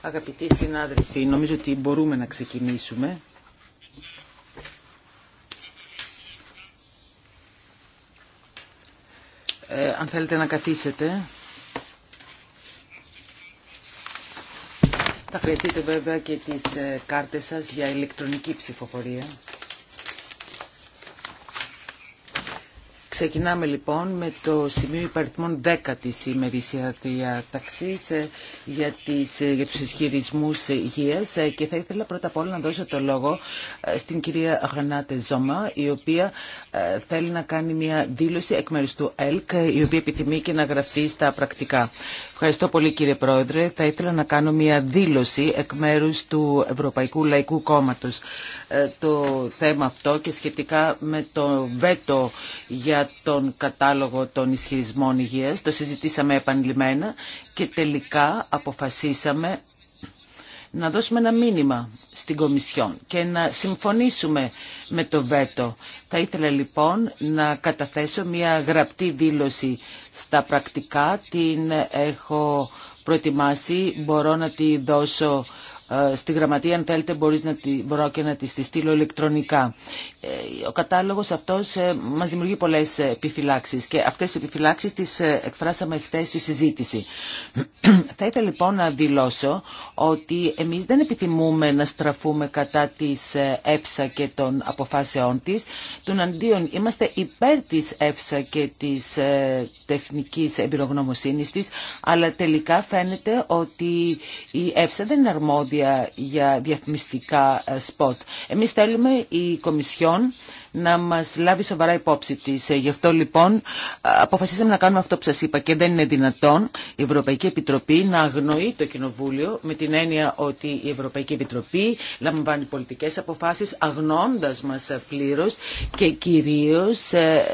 Αγαπητοί συνάδελφοι, νομίζω ότι μπορούμε να ξεκινήσουμε. Ε, αν θέλετε να καθίσετε. Θα χρειαστείτε βέβαια και τις ε, κάρτες σας για ηλεκτρονική ψηφοφορία. Ξεκινάμε λοιπόν με το σημείο υπαριθμών 10 της ημερήσια διαταξής ε, για, τις, ε, για τους ισχυρισμού υγείας ε, και θα ήθελα πρώτα απ' όλα να δώσω το λόγο στην κυρία Γανάτε Ζώμα η οποία θέλει να κάνει μια δήλωση εκ μέρους του ΕΛΚ η οποία επιθυμεί και να γραφτεί στα πρακτικά. Ευχαριστώ πολύ κύριε Πρόεδρε. Θα ήθελα να κάνω μια δήλωση εκ μέρους του Ευρωπαϊκού Λαϊκού Κόμματος. Ε, το θέμα αυτό και σχετικά με το βέτο για τον κατάλογο των ισχυρισμών υγείας. Το συζητήσαμε επανειλημμένα και τελικά αποφασίσαμε να δώσουμε ένα μήνυμα στην Κομισιόν και να συμφωνήσουμε με το ΒΕΤΟ. Θα ήθελα λοιπόν να καταθέσω μια γραπτή δήλωση στα πρακτικά. Την έχω προετοιμάσει, μπορώ να τη δώσω ε, στη γραμματεία αν θέλετε μπορείς να τη, μπορώ και να τη, στείλω ηλεκτρονικά. Ε, ο κατάλογος αυτός ε, μας δημιουργεί πολλές επιφυλάξεις και αυτές τις επιφυλάξεις τις εκφράσαμε χθε στη συζήτηση. Θα ήθελα λοιπόν να δηλώσω ότι εμείς δεν επιθυμούμε να στραφούμε κατά της ΕΦΣΑ και των αποφάσεών της. Τον αντίον είμαστε υπέρ της ΕΦΣΑ και της τεχνικής εμπειρογνωμοσύνης της, αλλά τελικά φαίνεται ότι η ΕΦΣΑ δεν είναι αρμόδια για διαφημιστικά σποτ. Ε, Εμείς θέλουμε η Κομισιόν να μας λάβει σοβαρά υπόψη της. Ε, γι' αυτό λοιπόν αποφασίσαμε να κάνουμε αυτό που σας είπα και δεν είναι δυνατόν η Ευρωπαϊκή Επιτροπή να αγνοεί το Κοινοβούλιο με την έννοια ότι η Ευρωπαϊκή Επιτροπή λαμβάνει πολιτικές αποφάσεις αγνώντας μας πλήρως και κυρίως ε,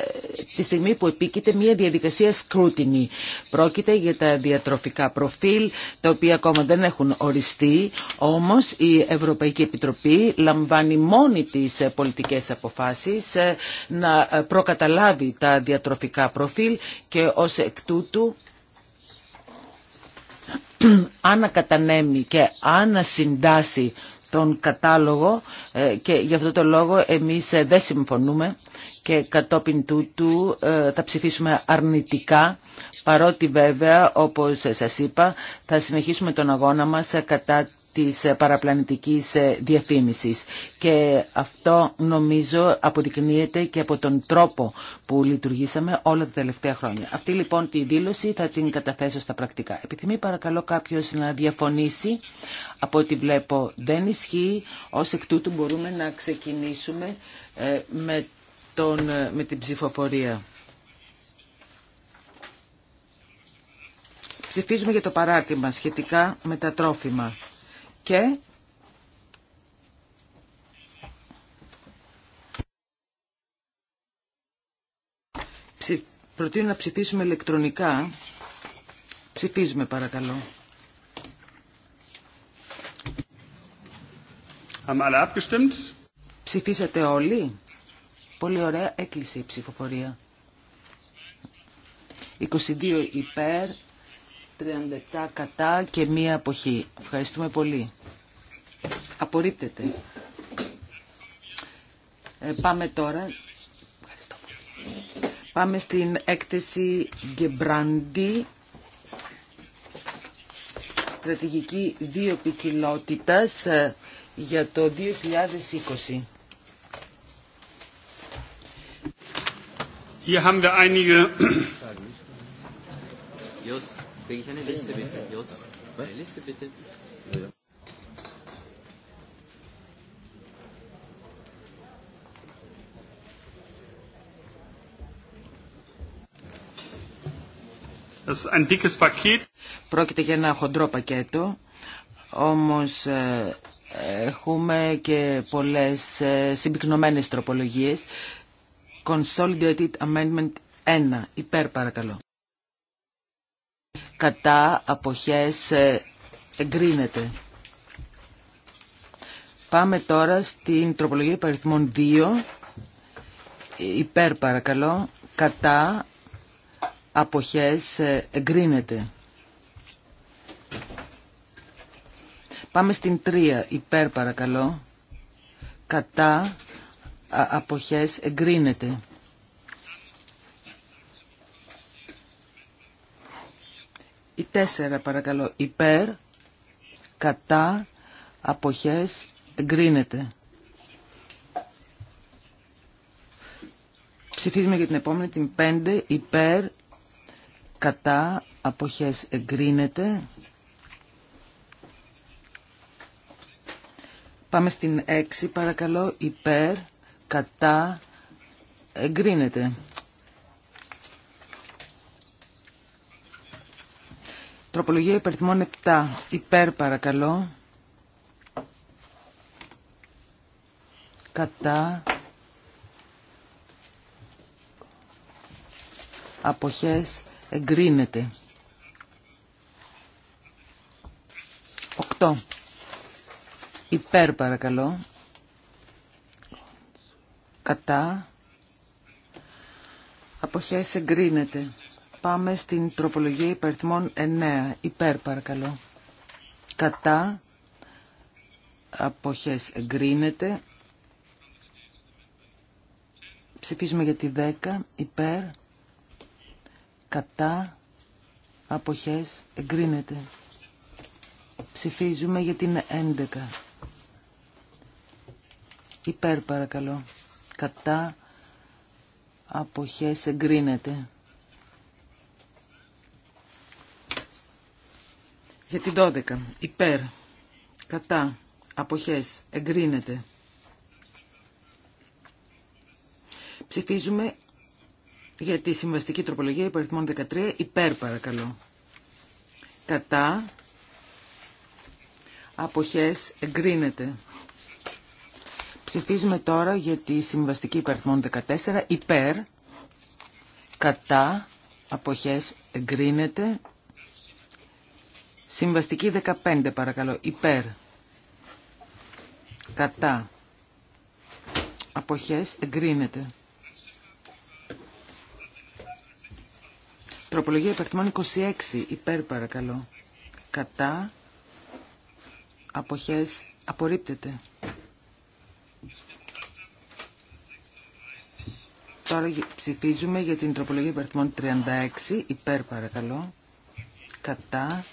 τη στιγμή που επίκειται μια διαδικασία σκρούτινη. Πρόκειται για τα διατροφικά προφίλ τα οποία ακόμα δεν έχουν οριστεί όμως η Ευρωπαϊκή Επιτροπή λαμβάνει μόνη τις πολιτικές αποφάσεις επίσης ε, να ε, προκαταλάβει τα διατροφικά προφίλ και ως εκ τούτου ανακατανέμει και ανασυντάσει τον κατάλογο ε, και γι' αυτό το λόγο εμείς δεν συμφωνούμε και κατόπιν τούτου θα ψηφίσουμε αρνητικά παρότι βέβαια όπως σας είπα θα συνεχίσουμε τον αγώνα μας κατά της παραπλανητικής διαφήμισης και αυτό νομίζω αποδεικνύεται και από τον τρόπο που λειτουργήσαμε όλα τα τελευταία χρόνια. Αυτή λοιπόν τη δήλωση θα την καταθέσω στα πρακτικά. Επιθυμεί παρακαλώ κάποιος να διαφωνήσει από ό,τι βλέπω δεν ισχύει ως εκ τούτου μπορούμε να ξεκινήσουμε ε, με, τον, ε, με την ψηφοφορία. ψηφίζουμε για το παράρτημα σχετικά με τα τρόφιμα. Και προτείνω να ψηφίσουμε ηλεκτρονικά. Ψηφίζουμε παρακαλώ. Ψηφίσατε όλοι. Πολύ ωραία έκλεισε η ψηφοφορία. 22 υπέρ, 37 κατά και μία αποχή. Ευχαριστούμε πολύ. Απορρίπτεται. Ε, πάμε τώρα. Πάμε στην έκθεση Γκεμπραντή. Στρατηγική διοπικιλότητας ε, για το 2020. Hier haben Bring eine Πρόκειται για ένα χοντρό πακέτο, όμως ε, έχουμε και πολλές ε, συμπυκνωμένες τροπολογίες. Consolidated Amendment 1. Υπέρ παρακαλώ κατά αποχές ε, εγκρίνεται. Πάμε τώρα στην τροπολογία υπαριθμών 2, υπέρ παρακαλώ, κατά αποχές ε, εγκρίνεται. Πάμε στην 3, υπέρ παρακαλώ, κατά αποχές εγκρίνεται. Η τέσσερα, παρακαλώ. Υπέρ, κατά, αποχές, εγκρίνεται. Ψηφίζουμε για την επόμενη, την 5. Υπέρ, κατά, αποχές, εγκρίνεται. Πάμε στην 6 παρακαλώ. Υπέρ, κατά, εγκρίνεται. Τροπολογία υπερθυμών 7. Υπέρ παρακαλώ. Κατά. Αποχές εγκρίνεται. 8. Υπέρ παρακαλώ. Κατά. Αποχές εγκρίνεται πάμε στην τροπολογία υπαριθμών 9. Υπέρ παρακαλώ. Κατά αποχές εγκρίνεται. Ψηφίζουμε για τη 10. Υπέρ. Κατά αποχές εγκρίνεται. Ψηφίζουμε για την 11. Υπέρ παρακαλώ. Κατά αποχές εγκρίνεται. Για την 12. Υπέρ. Κατά. Αποχές. Εγκρίνεται. Ψηφίζουμε για τη συμβαστική τροπολογία υπαριθμών 13. Υπέρ παρακαλώ. Κατά. Αποχές. Εγκρίνεται. Ψηφίζουμε τώρα για τη συμβαστική υπαριθμών 14. Υπέρ. Κατά. Αποχές. Εγκρίνεται. Συμβαστική 15 παρακαλώ. Υπέρ. Κατά. Αποχές εγκρίνεται. Τροπολογία υπερτιμών 26. Υπέρ παρακαλώ. Κατά. Αποχές απορρίπτεται. Τώρα ψηφίζουμε για την τροπολογία υπερτιμών 36. Υπέρ παρακαλώ. Κατά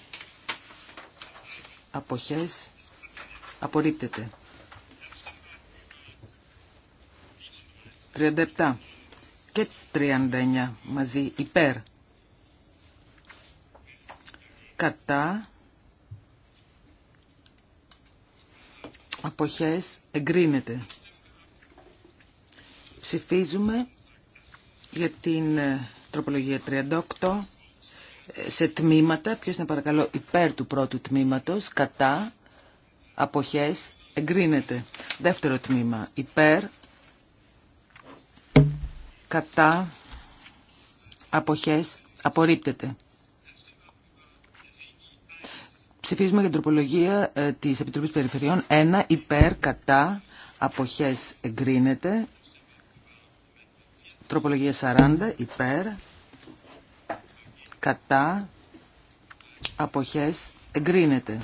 αποχές απορρίπτεται. 37 και 39 μαζί υπέρ κατά αποχές εγκρίνεται. Ψηφίζουμε για την ε, τροπολογία 38 σε τμήματα. Ποιος να παρακαλώ υπέρ του πρώτου τμήματος, κατά, αποχές, εγκρίνεται. Δεύτερο τμήμα, υπέρ, κατά, αποχές, απορρίπτεται. Ψηφίζουμε για την τροπολογία ε, της Επιτροπής Περιφερειών. ένα, Υπέρ, κατά, αποχές εγκρίνεται. Τροπολογία 40. Υπέρ, κατά, αποχές, εγκρίνεται.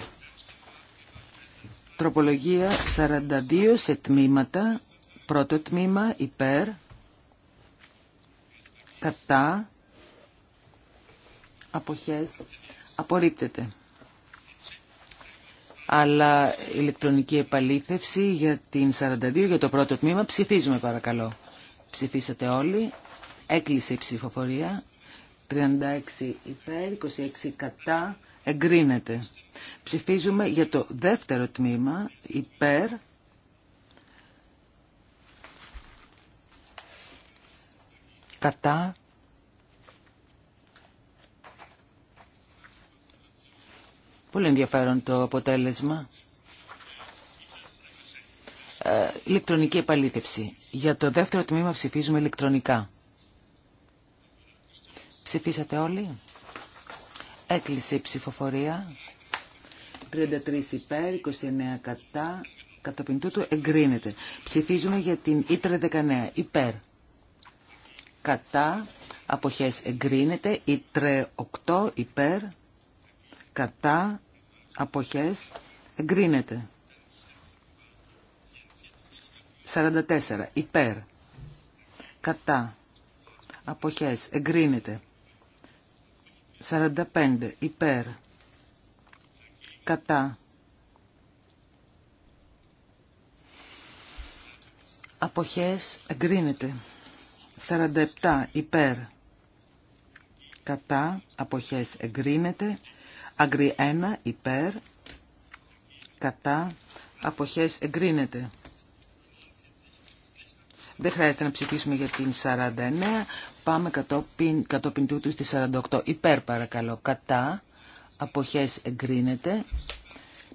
Τροπολογία 42 σε τμήματα, πρώτο τμήμα υπέρ, κατά, αποχές, απορρίπτεται. Αλλά ηλεκτρονική επαλήθευση για την 42, για το πρώτο τμήμα, ψηφίζουμε παρακαλώ. Ψηφίσατε όλοι, έκλεισε η ψηφοφορία, 36 υπέρ, 26 κατά, εγκρίνεται. Ψηφίζουμε για το δεύτερο τμήμα, υπέρ, κατά, Πολύ ενδιαφέρον το αποτέλεσμα. Ε, ηλεκτρονική επαλήθευση. Για το δεύτερο τμήμα ψηφίζουμε ηλεκτρονικά. Ψηφίσατε όλοι. Έκλεισε η ψηφοφορία. 33 υπέρ, 29 κατά. Κατοπιν τούτου εγκρίνεται. Ψηφίζουμε για την ΙΤΡΕ 19. Υπέρ. Κατά. Αποχές εγκρίνεται. Ήτρε 8. Υπέρ. Κατά. Αποχές εγκρίνεται. 44. Υπέρ. Κατά. Αποχές εγκρίνεται. 45 υπέρ κατά αποχές εγκρίνεται 47 υπέρ κατά αποχές εγκρίνεται αγκρι 1 υπέρ κατά αποχές εγκρίνεται δεν χρειάζεται να ψηφίσουμε για την 49. Πάμε κατόπιν, κατόπιν τούτου στη 48. Υπέρ παρακαλώ. Κατά. Αποχές εγκρίνεται.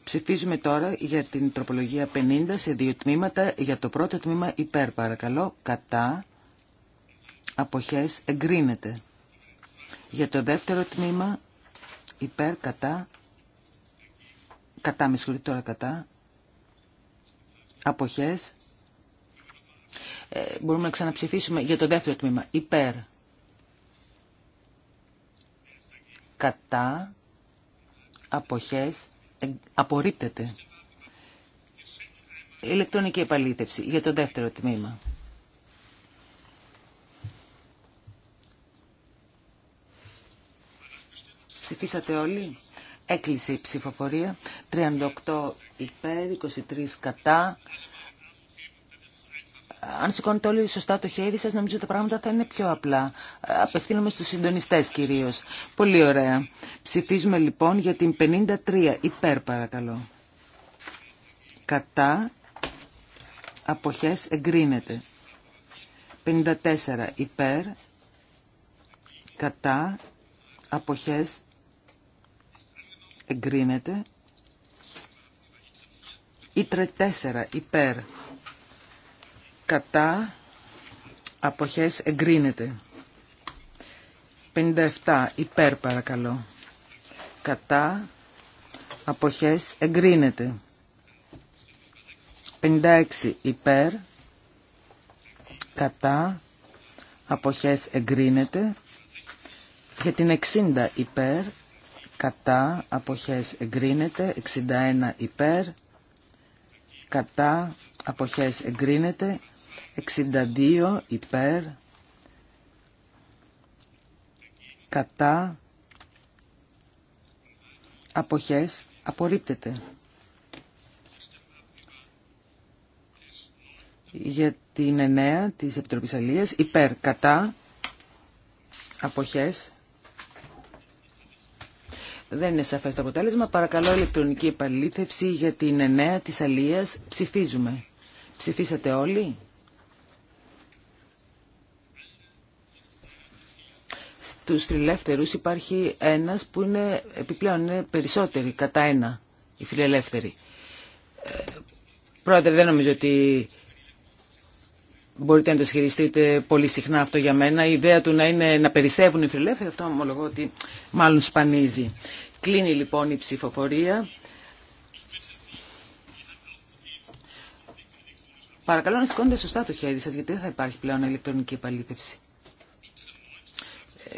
Ψηφίζουμε τώρα για την τροπολογία 50 σε δύο τμήματα. Για το πρώτο τμήμα υπέρ παρακαλώ. Κατά. Αποχές εγκρίνεται. Για το δεύτερο τμήμα υπέρ κατά. Κατά, με τώρα κατά. Αποχές ε, μπορούμε να ξαναψηφίσουμε για το δεύτερο τμήμα. Υπέρ. Κατά. Αποχές. Ε, απορρίπτεται. Ηλεκτρονική επαλήθευση για το δεύτερο τμήμα. Ψηφίσατε όλοι. Έκλεισε η ψηφοφορία. 38 υπέρ, 23 κατά αν σηκώνετε όλοι σωστά το χέρι σας, νομίζω τα πράγματα θα είναι πιο απλά. Απευθύνομαι στους συντονιστές κυρίως. Πολύ ωραία. Ψηφίζουμε λοιπόν για την 53. Υπέρ παρακαλώ. Κατά. Αποχές εγκρίνεται. 54. Υπέρ. Κατά. Αποχές εγκρίνεται. Ήτρε 4. Υπέρ κατά αποχές εγκρίνεται. 57 υπέρ παρακαλώ. Κατά αποχές εγκρίνεται. 56 υπέρ κατά αποχές εγκρίνεται. Για την 60 υπέρ κατά αποχές εγκρίνεται. 61 υπέρ κατά αποχές εγκρίνεται. 62 υπέρ κατά αποχές απορρίπτεται. Για την 9 της Επιτροπής Αλίας υπέρ κατά αποχές δεν είναι σαφές το αποτέλεσμα. Παρακαλώ ηλεκτρονική επαλήθευση για την 9 της Αλίας. Ψηφίζουμε. Ψηφίσατε όλοι. τους φιλελεύθερους υπάρχει ένας που είναι επιπλέον είναι περισσότεροι κατά ένα οι φιλελεύθεροι. Ε, πρόεδρε, δεν νομίζω ότι μπορείτε να το σχεριστείτε πολύ συχνά αυτό για μένα. Η ιδέα του να, είναι, να περισσεύουν οι φιλελεύθεροι, αυτό ομολογώ ότι μάλλον σπανίζει. Κλείνει λοιπόν η ψηφοφορία. Παρακαλώ να σηκώνετε σωστά το χέρι σας, γιατί δεν θα υπάρχει πλέον ηλεκτρονική επαλήθευση.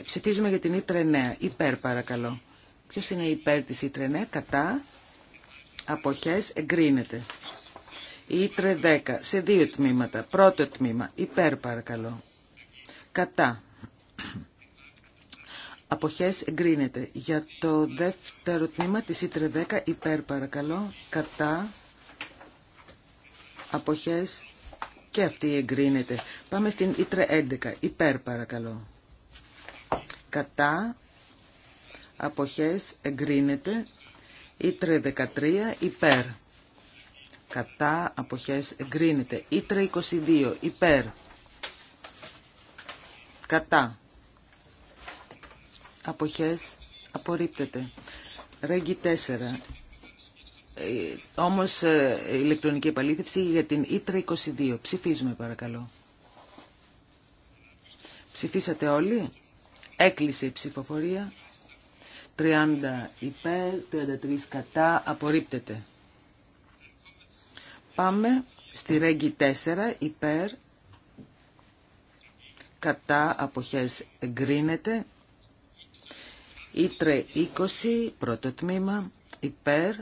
Ψηφίζουμε για την Ήτρε Νέα. Υπέρ παρακαλώ. Ποιο είναι υπέρ τη Ήτρε Νέα. Κατά. Αποχέ, Εγκρίνεται. Ήτρε 10. Σε δύο τμήματα. Πρώτο τμήμα. Υπέρ παρακαλώ. Κατά. Αποχές εγκρίνεται. Για το δεύτερο τμήμα της Ήτρε 10. Υπέρ παρακαλώ. Κατά. Αποχές και αυτή εγκρίνεται. Πάμε στην Ήτρε 11. Υπέρ παρακαλώ κατά αποχές εγκρίνεται ήτρε 13 υπέρ κατά αποχές εγκρίνεται ήτρε 22 υπέρ κατά αποχές απορρίπτεται ρέγγι 4 ε, όμως ε, ηλεκτρονική επαλήθευση για την ήτρε 22 ψηφίζουμε παρακαλώ ψηφίσατε όλοι Έκλεισε η ψηφοφορία. 30 υπέρ, 33 κατά, απορρίπτεται. Πάμε στη Ρέγγι 4 υπέρ, κατά, αποχές εγκρίνεται. Ήτρε 20, πρώτο τμήμα, υπέρ,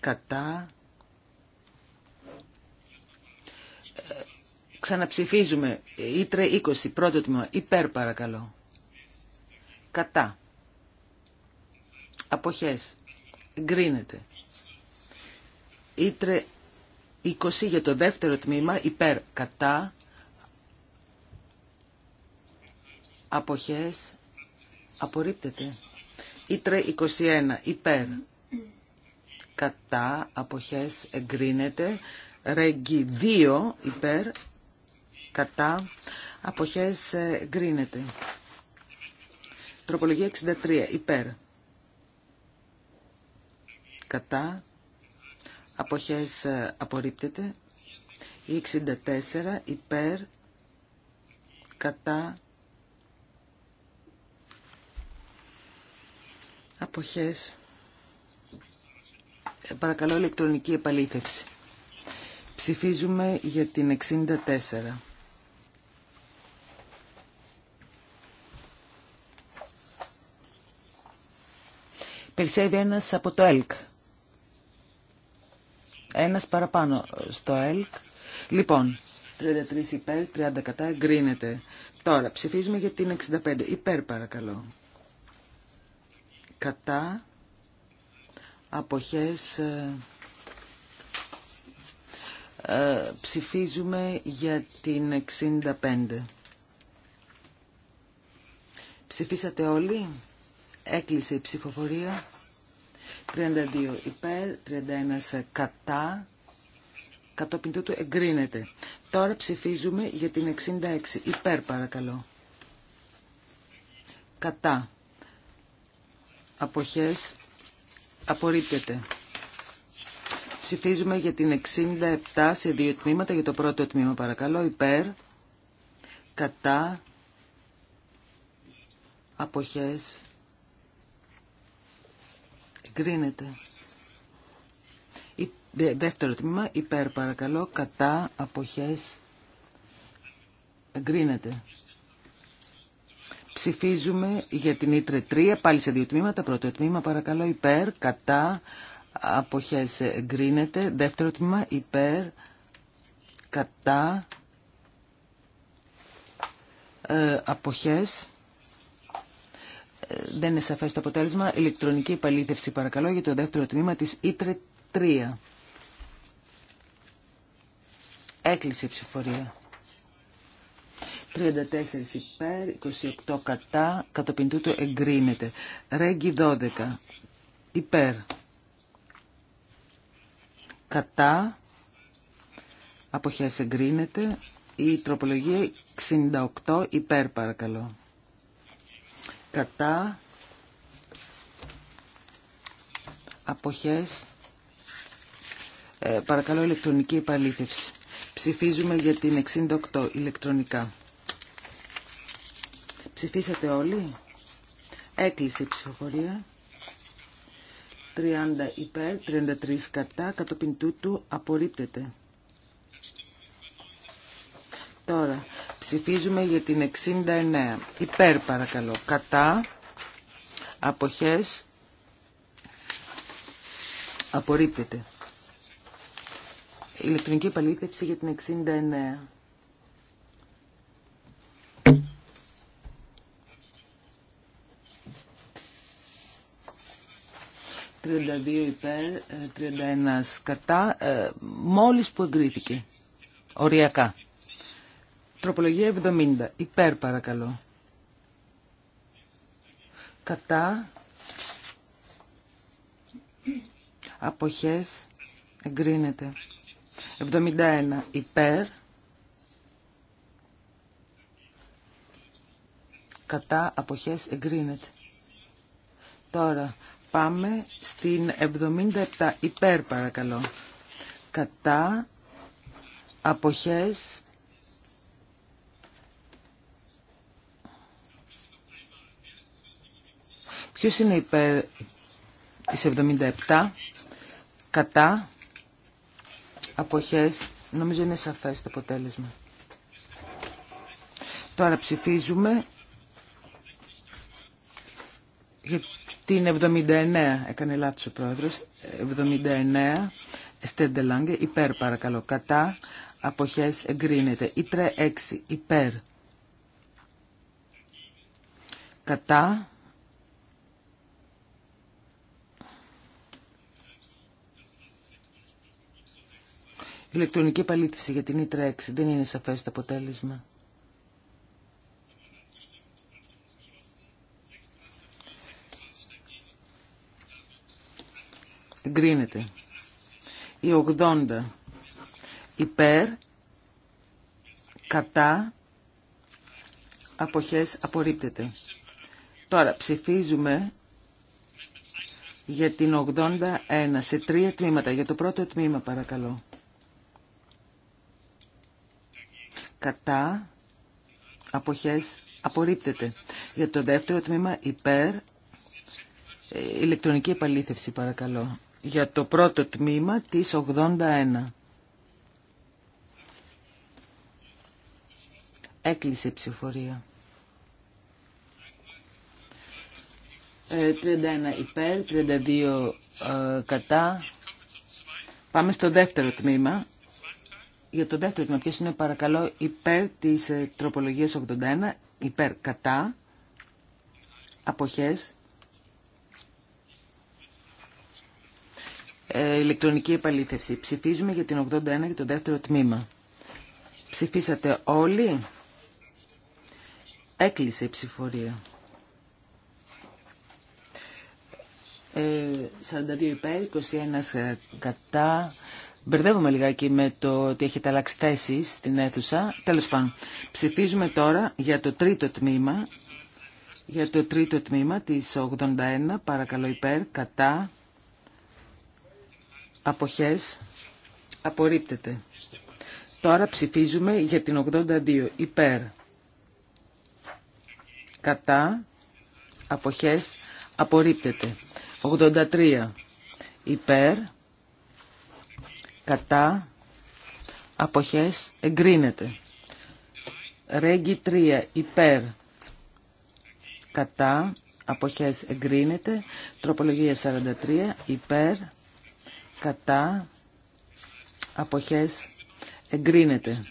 κατά, Ξαναψηφίζουμε. Ήτρε 20, πρώτο τμήμα. Υπέρ παρακαλώ. Κατά. Αποχές. Εγκρίνεται. Ήτρε 20 για το δεύτερο τμήμα. Υπέρ. Κατά. Αποχές. Απορρίπτεται. Ήτρε 21. Υπέρ. Κατά. Αποχές. Εγκρίνεται. Ρέγγι 2. Υπέρ κατά, αποχές ε, γκρίνεται Τροπολογία 63, υπέρ, κατά, αποχές ε, απορρίπτεται. 64, υπέρ, κατά, αποχές, ε, παρακαλώ ηλεκτρονική επαλήθευση. Ψηφίζουμε για την 64. Περισσεύει ένας από το ΕΛΚ. Ένας παραπάνω στο ΕΛΚ. Λοιπόν, 33 υπέρ, 30 κατά, εγκρίνεται. Τώρα, ψηφίζουμε για την 65. Υπέρ παρακαλώ. Κατά, αποχές, ε, ε ψηφίζουμε για την 65. Ψηφίσατε όλοι. Έκλεισε η ψηφοφορία. 32 υπέρ, 31 κατά. Κατόπιν τούτου εγκρίνεται. Τώρα ψηφίζουμε για την 66. Υπέρ παρακαλώ. Κατά. Αποχές. Απορρίπτεται. Ψηφίζουμε για την 67 σε δύο τμήματα. Για το πρώτο τμήμα παρακαλώ. Υπέρ. Κατά. Αποχές. Κρίνεται. Δεύτερο τμήμα, υπέρ παρακαλώ, κατά, αποχές, εγκρίνεται. Ψηφίζουμε για την Ήτρε 3, πάλι σε δύο τμήματα. Πρώτο τμήμα, παρακαλώ, υπέρ, κατά, αποχές, εγκρίνεται. Δεύτερο τμήμα, υπέρ, κατά, ε, αποχές, δεν είναι σαφές το αποτέλεσμα. Ηλεκτρονική επαλήθευση παρακαλώ για το δεύτερο τμήμα της ΙΤΡΕ 3. Έκλεισε η ψηφορία. 34 υπέρ, 28 κατά, κατοπιν τούτου εγκρίνεται. Ρέγγι 12 υπέρ, κατά, αποχές εγκρίνεται. Η τροπολογία 68 υπέρ παρακαλώ κατά αποχές ε, παρακαλώ ηλεκτρονική επαλήθευση ψηφίζουμε για την 68 ηλεκτρονικά ψηφίσατε όλοι έκλεισε η ψηφοφορία 30 υπέρ 33 κατά κατόπιν τούτου απορρίπτεται τώρα Ψηφίζουμε για την 69. Υπέρ παρακαλώ. Κατά. Αποχές. Απορρίπτεται. Ηλεκτρονική επαλήθευση για την 69. ...32 υπέρ, 31 ε, κατά, ε, μόλις που εγκρίθηκε, οριακά. Τροπολογία 70. Υπέρ παρακαλώ. Κατά. Αποχές. Εγκρίνεται. 71. Υπέρ. Κατά. Αποχές. Εγκρίνεται. Τώρα πάμε στην 77. Υπέρ παρακαλώ. Κατά. Αποχές Ποιος είναι υπέρ της 77 κατά αποχές. Νομίζω είναι σαφές το αποτέλεσμα. Τώρα ψηφίζουμε για την 79. Έκανε λάθος ο πρόεδρος. 79. Εστέρντε Λάγκε. Υπέρ παρακαλώ. Κατά αποχές εγκρίνεται. Ήτρε 6. Υπέρ. Κατά Η ηλεκτρονική επαλήθευση για την ΙΤΡΑ 6. Δεν είναι σαφές το αποτέλεσμα. Εγκρίνεται. Η 80 υπέρ, κατά, αποχές απορρίπτεται. Τώρα ψηφίζουμε για την 81 σε τρία τμήματα. Για το πρώτο τμήμα παρακαλώ. κατά, αποχές, απορρίπτεται. Για το δεύτερο τμήμα υπέρ, ε, ηλεκτρονική επαλήθευση παρακαλώ. Για το πρώτο τμήμα της 81. Έκλεισε η ψηφορία. 31 ε, υπέρ, 32 ε, κατά. Πάμε στο δεύτερο τμήμα για το δεύτερο τμήμα, ποιο είναι παρακαλώ υπέρ της ε, τροπολογία 81, υπέρ κατά, αποχές, ε, ηλεκτρονική επαλήθευση. Ψηφίζουμε για την 81 και το δεύτερο τμήμα. Ψηφίσατε όλοι. Έκλεισε η ψηφορία. 42 ε, υπέρ, 21 κατά, Μπερδεύουμε λιγάκι με το ότι έχετε αλλάξει θέση στην αίθουσα. Τέλος πάντων, ψηφίζουμε τώρα για το τρίτο τμήμα, για το τρίτο τμήμα της 81, παρακαλώ υπέρ, κατά, αποχές, απορρίπτεται. Τώρα ψηφίζουμε για την 82, υπέρ, κατά, αποχές, απορρίπτεται. 83, υπέρ, κατά, αποχές, εγκρίνεται. Ρέγγι 3, υπέρ, κατά, αποχές, εγκρίνεται. Τροπολογία 43, υπέρ, κατά, αποχές, εγκρίνεται.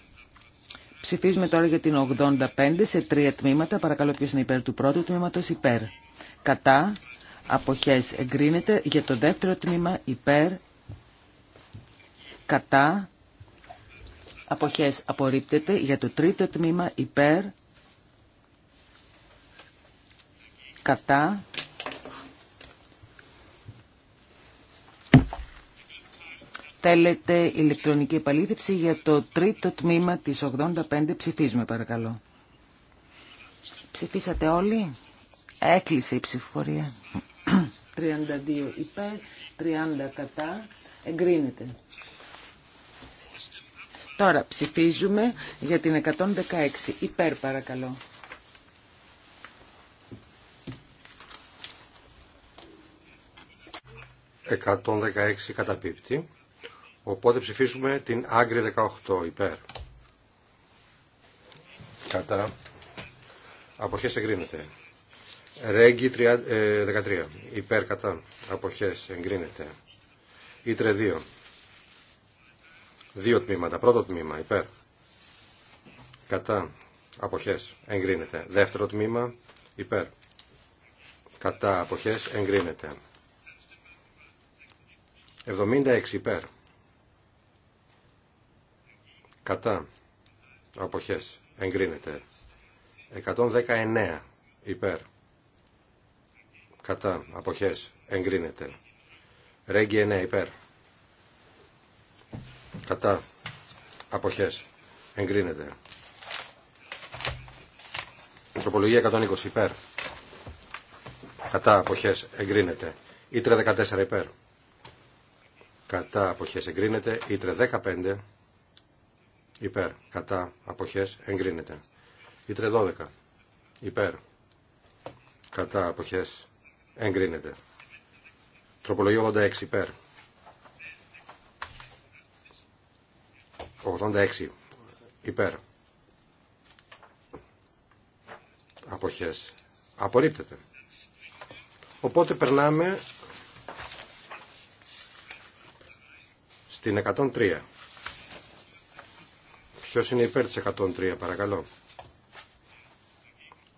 Ψηφίζουμε τώρα για την 85 σε τρία τμήματα. Παρακαλώ ποιος είναι υπέρ του πρώτου τμήματος, υπέρ. Κατά, αποχές εγκρίνεται. Για το δεύτερο τμήμα, υπέρ, κατά, αποχές απορρίπτεται. Για το τρίτο τμήμα υπέρ, κατά, Θέλετε ηλεκτρονική επαλήθευση για το τρίτο τμήμα της 85. Ψηφίζουμε παρακαλώ. Ψηφίσατε όλοι. Έκλεισε η ψηφοφορία. 32 υπέρ, 30 κατά. Εγκρίνεται. Τώρα ψηφίζουμε για την 116. Υπέρ παρακαλώ. ...116 καταπίπτει... ...οπότε ψηφίσουμε την Άγκρη 18 υπέρ... ...κατά... ...αποχές εγκρίνεται... Ρέγγι 13. Ε, υπέρ κατά. Αποχές εγκρίνεται. Ήτρε 2. Δύο τμήματα. Πρώτο τμήμα υπέρ. Κατά. Αποχές. Εγκρίνεται. Δεύτερο τμήμα υπέρ. Κατά. Αποχές. Εγκρίνεται. 76 υπέρ. Κατά. Αποχές. Εγκρίνεται. 119 υπέρ. Κατά. Αποχές. Εγκρίνεται. Ρέγγι 9 υπέρ κατά αποχές εγκρίνεται τροπολογία 120 υπέρ κατά αποχές εγκρίνεται ήτρε 14 υπέρ κατά αποχές εγκρίνεται ήτρε 15 υπέρ κατά αποχές εγκρίνεται ήτρε 12 υπέρ κατά αποχές εγκρίνεται τροπολογία 86 υπέρ 86 υπέρ αποχές απορρίπτεται οπότε περνάμε στην 103 ποιος είναι υπέρ της 103 παρακαλώ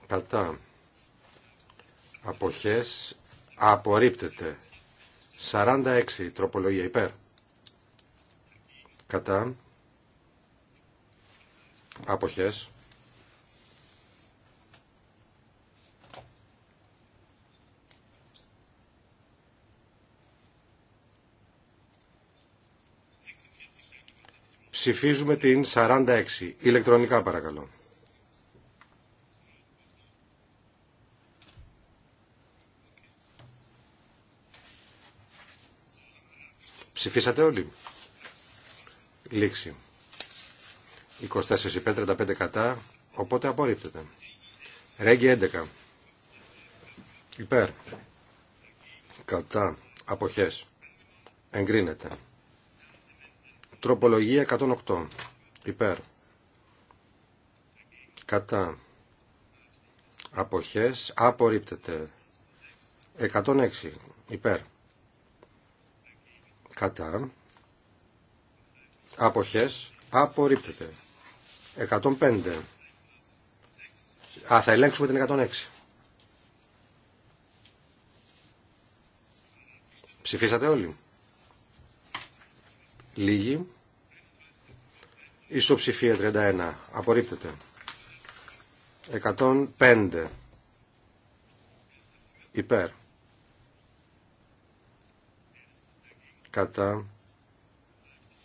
κατά αποχές απορρίπτεται 46 τροπολογία υπέρ κατά Αποχές. Ψηφίζουμε την 46. Ηλεκτρονικά παρακαλώ. Ψηφίσατε όλοι. Λήξη. 24 υπέρ, 35 κατά, οπότε απορρίπτεται. Ρέγγι 11. Υπέρ. Κατά. Αποχές. Εγκρίνεται. Τροπολογία 108. Υπέρ. Κατά. Αποχές. Απορρίπτεται. 106. Υπέρ. Κατά. Αποχές. Απορρίπτεται. 105. Α, θα ελέγξουμε την 106. Ψηφίσατε όλοι. Λίγοι. Ισοψηφία 31. Απορρίπτεται. 105. Υπέρ. Κατά.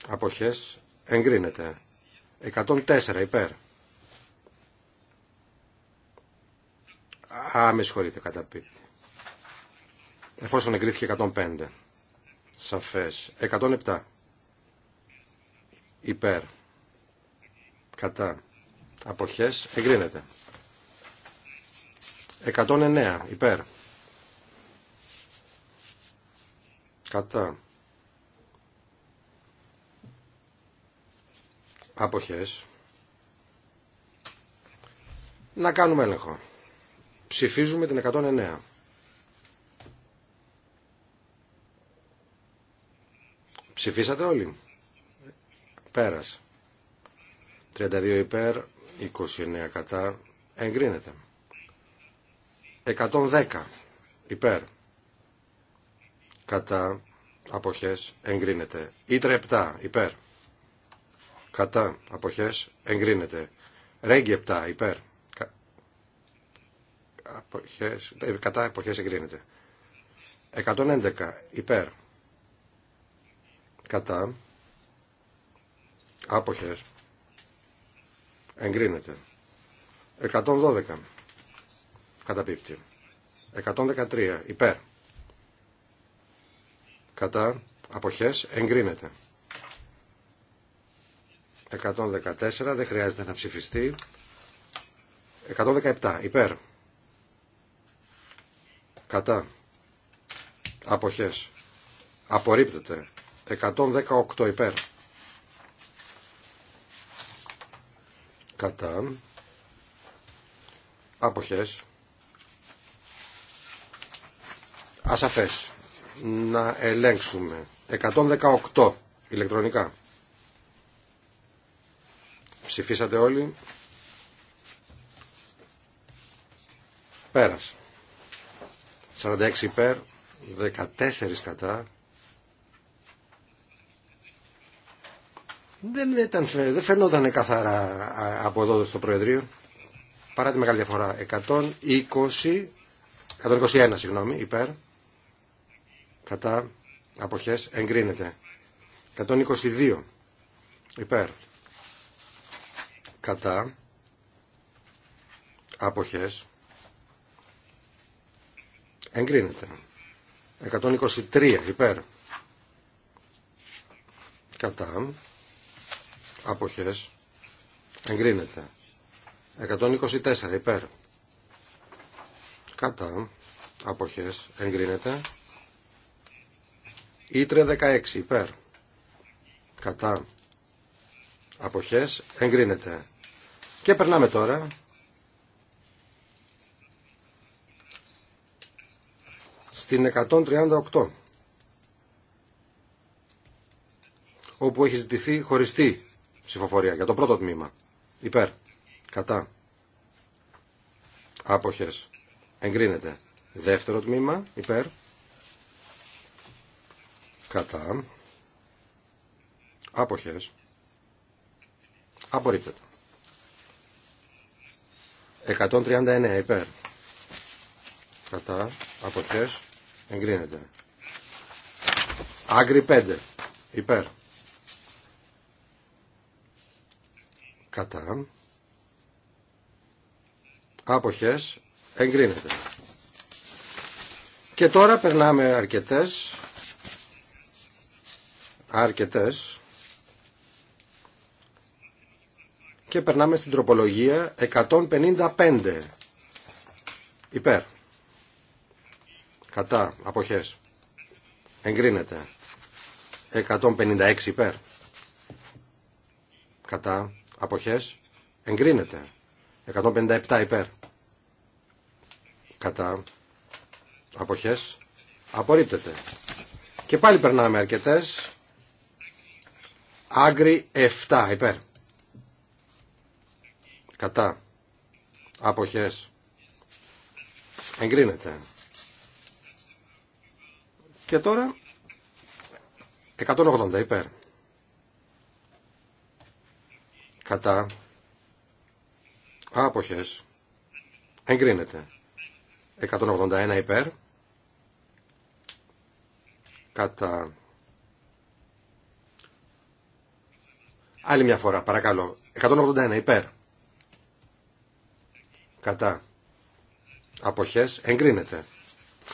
Αποχές. Εγκρίνεται. 104 υπέρ. Α, με συγχωρείτε, καταπίπτει. Εφόσον εγκρίθηκε 105. Σαφές. 107. Υπέρ. Κατά. Αποχές. Εγκρίνεται. 109. Υπέρ. Κατά. αποχές να κάνουμε έλεγχο. Ψηφίζουμε την 109. Ψηφίσατε όλοι. Πέρας. 32 υπέρ, 29 κατά, εγκρίνεται. 110 υπέρ, κατά, αποχές, εγκρίνεται. Ή 7 υπέρ, κατά αποχές εγκρίνεται. Ρέγγι 7 υπέρ αποχές, ε, κατά αποχές εγκρίνεται. 111 υπέρ κατά άποχες εγκρίνεται. 112 καταπίπτει. 113 υπέρ κατά αποχές εγκρίνεται. 114 δεν χρειάζεται να ψηφιστεί 117 υπέρ κατά αποχές απορρίπτεται 118 υπέρ κατά αποχές ασαφές να ελέγξουμε 118 ηλεκτρονικά Ψηφίσατε όλοι. Πέρασε. 46 υπέρ, 14 κατά. Δεν, ήταν, δεν φαινόταν καθαρά από εδώ στο Προεδρείο. Παρά τη μεγάλη διαφορά. 120, 121 συγγνώμη, υπέρ. Κατά αποχές εγκρίνεται. 122 υπέρ κατά αποχές εγκρίνεται 123 υπέρ κατά αποχές εγκρίνεται 124 υπέρ κατά αποχές εγκρίνεται Ήτρε 16 υπέρ κατά αποχές εγκρίνεται και περνάμε τώρα στην 138 όπου έχει ζητηθεί χωριστή ψηφοφορία για το πρώτο τμήμα. Υπέρ. Κατά. Άποχες. Εγκρίνεται. Δεύτερο τμήμα. Υπέρ. Κατά. Άποχες. Απορρίπτεται. 139 υπέρ. Κατά. Αποχές. Εγκρίνεται. Άγκρι 5 υπέρ. Κατά. Άποχες. Εγκρίνεται. Και τώρα περνάμε αρκετές αρκετές Και περνάμε στην τροπολογία 155. Υπέρ. Κατά. Αποχές. Εγκρίνεται. 156 υπέρ. Κατά. Αποχές. Εγκρίνεται. 157 υπέρ. Κατά. Αποχές. Απορρίπτεται. Και πάλι περνάμε αρκετές. Άγκρι 7 υπέρ κατά αποχές εγκρίνεται. Και τώρα 180 υπέρ κατά άποχες εγκρίνεται 181 υπέρ κατά άλλη μια φορά παρακαλώ 181 υπέρ κατά αποχές εγκρίνεται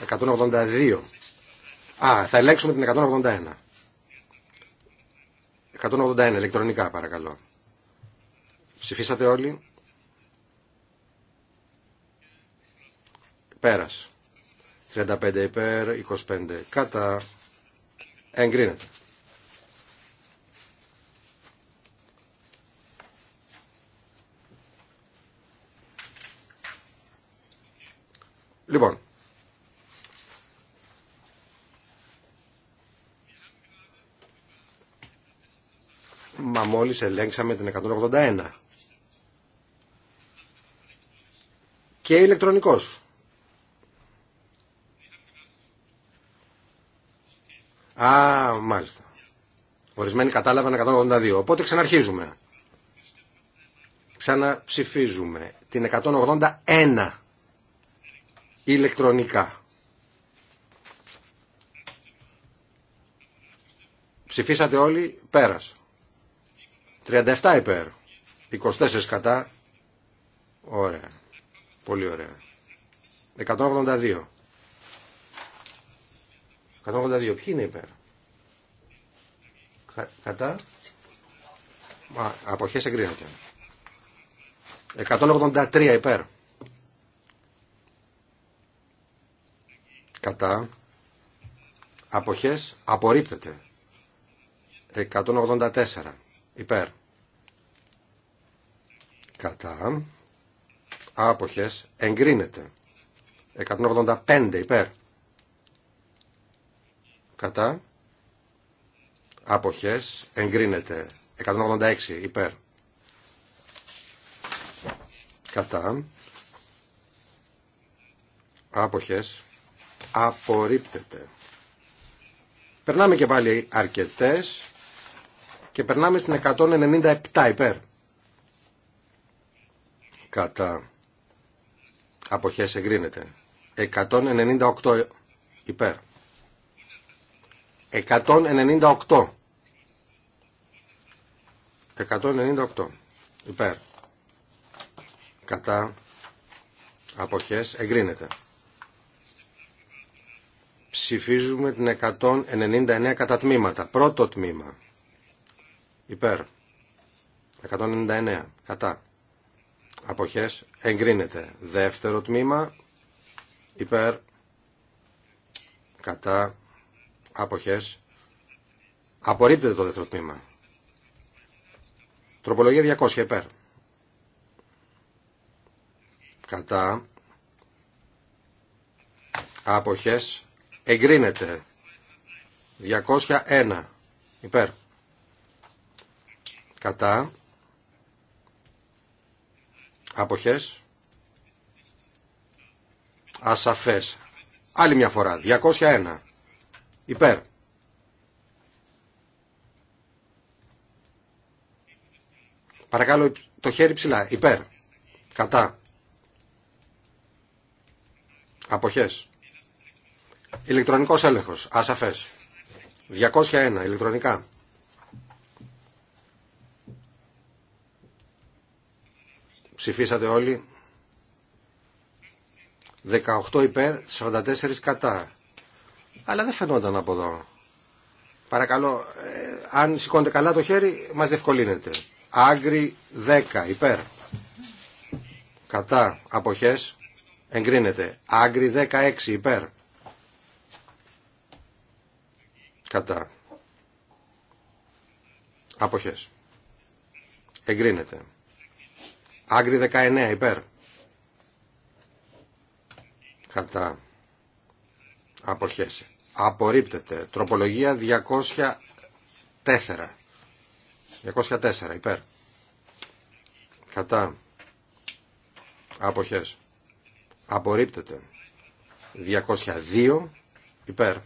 182 α θα ελέγξουμε την 181 181 ηλεκτρονικά παρακαλώ ψηφίσατε όλοι πέρας 35 υπέρ 25 κατά εγκρίνεται Λοιπόν, μα μόλις ελέγξαμε την 181 και ηλεκτρονικός. Α, μάλιστα. Ορισμένοι κατάλαβαν 182. Οπότε ξαναρχίζουμε. Ξαναψηφίζουμε την 181 ηλεκτρονικά. Ψηφίσατε όλοι πέρας. 37 υπέρ. 24 κατά. Ωραία. Πολύ ωραία. 182. 182. Ποιοι είναι υπέρ. Κατά. Α, αποχές εγκρίνεται. 183 υπέρ. κατά αποχές απορρίπτεται 184 υπέρ κατά άποχες εγκρίνεται 185 υπέρ κατά άποχες εγκρίνεται 186 υπέρ κατά άποχες απορρίπτεται. Περνάμε και πάλι αρκετές και περνάμε στην 197 υπέρ. Κατά αποχές εγκρίνεται. 198 υπέρ. 198. 198 υπέρ. Κατά αποχές εγκρίνεται. Ψηφίζουμε την 199 κατά τμήματα. Πρώτο τμήμα. Υπέρ. 199. Κατά. Αποχές. Εγκρίνεται. Δεύτερο τμήμα. Υπέρ. Κατά. Αποχές. Απορρίπτεται το δεύτερο τμήμα. Τροπολογία 200 υπέρ. Κατά. Άποχες εγκρίνεται 201 υπέρ κατά αποχές ασαφές άλλη μια φορά 201 υπέρ παρακαλώ το χέρι ψηλά υπέρ κατά αποχές Ηλεκτρονικός έλεγχος. Ασαφές. 201. Ηλεκτρονικά. Ψηφίσατε όλοι. 18 υπέρ, 44 κατά. Αλλά δεν φαινόταν από εδώ. Παρακαλώ, ε, αν σηκώνετε καλά το χέρι, μας διευκολύνεται. Άγκρι 10 υπέρ. Κατά αποχές εγκρίνεται. Άγκρι 16 υπέρ. κατά αποχές εγκρίνεται άγκρι 19 υπέρ κατά αποχές απορρίπτεται τροπολογία 204 204 υπέρ κατά αποχές απορρίπτεται 202 υπέρ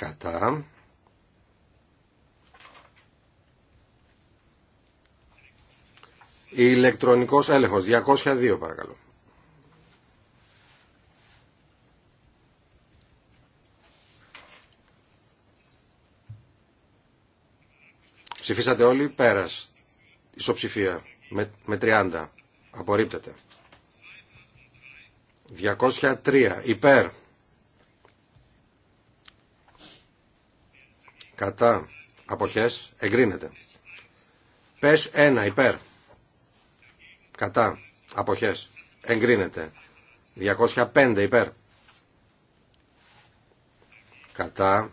κατά ηλεκτρονικός έλεγχος 202 παρακαλώ ψηφίσατε όλοι πέρας ισοψηφία με, με 30 απορρίπτεται 203 υπέρ κατά αποχές εγκρίνεται. Πες 1 υπέρ κατά αποχές εγκρίνεται. 205 υπέρ κατά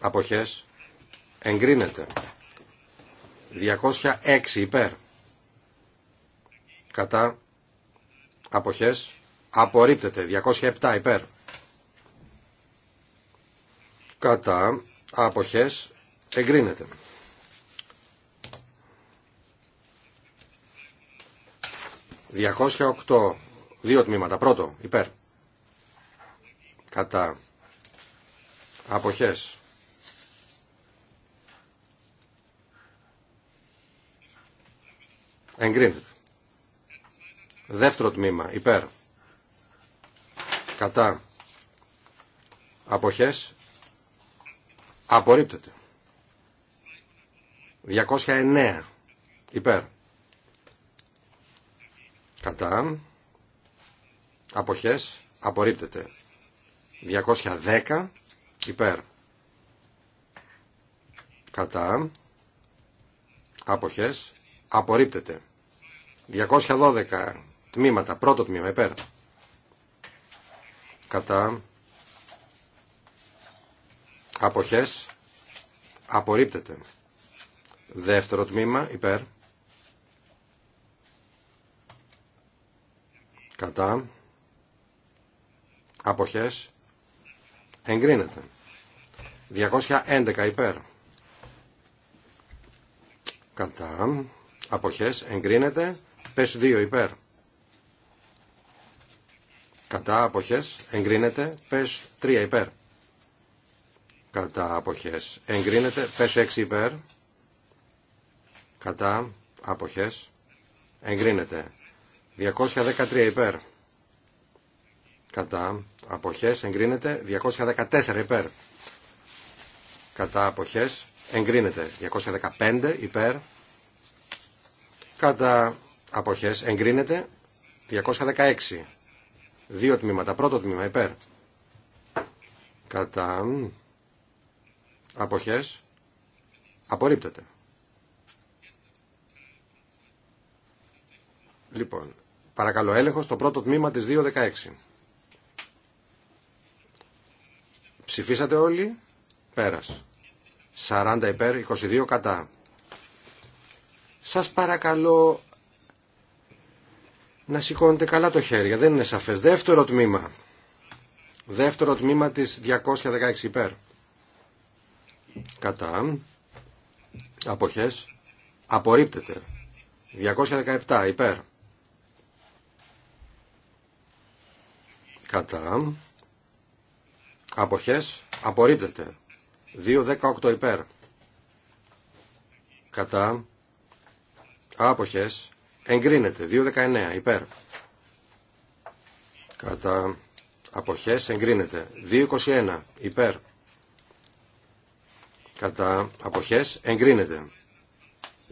αποχές εγκρίνεται. 206 υπέρ κατά αποχές απορρίπτεται. 207 υπέρ κατά αποχές εγκρίνεται. ...208... ...δύο τμήματα... ...πρώτο... ...υπέρ... ...κατά... ...αποχές... ...εγκρίνεται... ...δεύτερο τμήμα... ...υπέρ... ...κατά... ...αποχές... Απορρίπτεται. 209 υπέρ. Κατά. Αποχές. Απορρίπτεται. 210 υπέρ. Κατά. Αποχές. Απορρίπτεται. 212 τμήματα. Πρώτο τμήμα υπέρ. Κατά. Αποχές. Απορρίπτεται. Δεύτερο τμήμα υπέρ. Κατά. Αποχές. Εγκρίνεται. 211 υπέρ. Κατά. Αποχές. Εγκρίνεται. Πες 2 υπέρ. Κατά. Αποχές. Εγκρίνεται. Πες 3 υπέρ κατά αποχές εγκρίνεται. Πες 6 υπέρ κατά αποχές εγκρίνεται. 213 υπέρ κατά αποχές εγκρίνεται. 214 υπέρ κατά αποχές εγκρίνεται. 215 υπέρ κατά αποχές εγκρίνεται. 216 δύο τμήματα. Πρώτο τμήμα υπέρ κατά Αποχές. Απορρίπτεται. Λοιπόν, παρακαλώ έλεγχο στο πρώτο τμήμα της 2.16. Ψηφίσατε όλοι. Πέρας. 40 υπέρ, 22 κατά. Σας παρακαλώ να σηκώνετε καλά το χέρι, δεν είναι σαφές. Δεύτερο τμήμα. Δεύτερο τμήμα της 216 υπέρ κατά αποχές απορρίπτεται 217 υπέρ κατά αποχές απορρίπτεται 218 υπέρ κατά άποχες εγκρίνεται 219 υπέρ κατά αποχές εγκρίνεται 221 υπέρ κατά αποχές εγκρίνεται.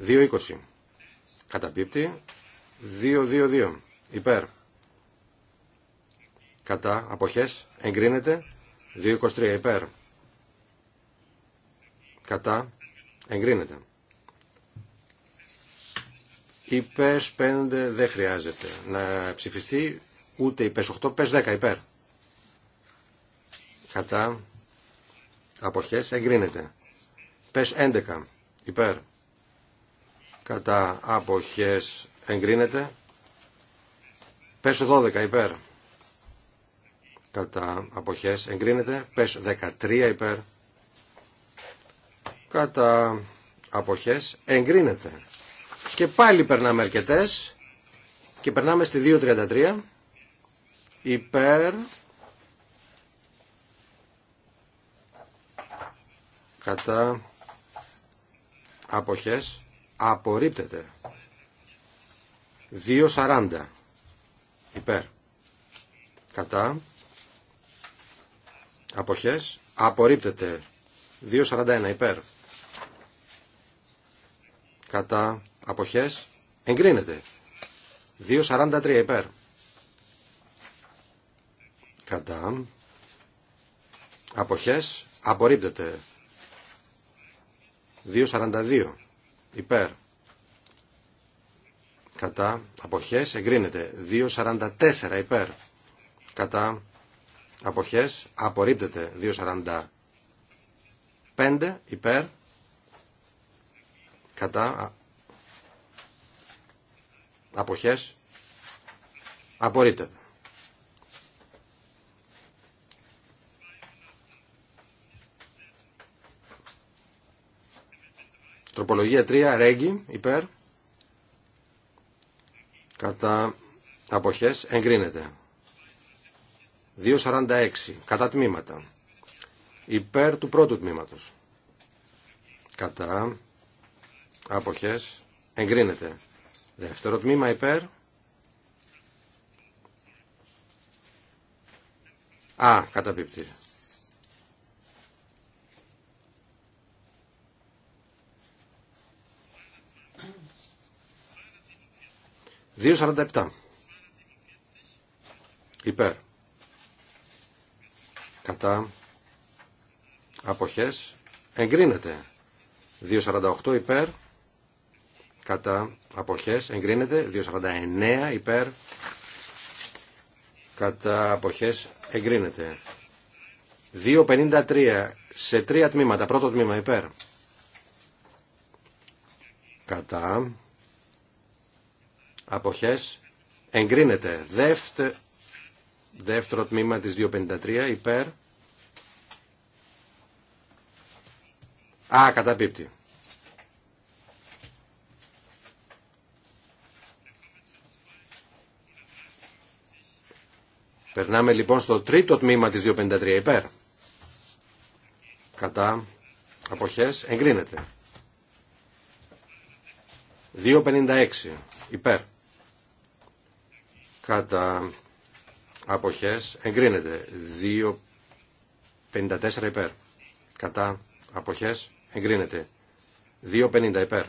2.20 καταπίπτει. 2.22 υπέρ κατά αποχές εγκρίνεται. 2.23 υπέρ κατά εγκρίνεται. Η 5 δεν χρειάζεται να ψηφιστεί ούτε η 8, ΠΕΣ 10 υπέρ. Κατά αποχές εγκρίνεται. ΠΕΣ 11 υπέρ κατά αποχές εγκρίνεται ΠΕΣ 12 υπέρ κατά αποχές εγκρίνεται ΠΕΣ 13 υπέρ κατά αποχές εγκρίνεται και πάλι περνάμε αρκετέ και περνάμε στη 2.33 υπέρ κατά αποχές απορρίπτεται 2.40 υπέρ κατά αποχές απορρίπτεται 2.41 υπέρ κατά αποχές εγκρίνεται 2.43 υπέρ κατά αποχές απορρίπτεται 2.42 υπέρ κατά αποχές εγκρίνεται 2.44 υπέρ κατά αποχές απορρίπτεται 2.45 υπέρ κατά αποχές απορρίπτεται Τροπολογία 3, ρέγγι, υπέρ. Κατά αποχές εγκρίνεται. 2.46, κατά τμήματα. Υπέρ του πρώτου τμήματος. Κατά αποχές εγκρίνεται. Δεύτερο τμήμα υπέρ. Α, καταπίπτει. 2.47. Υπέρ. Κατά. Αποχές. Εγκρίνεται. 2.48 υπέρ. Κατά. Αποχές. Εγκρίνεται. 2.49 υπέρ. Κατά. Αποχές. Εγκρίνεται. 2.53 σε τρία τμήματα. Πρώτο τμήμα υπέρ. Κατά αποχές εγκρίνεται. Δεύτε, δεύτερο τμήμα της 253 υπέρ. Α, καταπίπτει. Περνάμε λοιπόν στο τρίτο τμήμα της 253 υπέρ. Κατά αποχές εγκρίνεται. 256 υπέρ κατά αποχές εγκρίνεται 2.54 υπέρ κατά αποχές εγκρίνεται 2.50 υπέρ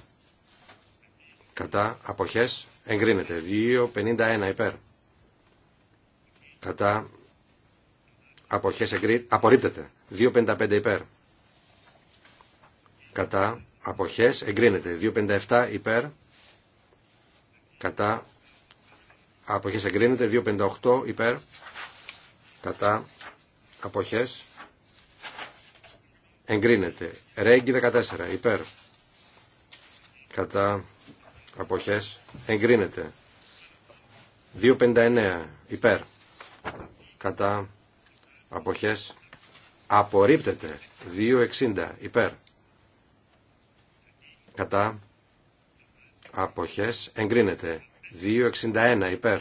κατά αποχές εγκρίνεται 2.51 υπέρ κατά αποχές εγκρίνεται απορρίπτεται 2.55 υπέρ κατά αποχές εγκρίνεται 2.57 υπέρ κατά αποχές εγκρίνεται 258 υπέρ κατά αποχές εγκρίνεται ρέγγι 14 υπέρ κατά αποχές εγκρίνεται 259 υπέρ κατά αποχές απορρίπτεται 260 υπέρ κατά αποχές εγκρίνεται 261 υπέρ.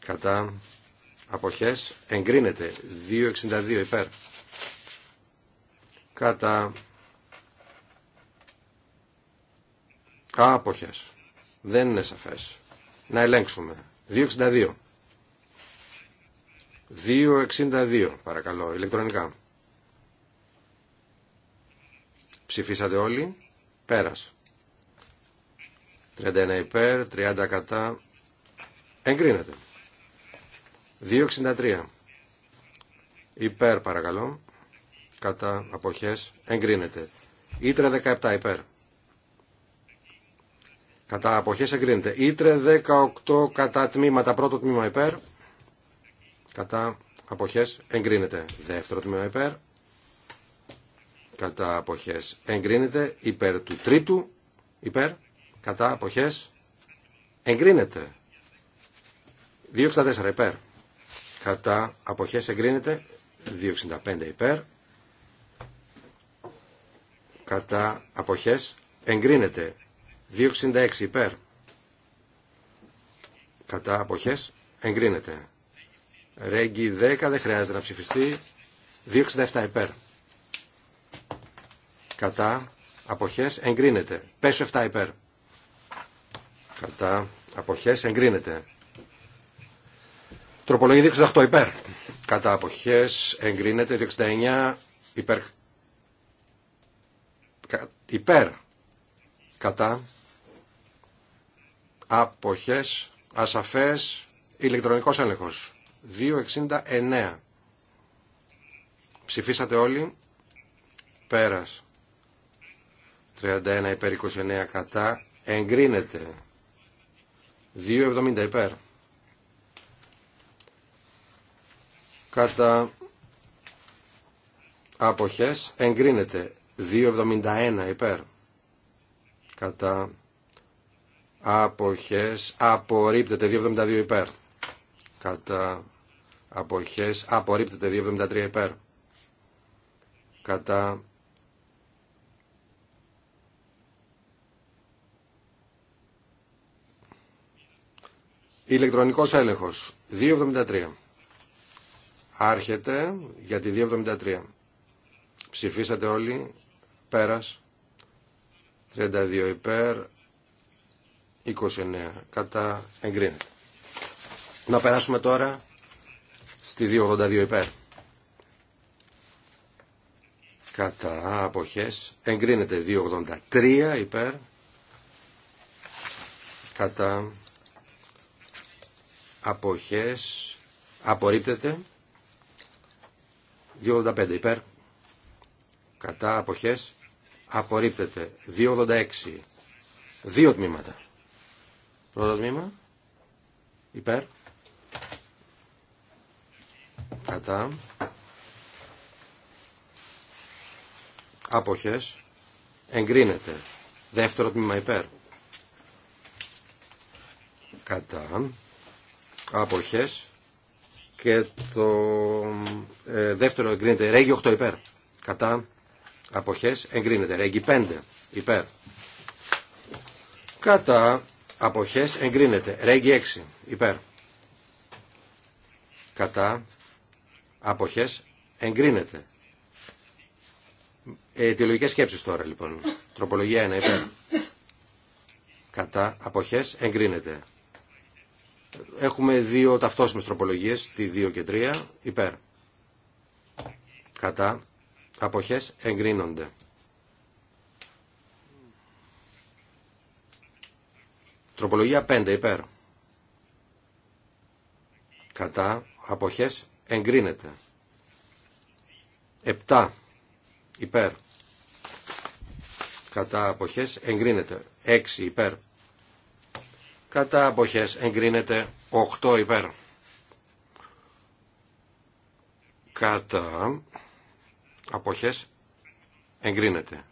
Κατά αποχές εγκρίνεται. 262 υπέρ. Κατά άποχες. Δεν είναι σαφές. Να ελέγξουμε. 262. 262 παρακαλώ ηλεκτρονικά. Ψηφίσατε όλοι. Πέρας. 31 υπέρ, 30 κατά. Εγκρίνεται. 263 υπέρ παρακαλώ. Κατά αποχέ, Εγκρίνεται. Ήτρε 17 υπέρ. Κατά αποχέ εγκρίνεται. Ήτρε 18 κατά τμήματα. Πρώτο τμήμα υπέρ. Κατά απόχέ εγκρίνεται. Δεύτερο τμήμα υπέρ. Κατά αποχέ εγκρίνεται. Υπέρ του τρίτου. Υπέρ κατά αποχές εγκρίνεται 264 υπέρ κατά αποχές εγκρίνεται 265 υπέρ κατά αποχές εγκρίνεται 266 υπέρ κατά αποχές εγκρίνεται Ρέγγι 10 δεν χρειάζεται να ψηφιστεί 267 υπέρ κατά αποχές εγκρίνεται πέσω 7 υπέρ κατά αποχές εγκρίνεται. Τροπολογία 268 υπέρ. Κατά αποχές εγκρίνεται 269 υπέρ. Υπέρ. Κατά αποχές ασαφές ηλεκτρονικός έλεγχος. 269. Ψηφίσατε όλοι. Πέρας. 31 υπέρ 29 κατά εγκρίνεται. 2,70 υπέρ. Κατά αποχές εγκρίνεται 2,71 υπέρ. Κατά αποχές απορρίπτεται 2,72 υπέρ. Κατά αποχές απορρίπτεται 2,73 υπέρ. Κατά Ηλεκτρονικός έλεγχος. 2.73. Άρχεται για τη 2.73. Ψηφίσατε όλοι. Πέρας. 32 υπέρ. 29 κατά εγκρίνεται. Να περάσουμε τώρα στη 2.82 υπέρ. Κατά αποχές εγκρίνεται 2.83 υπέρ. Κατά αποχές απορρίπτεται 2.85 υπέρ κατά αποχές απορρίπτεται 2.86 δύο τμήματα πρώτο τμήμα υπέρ κατά αποχές εγκρίνεται δεύτερο τμήμα υπέρ κατά αποχές και το ε, δεύτερο εγκρίνεται ρέγγι 8 υπέρ κατά αποχές εγκρίνεται ρέγγι 5 υπέρ κατά αποχές εγκρίνεται ρέγγι 6 υπέρ κατά αποχές εγκρίνεται ε, σκέψει σκέψεις τώρα λοιπόν τροπολογία 1 υπέρ κατά αποχές εγκρίνεται έχουμε δύο ταυτόσιμες τροπολογίες, τη 2 και 3, υπέρ. Κατά. Αποχές εγκρίνονται. Τροπολογία 5 υπέρ. Κατά. Αποχές εγκρίνεται. 7 υπέρ. Κατά. Αποχές εγκρίνεται. 6 υπέρ κατά αποχές εγκρίνεται 8 υπέρ κατά αποχές εγκρίνεται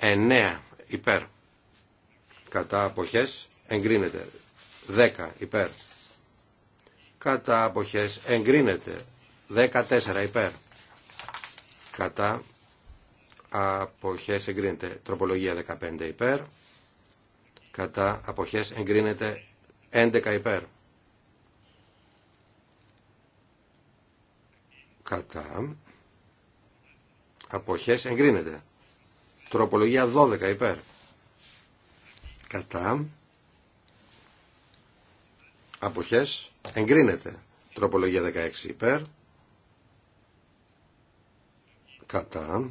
9 υπέρ κατά αποχές εγκρίνεται 10 υπέρ κατά αποχές εγκρίνεται 14 υπέρ κατά αποχές εγκρίνεται τροπολογία 15 υπέρ κατά αποχές εγκρίνεται 11 υπέρ. Κατά αποχές εγκρίνεται. Τροπολογία 12 υπέρ. Κατά αποχές εγκρίνεται. Τροπολογία 16 υπέρ. Κατά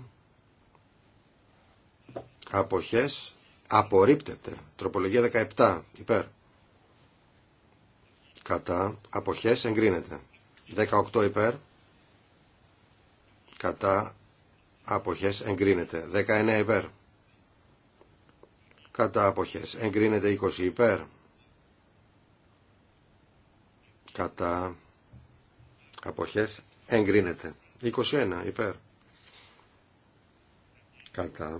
αποχές Απορρίπτεται. Τροπολογία 17. Υπέρ. Κατά. Αποχές εγκρίνεται. 18 υπέρ. Κατά. Αποχές εγκρίνεται. 19 υπέρ. Κατά αποχές εγκρίνεται 20 υπέρ. Κατά αποχές εγκρίνεται. 21 υπέρ. Κατά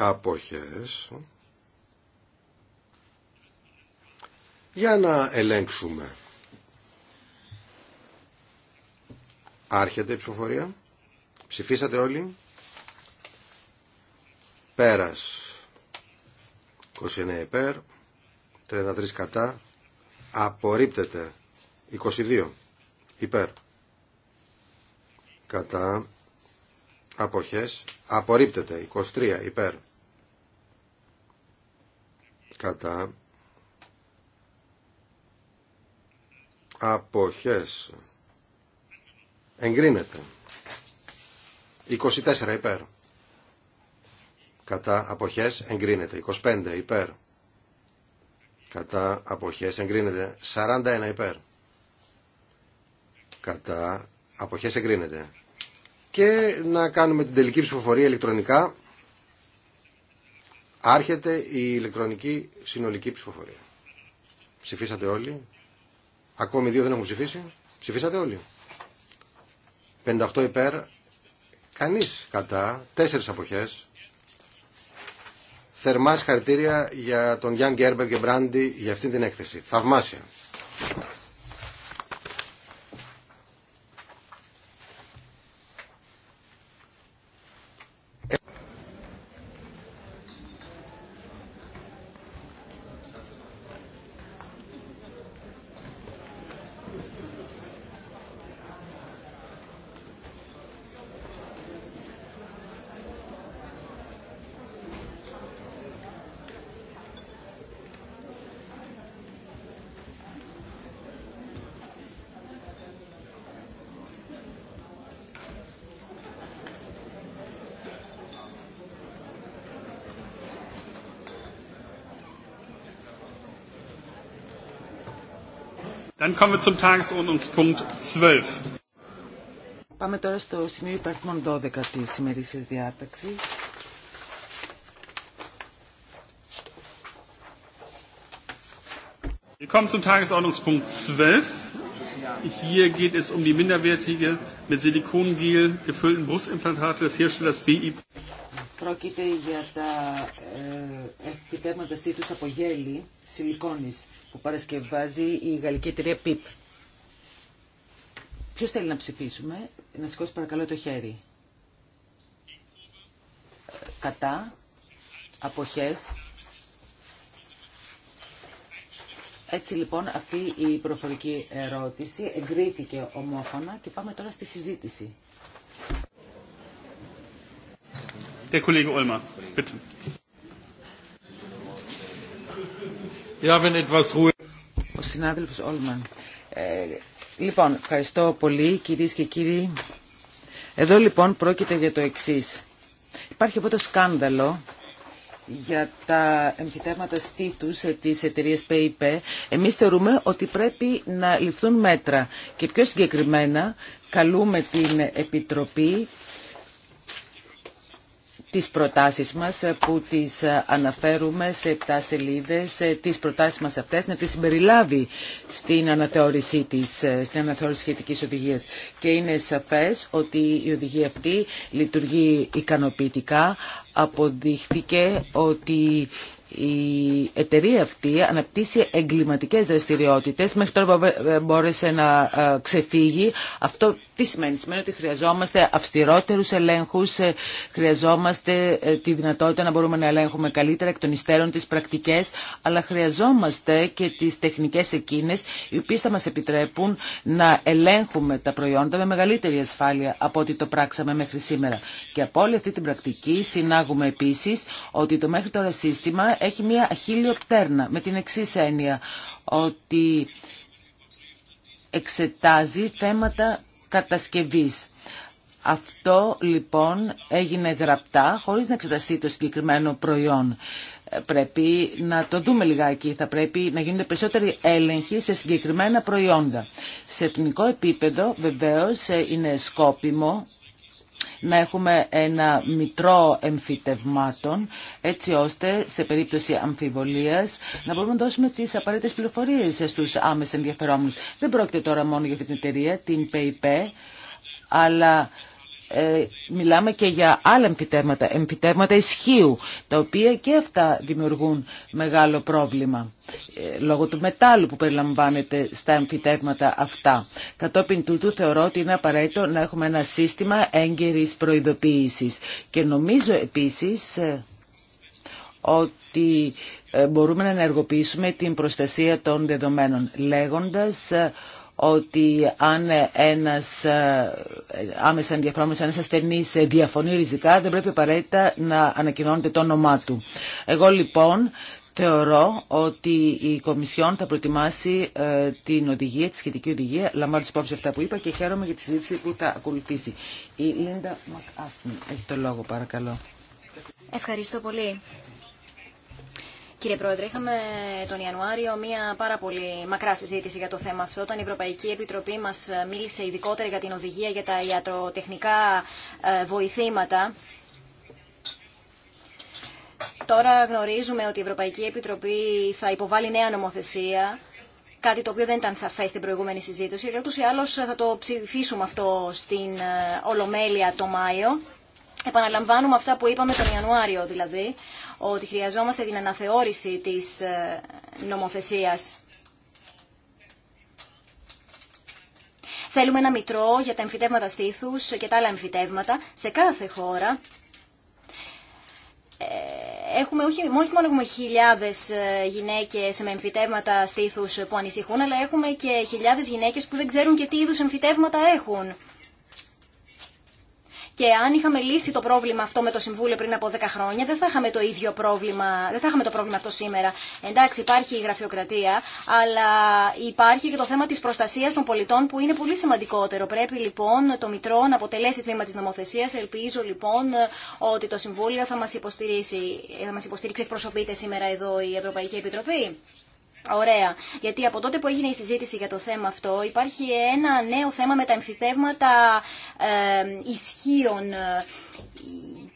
αποχές για να ελέγξουμε. Άρχεται η ψηφοφορία. Ψηφίσατε όλοι. Πέρας. 29 υπέρ. 33 κατά. Απορρίπτεται. 22 υπέρ. Κατά. Αποχές. Απορρίπτεται. 23 υπέρ κατά αποχές εγκρίνεται 24 υπέρ κατά αποχές εγκρίνεται 25 υπέρ κατά αποχές εγκρίνεται 41 υπέρ κατά αποχές εγκρίνεται και να κάνουμε την τελική ψηφοφορία ηλεκτρονικά Άρχεται η ηλεκτρονική συνολική ψηφοφορία. Ψηφίσατε όλοι. Ακόμη δύο δεν έχουν ψηφίσει. Ψηφίσατε όλοι. 58 υπέρ. Κανείς κατά. Τέσσερις αποχές. Θερμά χαρακτήρια για τον Γιάνν Γκέρμπερ και Μπράντι για αυτή την έκθεση. Θαυμάσια. kommen wir zum Tagesordnungspunkt 12. Πάμε τώρα στο σημείο υπαρχμών 12 της σημερινής διάταξης. Wir kommen zum Tagesordnungspunkt 12. Hier geht es um die minderwertige mit Silikongel gefüllten Brustimplantate des Herstellers BI. Πρόκειται για τα ε, επιτέγματα στήθους από γέλη σιλικόνης που παρασκευάζει η γαλλική εταιρεία PIP. Ποιο θέλει να ψηφίσουμε, να σηκώσει παρακαλώ το χέρι. Κατά, αποχές. Έτσι λοιπόν αυτή η προφορική ερώτηση εγκρίθηκε ομόφωνα και πάμε τώρα στη συζήτηση. Der Kollege Ο συνάδελφο Όλμαν. Ε, λοιπόν, ευχαριστώ πολύ κύριε και κύριοι. Εδώ λοιπόν πρόκειται για το εξής. Υπάρχει αυτό το σκάνδαλο για τα εμφυτεύματα στήθου τη εταιρεία PIP. Εμεί θεωρούμε ότι πρέπει να ληφθούν μέτρα και πιο συγκεκριμένα καλούμε την Επιτροπή τις προτάσεις μας ε, που τις ε, αναφέρουμε σε 7 σελίδες. Ε, τις προτάσεις μας αυτές να τις συμπεριλάβει στην αναθεώρησή της, στην αναθεώρηση σχετικής οδηγίας. Και είναι σαφές ότι η οδηγία αυτή λειτουργεί ικανοποιητικά. Αποδείχθηκε ότι η εταιρεία αυτή αναπτύσσει εγκληματικές δραστηριότητες. Μέχρι τώρα μπόρεσε να ε, ξεφύγει. Αυτό τι σημαίνει. Σημαίνει ότι χρειαζόμαστε αυστηρότερους ελέγχους, ε, χρειαζόμαστε ε, τη δυνατότητα να μπορούμε να ελέγχουμε καλύτερα εκ των υστέρων τις πρακτικές, αλλά χρειαζόμαστε και τις τεχνικές εκείνες οι οποίες θα μας επιτρέπουν να ελέγχουμε τα προϊόντα με μεγαλύτερη ασφάλεια από ό,τι το πράξαμε μέχρι σήμερα. Και από όλη αυτή την πρακτική συνάγουμε επίσης ότι το μέχρι τώρα σύστημα έχει μία χίλιο πτέρνα με την εξής έννοια ότι εξετάζει θέματα κατασκευής. Αυτό λοιπόν έγινε γραπτά χωρίς να εξεταστεί το συγκεκριμένο προϊόν. Ε, πρέπει να το δούμε λιγάκι. Θα πρέπει να γίνονται περισσότεροι έλεγχοι σε συγκεκριμένα προϊόντα. Σε εθνικό επίπεδο βεβαίως ε, είναι σκόπιμο να έχουμε ένα μητρό εμφυτευμάτων έτσι ώστε σε περίπτωση αμφιβολίας να μπορούμε να δώσουμε τις απαραίτητες πληροφορίες στους άμεσα ενδιαφερόμενους. Δεν πρόκειται τώρα μόνο για αυτή την εταιρεία, την ΠΕΙΠΕ, αλλά ε, μιλάμε και για άλλα εμφυτεύματα, εμφυτεύματα ισχύου, τα οποία και αυτά δημιουργούν μεγάλο πρόβλημα ε, λόγω του μετάλλου που περιλαμβάνεται στα εμφυτεύματα αυτά. Κατόπιν τούτου θεωρώ ότι είναι απαραίτητο να έχουμε ένα σύστημα έγκαιρης προειδοποίησης και νομίζω επίσης ε, ότι μπορούμε να ενεργοποιήσουμε την προστασία των δεδομένων λέγοντας ότι αν ένας ε, άμεσα αν ένας ασθενής διαφωνεί ριζικά, δεν πρέπει απαραίτητα να ανακοινώνεται το όνομά του. Εγώ λοιπόν θεωρώ ότι η Κομισιόν θα προετοιμάσει ε, την οδηγία, τη σχετική οδηγία, λαμβάνω τις υπόψη αυτά που είπα και χαίρομαι για τη συζήτηση που θα ακολουθήσει. Η Λίντα Μακάφνη έχει το λόγο παρακαλώ. Ευχαριστώ πολύ. Κύριε Πρόεδρε, είχαμε τον Ιανουάριο μία πάρα πολύ μακρά συζήτηση για το θέμα αυτό. Όταν η Ευρωπαϊκή Επιτροπή μας ε, μίλησε ειδικότερα για την οδηγία για τα ιατροτεχνικά ε, βοηθήματα, Τώρα γνωρίζουμε ότι η Ευρωπαϊκή Επιτροπή θα υποβάλει νέα νομοθεσία, κάτι το οποίο δεν ήταν σαφέ στην προηγούμενη συζήτηση. Ούτω ή άλλω θα το ψηφίσουμε αυτό στην ε, Ολομέλεια το Μάιο. Επαναλαμβάνουμε αυτά που είπαμε τον Ιανουάριο δηλαδή, ότι χρειαζόμαστε την αναθεώρηση της ε, νομοθεσίας. Θέλουμε ένα μητρό για τα εμφυτεύματα στήθους και τα άλλα εμφυτεύματα σε κάθε χώρα. Ε, έχουμε, όχι, μόνο έχουμε χιλιάδες ε, γυναίκες με εμφυτεύματα στήθους που ανησυχούν, αλλά έχουμε και χιλιάδες γυναίκες που δεν ξέρουν και τι είδους εμφυτεύματα έχουν. Και αν είχαμε λύσει το πρόβλημα αυτό με το Συμβούλιο πριν από 10 χρόνια, δεν θα είχαμε το ίδιο πρόβλημα, δεν θα το πρόβλημα αυτό σήμερα. Εντάξει, υπάρχει η γραφειοκρατία, αλλά υπάρχει και το θέμα τη προστασία των πολιτών που είναι πολύ σημαντικότερο. Πρέπει λοιπόν το Μητρό να αποτελέσει τμήμα τη νομοθεσία. Ελπίζω λοιπόν ότι το Συμβούλιο θα μα υποστηρίξει. Θα μα υποστηρίξει, εκπροσωπείται σήμερα εδώ η Ευρωπαϊκή Επιτροπή. Ωραία. Γιατί από τότε που έγινε η συζήτηση για το θέμα αυτό υπάρχει ένα νέο θέμα με τα εμφυτεύματα ε, ισχύων ε,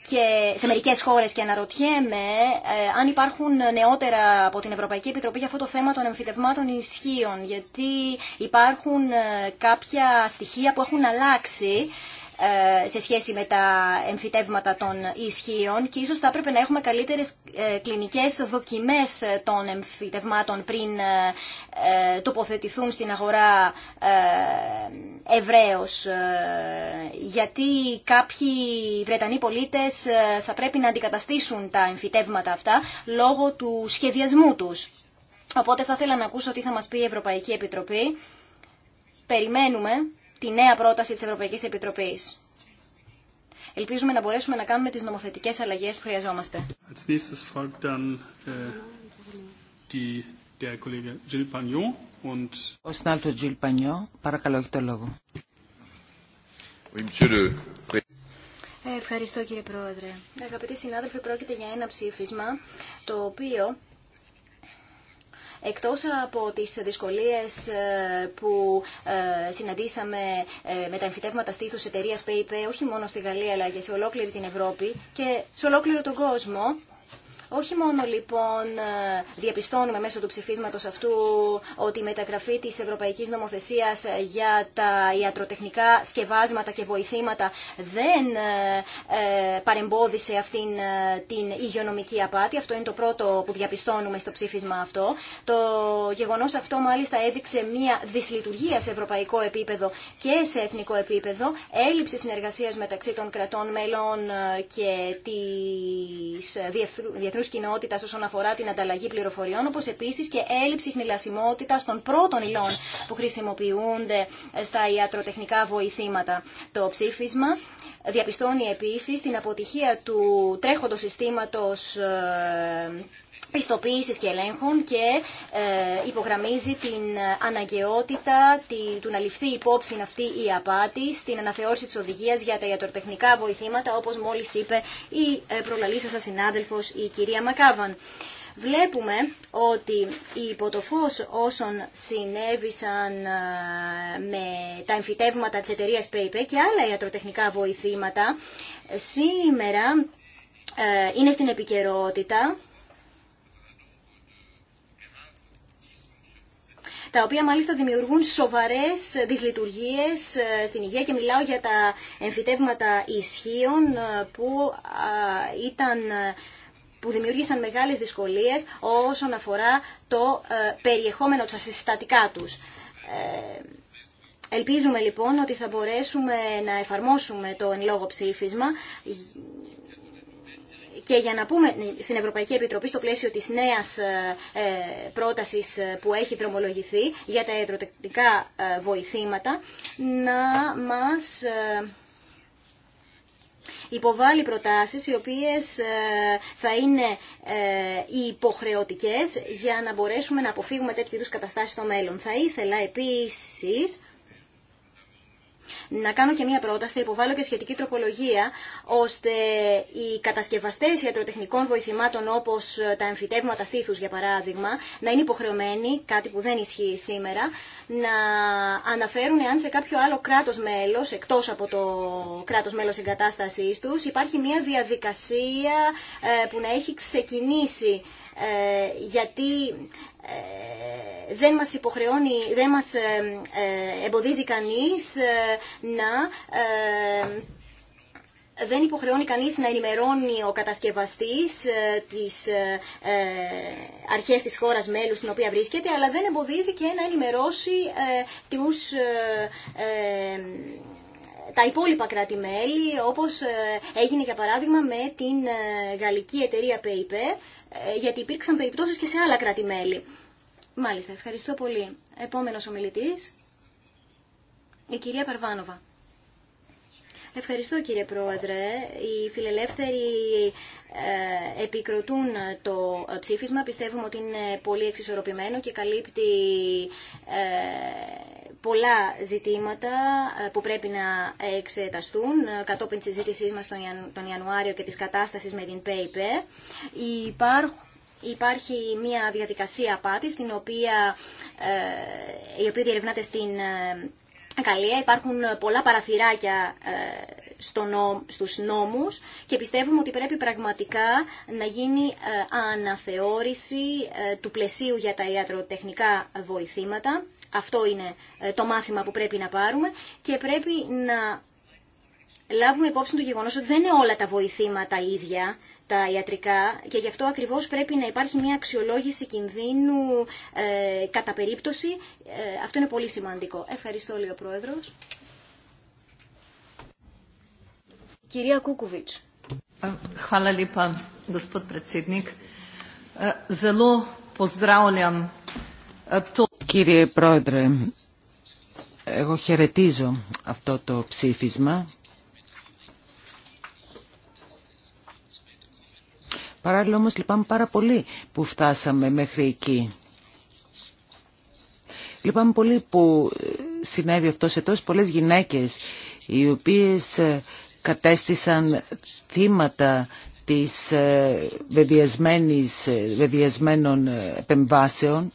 και σε μερικές χώρες και αναρωτιέμαι ε, αν υπάρχουν νεότερα από την Ευρωπαϊκή Επιτροπή για αυτό το θέμα των εμφυτευμάτων ισχύων γιατί υπάρχουν ε, κάποια στοιχεία που έχουν αλλάξει ε, σε σχέση με τα εμφυτεύματα των ισχύων και ίσως θα έπρεπε να έχουμε καλύτερες ε, κλινικές δοκιμές των εμφυτευμάτων πριν ε, τοποθετηθούν στην αγορά ευρέως. Γιατί κάποιοι Βρετανοί πολίτες θα πρέπει να αντικαταστήσουν τα εμφυτεύματα αυτά λόγω του σχεδιασμού τους. Οπότε θα ήθελα να ακούσω τι θα μας πει η Ευρωπαϊκή Επιτροπή. Περιμένουμε τη νέα πρόταση της Ευρωπαϊκής Επιτροπής. Ελπίζουμε να μπορέσουμε να κάνουμε τις νομοθετικές αλλαγές που χρειαζόμαστε. Äh, Ο συνάδελφος Τζιλ Πανιό, παρακαλώ, έχει το λόγο. Ε, ευχαριστώ κύριε Πρόεδρε. Αγαπητοί συνάδελφοι, πρόκειται για ένα ψήφισμα το οποίο Εκτός από τις δυσκολίες ε, που ε, συναντήσαμε ε, με τα εμφυτεύματα στήθους εταιρεία PayPay, όχι μόνο στη Γαλλία αλλά και σε ολόκληρη την Ευρώπη και σε ολόκληρο τον κόσμο, όχι μόνο λοιπόν ε, διαπιστώνουμε μέσω του ψηφίσματος αυτού ότι η μεταγραφή της Ευρωπαϊκής Νομοθεσίας ε, για τα ιατροτεχνικά σκευάσματα και βοηθήματα δεν ε, παρεμπόδισε αυτήν την υγειονομική απάτη. Αυτό είναι το πρώτο που διαπιστώνουμε στο ψήφισμα αυτό. Το γεγονός αυτό μάλιστα έδειξε μια δυσλειτουργία σε ευρωπαϊκό επίπεδο και σε εθνικό επίπεδο, έλλειψη συνεργασίας μεταξύ των κρατών μέλων και της διεθνούς όσον αφορά την ανταλλαγή πληροφοριών, όπω επίση και έλλειψη χνηλασιμότητα των πρώτων υλών που χρησιμοποιούνται στα ιατροτεχνικά βοηθήματα. Το ψήφισμα διαπιστώνει επίση την αποτυχία του τρέχοντο συστήματος ε, πιστοποίησης και ελέγχων και ε, υπογραμμίζει την αναγκαιότητα του να ληφθεί υπόψη αυτή η απάτη στην αναθεώρηση της οδηγίας για τα ιατροτεχνικά βοηθήματα, όπως μόλις είπε η ε, προλαλήσα σας συνάδελφος η κυρία Μακάβαν. Βλέπουμε ότι υπό το φως όσων συνέβησαν ε, με τα εμφυτεύματα της εταιρείας ΠΕΙΠΕ και άλλα ιατροτεχνικά βοηθήματα, σήμερα είναι στην επικαιρότητα τα οποία μάλιστα δημιουργούν σοβαρές δυσλειτουργίες ε, στην υγεία και μιλάω για τα εμφυτεύματα ισχύων ε, που ήταν ε, που δημιούργησαν μεγάλες δυσκολίες όσον αφορά το περιεχόμενο, τα συστατικά τους. Ελπίζουμε λοιπόν ότι θα μπορέσουμε να εφαρμόσουμε το εν λόγω ψήφισμα και για να πούμε στην Ευρωπαϊκή Επιτροπή στο πλαίσιο της νέας ε, ε, πρότασης ε, που έχει δρομολογηθεί για τα ιατροτεχνικά βοηθήματα να μας υποβάλει προτάσεις οι οποίες θα είναι υποχρεωτικές για να μπορέσουμε να αποφύγουμε τέτοιου είδους καταστάσεις στο μέλλον. Θα ήθελα επίσης να κάνω και μία πρόταση, θα υποβάλω και σχετική τροπολογία, ώστε οι κατασκευαστέ ιατροτεχνικών βοηθημάτων όπως τα εμφυτεύματα στήθους για παράδειγμα, να είναι υποχρεωμένοι, κάτι που δεν ισχύει σήμερα, να αναφέρουν αν σε κάποιο άλλο κράτος μέλος, εκτός από το κράτος μέλος εγκατάστασής τους, υπάρχει μία διαδικασία ε, που να έχει ξεκινήσει ε, γιατί ε, δεν μας υποχρεώνει, δεν μας ε, εμποδίζει κανείς να δεν υποχρεώνει κανείς να ενημερώνει ο κατασκευαστής ε, τις ε, αρχές της χώρας μέλους στην οποία βρίσκεται, αλλά δεν εμποδίζει και να ενημερώσει τους, τα υπόλοιπα κράτη-μέλη, όπως έγινε για παράδειγμα με την γαλλική εταιρεία Paper, ε, γιατί υπήρξαν περιπτώσεις και σε άλλα κράτη-μέλη. Μάλιστα, ευχαριστώ πολύ. Επόμενος ομιλητής, η κυρία Παρβάνοβα. Ευχαριστώ κύριε Πρόεδρε. Οι φιλελεύθεροι ε, επικροτούν το ψήφισμα. Πιστεύουμε ότι είναι πολύ εξισορροπημένο και καλύπτει ε, πολλά ζητήματα ε, που πρέπει να εξεταστούν ε, κατόπιν της συζήτησή μας τον Ιανουάριο και της κατάστασης με την ΠΕΙΠΕ. Υπάρχει μια διαδικασία απάτης, την οποία, ε, η οποία διερευνάται στην Καλία. Υπάρχουν πολλά παραθυράκια στους νόμους και πιστεύουμε ότι πρέπει πραγματικά να γίνει αναθεώρηση του πλαισίου για τα ιατροτεχνικά βοηθήματα αυτό είναι ε, το μάθημα που πρέπει να πάρουμε και πρέπει να λάβουμε υπόψη το γεγονός ότι δεν είναι όλα τα βοηθήματα ίδια τα ιατρικά και γι' αυτό ακριβώς πρέπει να υπάρχει μια αξιολόγηση κινδύνου ε, κατά περίπτωση. Ε, αυτό είναι πολύ σημαντικό. Ευχαριστώ, όλοι ο Πρόεδρος. Κυρία Κούκουβιτς. Ευχαριστώ, κύριε Κύριε Πρόεδρε, εγώ χαιρετίζω αυτό το ψήφισμα. Παράλληλα όμως λυπάμαι πάρα πολύ που φτάσαμε μέχρι εκεί. Λυπάμαι πολύ που συνέβη αυτό σε τόσες πολλές γυναίκες οι οποίες ε, κατέστησαν θύματα της ε, ε, βεβαιασμένων επεμβάσεων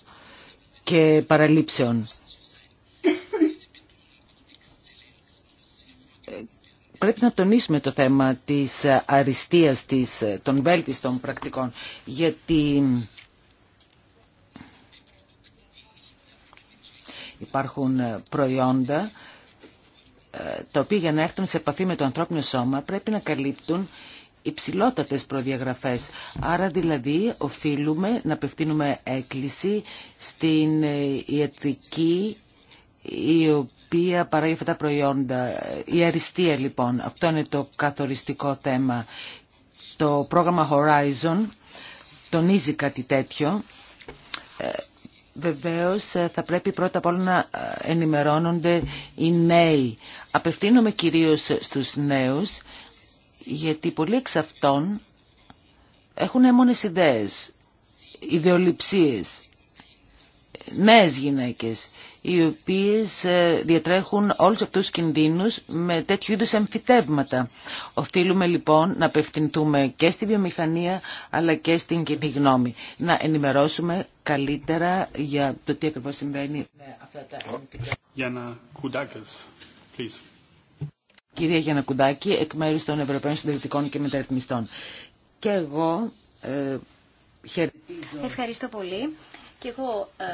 και παραλήψεων. Πρέπει να τονίσουμε το θέμα της αριστείας της, των βέλτιστων πρακτικών, γιατί υπάρχουν προϊόντα ε, τα οποία για να έρθουν σε επαφή με το ανθρώπινο σώμα πρέπει να καλύπτουν υψηλότατες προδιαγραφές. Άρα δηλαδή οφείλουμε να απευθύνουμε έκκληση στην ε, ιατρική η οποία παράγει αυτά τα προϊόντα. Η αριστεία λοιπόν, αυτό είναι το καθοριστικό θέμα. Το πρόγραμμα Horizon τονίζει κάτι τέτοιο. Ε, βεβαίως ε, θα πρέπει πρώτα απ' όλα να ενημερώνονται οι νέοι. Απευθύνομαι κυρίως στους νέους γιατί πολλοί εξ αυτών έχουν έμονες ιδέες, ιδεολειψίες, νέες γυναίκες, οι οποίες ε, διατρέχουν όλους αυτούς τους κινδύνους με τέτοιου είδους εμφυτεύματα. Οφείλουμε λοιπόν να απευθυνθούμε και στη βιομηχανία αλλά και στην κοινή γνώμη. Να ενημερώσουμε καλύτερα για το τι ακριβώς συμβαίνει με αυτά τα εμφυτεύματα κυρία Κουντάκη, εκ μέρους των Ευρωπαίων Συντηρητικών και Μεταρρυθμιστών. Και εγώ ε, χαιρετίζω... Ευχαριστώ πολύ. Και εγώ ε,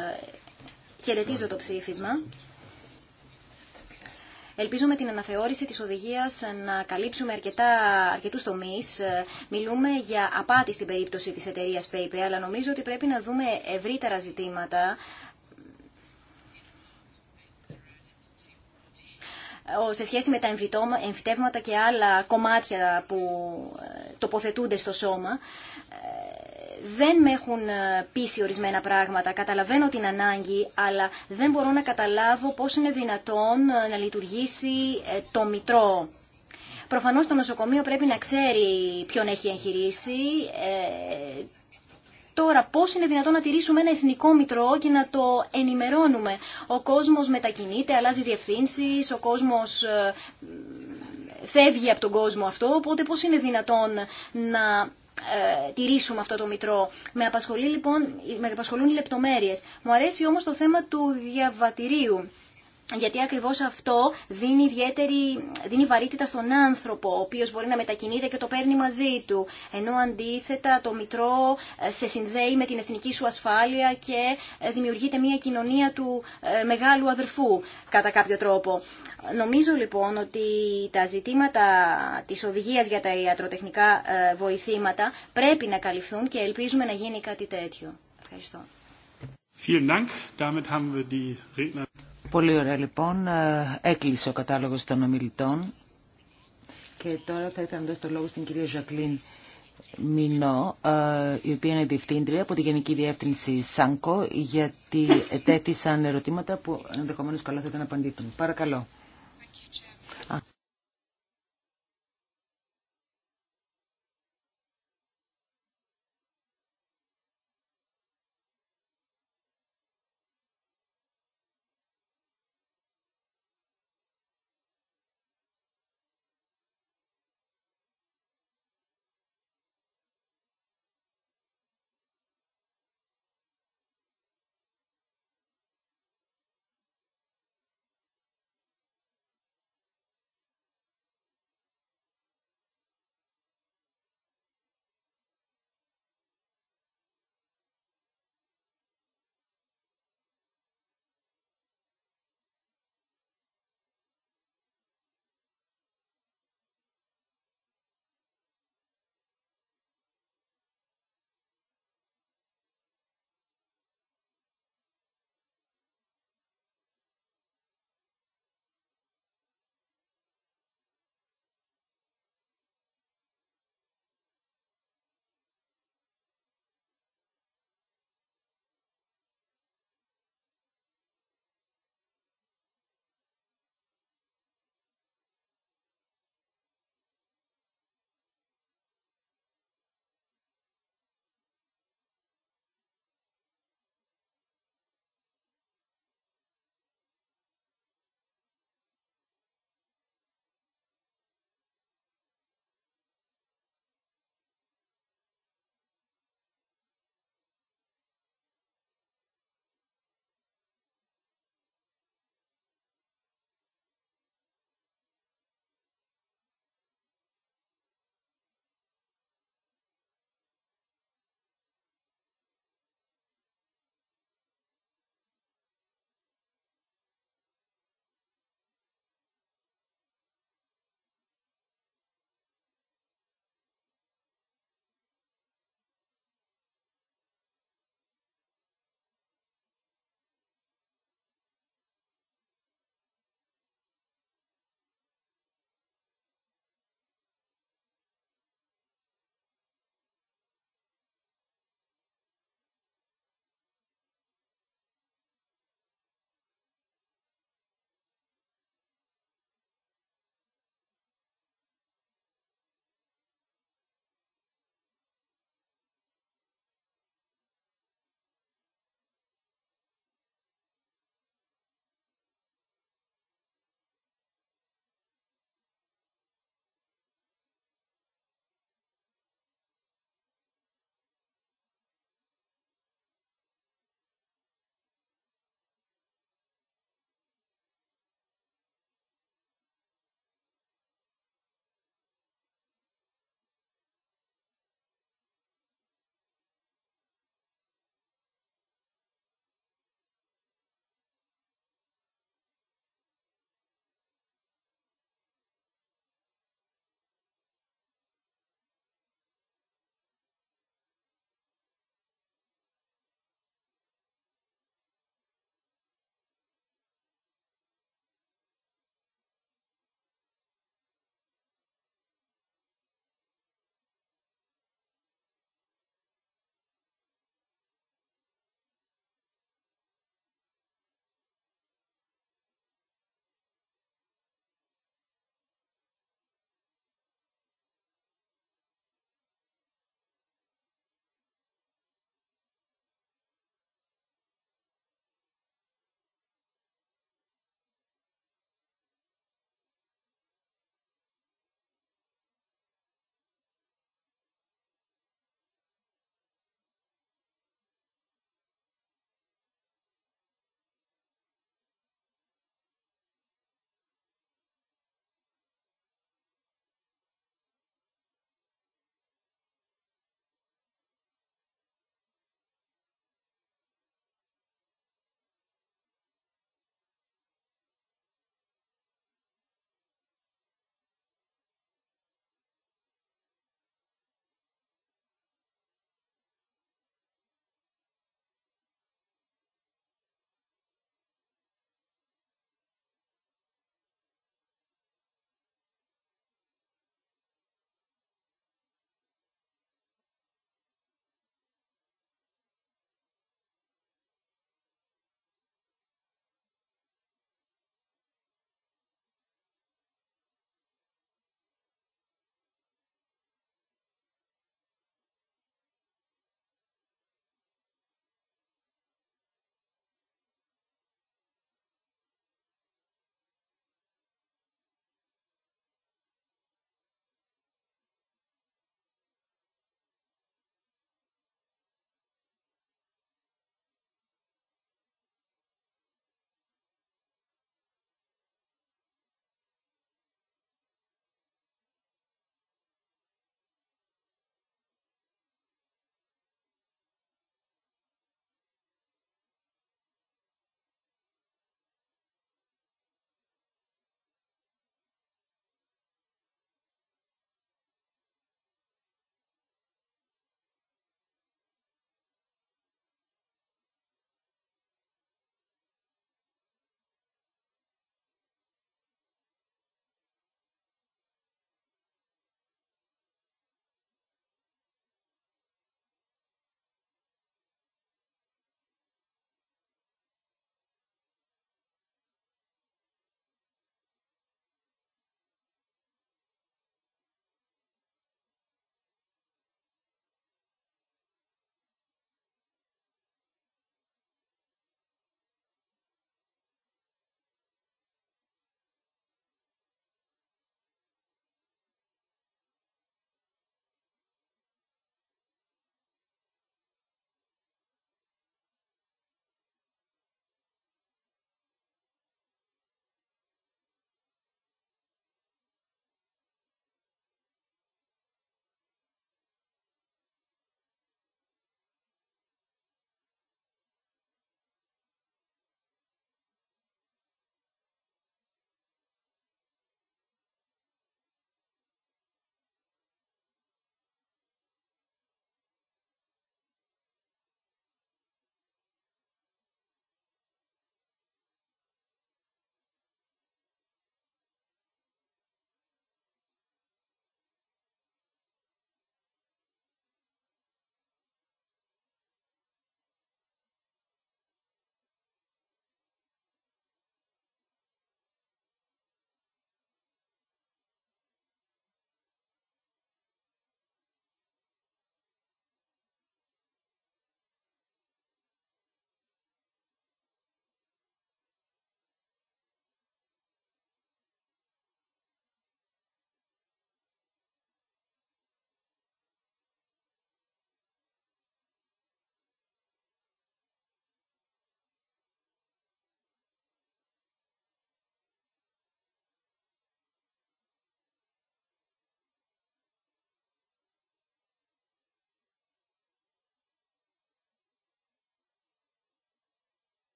χαιρετίζω το ψήφισμα. Ελπίζω με την αναθεώρηση της οδηγίας να καλύψουμε αρκετά, αρκετούς τομείς. Ε, μιλούμε για απάτη στην περίπτωση της εταιρείας PayPal, αλλά νομίζω ότι πρέπει να δούμε ευρύτερα ζητήματα σε σχέση με τα εμφυτεύματα και άλλα κομμάτια που ε, τοποθετούνται στο σώμα ε, δεν με έχουν ε, πείσει ορισμένα πράγματα. Καταλαβαίνω την ανάγκη, αλλά δεν μπορώ να καταλάβω πώς είναι δυνατόν να λειτουργήσει το μητρό. Προφανώς το νοσοκομείο πρέπει να ξέρει ποιον έχει εγχειρήσει, Τώρα, πώς είναι δυνατόν να τηρήσουμε ένα εθνικό μητρό και να το ενημερώνουμε. Ο κόσμος μετακινείται, αλλάζει διευθύνσει, ο κόσμος ε, φεύγει από τον κόσμο αυτό, οπότε πώς είναι δυνατόν να ε, τηρήσουμε αυτό το μητρό. Με, απασχολεί, λοιπόν, με απασχολούν οι λεπτομέρειες. Μου αρέσει όμως το θέμα του διαβατηρίου γιατί ακριβώς αυτό δίνει, ιδιαίτερη, δίνει βαρύτητα στον άνθρωπο, ο οποίος μπορεί να μετακινείται και το παίρνει μαζί του. Ενώ αντίθετα το μητρό ε, σε συνδέει με την εθνική σου ασφάλεια και ε, δημιουργείται μια κοινωνία του ε, μεγάλου αδερφού κατά κάποιο τρόπο. Νομίζω λοιπόν ότι τα ζητήματα της οδηγίας για τα ιατροτεχνικά βοηθήματα πρέπει να καλυφθούν και ελπίζουμε να γίνει κάτι τέτοιο. Ευχαριστώ. Πολύ ωραία λοιπόν. Ε, έκλεισε ο κατάλογος των ομιλητών. Και τώρα θα ήθελα να δώσω το λόγο στην κυρία Ζακλίν Μινό, ε, η οποία είναι διευθύντρια από τη Γενική Διεύθυνση ΣΑΝΚΟ, γιατί ετέθησαν ερωτήματα που ενδεχομένως καλά θα ήταν απαντήτων. Παρακαλώ.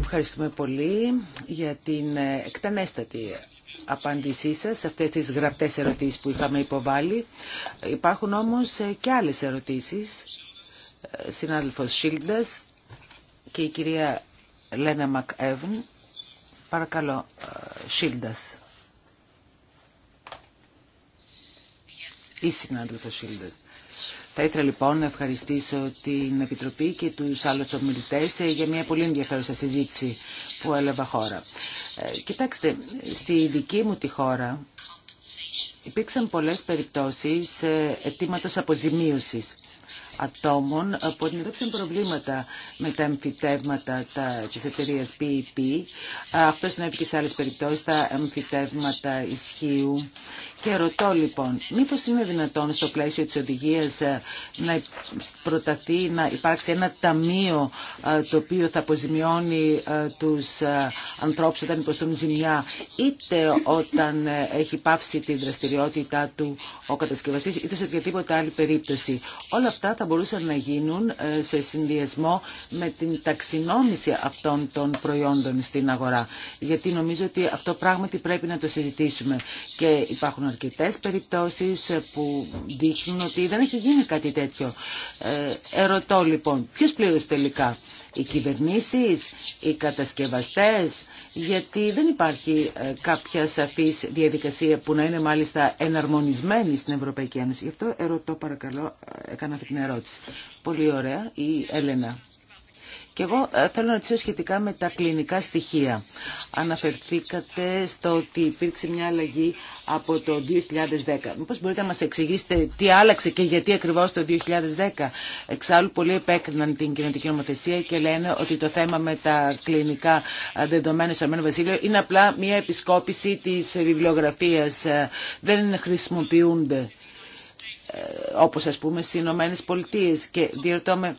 Ευχαριστούμε πολύ για την ε, εκτενέστατη απάντησή σας σε αυτές τις γραπτές ερωτήσεις που είχαμε υποβάλει. Υπάρχουν όμως ε, και άλλες ερωτήσεις. Ε, συνάδελφος Σίλντας και η κυρία Λένα Μακέβν. Παρακαλώ, Σίλντας. Ή συνάδελφος Σίλντας. Θα ήθελα λοιπόν να ευχαριστήσω την Επιτροπή και τους άλλους ομιλητές ε, για μια πολύ ενδιαφέρουσα συζήτηση που έλαβα χώρα. Ε, κοιτάξτε, στη δική μου τη χώρα υπήρξαν πολλές περιπτώσεις ε, αιτήματος αποζημίωσης ατόμων που αντιμετώπισαν προβλήματα με τα εμφυτεύματα τα, της εταιρεία PEP. Αυτό συνέβη και σε άλλες περιπτώσεις, τα εμφυτεύματα ισχύου και ρωτώ λοιπόν, μήπως είναι δυνατόν στο πλαίσιο της οδηγίας ε, να προταθεί να υπάρξει ένα ταμείο ε, το οποίο θα αποζημιώνει ε, τους ανθρώπους όταν υποστούν ζημιά είτε όταν έχει πάυσει τη δραστηριότητά του ο κατασκευαστής είτε σε οποιαδήποτε άλλη περίπτωση. Όλα αυτά θα μπορούσαν να γίνουν σε συνδυασμό με την ταξινόμηση αυτών των προϊόντων στην αγορά. Γιατί νομίζω ότι αυτό πράγματι πρέπει να το συζητήσουμε και υπάρχουν αρκετέ περιπτώσεις που δείχνουν ότι δεν έχει γίνει κάτι τέτοιο. Ε, ερωτώ λοιπόν, Ποιο πλήρωσε τελικά, οι κυβερνήσει, οι κατασκευαστέ, γιατί δεν υπάρχει ε, κάποια σαφή διαδικασία που να είναι μάλιστα εναρμονισμένη στην Ευρωπαϊκή Ένωση. Γι' αυτό ερωτώ παρακαλώ, ε, έκανα αυτή την ερώτηση. Πολύ ωραία, η Έλενα. Και εγώ ε, θέλω να ρωτήσω σχετικά με τα κλινικά στοιχεία. Αναφερθήκατε στο ότι υπήρξε μια αλλαγή από το 2010. Μήπως μπορείτε να μας εξηγήσετε τι άλλαξε και γιατί ακριβώς το 2010. Εξάλλου πολλοί επέκριναν την κοινωνική νομοθεσία και λένε ότι το θέμα με τα κλινικά ε, δεδομένα στο Αμένο Βασίλειο είναι απλά μια επισκόπηση της βιβλιογραφίας. Ε, δεν χρησιμοποιούνται ε, όπως ας πούμε στις Ηνωμένε Πολιτείε και διερωτώ με,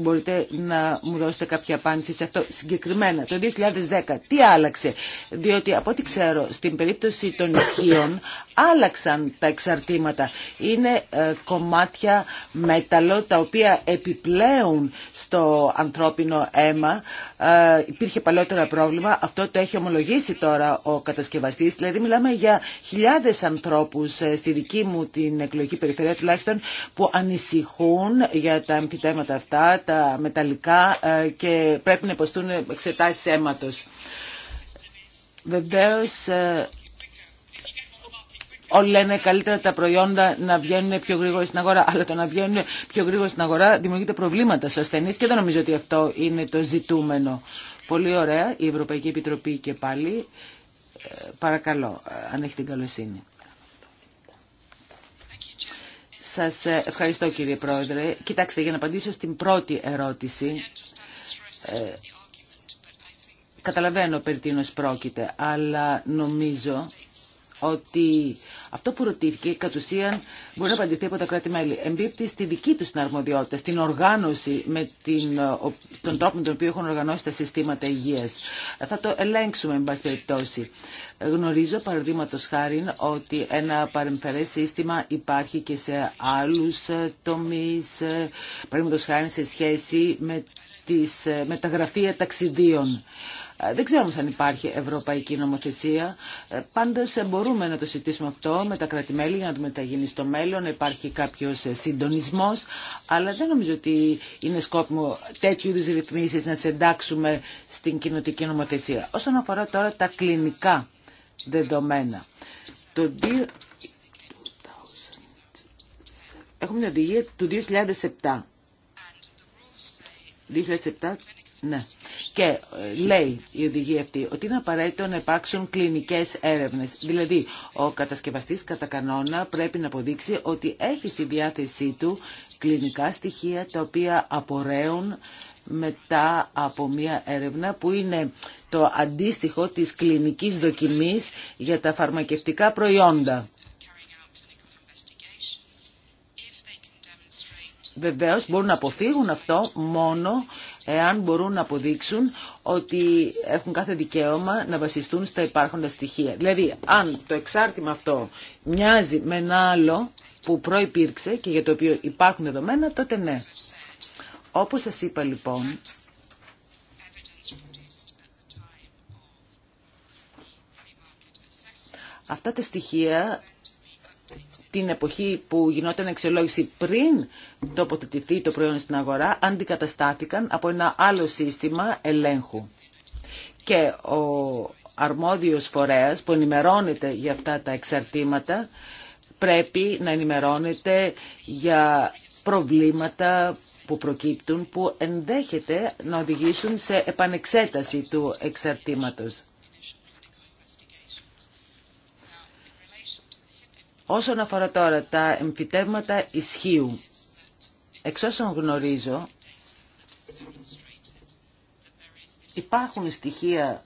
μπορείτε να μου δώσετε κάποια απάντηση σε αυτό συγκεκριμένα. Το 2010 τι άλλαξε, διότι από ό,τι ξέρω στην περίπτωση των ισχύων άλλαξαν τα εξαρτήματα. Είναι ε, κομμάτια μέταλλο τα οποία επιπλέουν στο ανθρώπινο αίμα. Ε, υπήρχε παλαιότερα πρόβλημα, αυτό το έχει ομολογήσει τώρα ο κατασκευαστής, δηλαδή μιλάμε για χιλιάδες ανθρώπους στη δική μου την εκλογική περιφέρεια τουλάχιστον που ανησυχούν για τα επιτέματα αυτά, τα μεταλλικά ε, και πρέπει να υποστούν εξετάσεις αίματος. Βεβαίως ε, Όλοι λένε καλύτερα τα προϊόντα να βγαίνουν πιο γρήγορα στην αγορά. Αλλά το να βγαίνουν πιο γρήγορα στην αγορά δημιουργείται προβλήματα στους ασθενείς και δεν νομίζω ότι αυτό είναι το ζητούμενο. Πολύ ωραία. Η Ευρωπαϊκή Επιτροπή και πάλι. Ε, παρακαλώ, αν έχει την καλοσύνη. Σας ευχαριστώ κύριε Πρόεδρε. Κοιτάξτε, για να απαντήσω στην πρώτη ερώτηση, ε, καταλαβαίνω περί τίνος πρόκειται, αλλά νομίζω ότι αυτό που ρωτήθηκε κατ' ουσίαν μπορεί να απαντηθεί από τα κράτη-μέλη. Εμπίπτει στη δική του συναρμοδιότητα, στην οργάνωση με την, τον τρόπο με τον οποίο έχουν οργανώσει τα συστήματα υγεία. Θα το ελέγξουμε, εν πάση περιπτώσει. Γνωρίζω, παραδείγματο χάρη, ότι ένα παρεμφερέ σύστημα υπάρχει και σε άλλου ε, τομεί, ε, παραδείγματο χάρη σε σχέση με της, ε, με ταξιδίων. Ε, δεν ξέρω αν υπάρχει ευρωπαϊκή νομοθεσία. Ε, πάντως μπορούμε να το συζητήσουμε αυτό με τα κρατημέλη για να το μεταγίνει στο μέλλον, να υπάρχει κάποιος συντονισμός, αλλά δεν νομίζω ότι είναι σκόπιμο τέτοιου είδους ρυθμίσεις να τις εντάξουμε στην κοινοτική νομοθεσία. Όσον αφορά τώρα τα κλινικά δεδομένα. Το Έχουμε την οδηγία του 2007 2007 ναι. Και ε, λέει η οδηγία αυτή ότι είναι απαραίτητο να υπάρξουν κλινικές έρευνες. Δηλαδή, ο κατασκευαστής κατά κανόνα πρέπει να αποδείξει ότι έχει στη διάθεσή του κλινικά στοιχεία τα οποία απορρέουν μετά από μια έρευνα που είναι το αντίστοιχο της κλινικής δοκιμής για τα φαρμακευτικά προϊόντα. Βεβαίως μπορούν να αποφύγουν αυτό μόνο εάν μπορούν να αποδείξουν ότι έχουν κάθε δικαίωμα να βασιστούν στα υπάρχοντα στοιχεία. Δηλαδή, αν το εξάρτημα αυτό μοιάζει με ένα άλλο που προϋπήρξε και για το οποίο υπάρχουν δεδομένα, τότε ναι. Όπως σας είπα λοιπόν, αυτά τα στοιχεία την εποχή που γινόταν αξιολόγηση πριν τοποθετηθεί το προϊόν στην αγορά, αντικαταστάθηκαν από ένα άλλο σύστημα ελέγχου. Και ο αρμόδιος φορέας που ενημερώνεται για αυτά τα εξαρτήματα πρέπει να ενημερώνεται για προβλήματα που προκύπτουν που ενδέχεται να οδηγήσουν σε επανεξέταση του εξαρτήματος. Όσον αφορά τώρα τα εμφυτεύματα ισχύου, εξ όσων γνωρίζω, υπάρχουν στοιχεία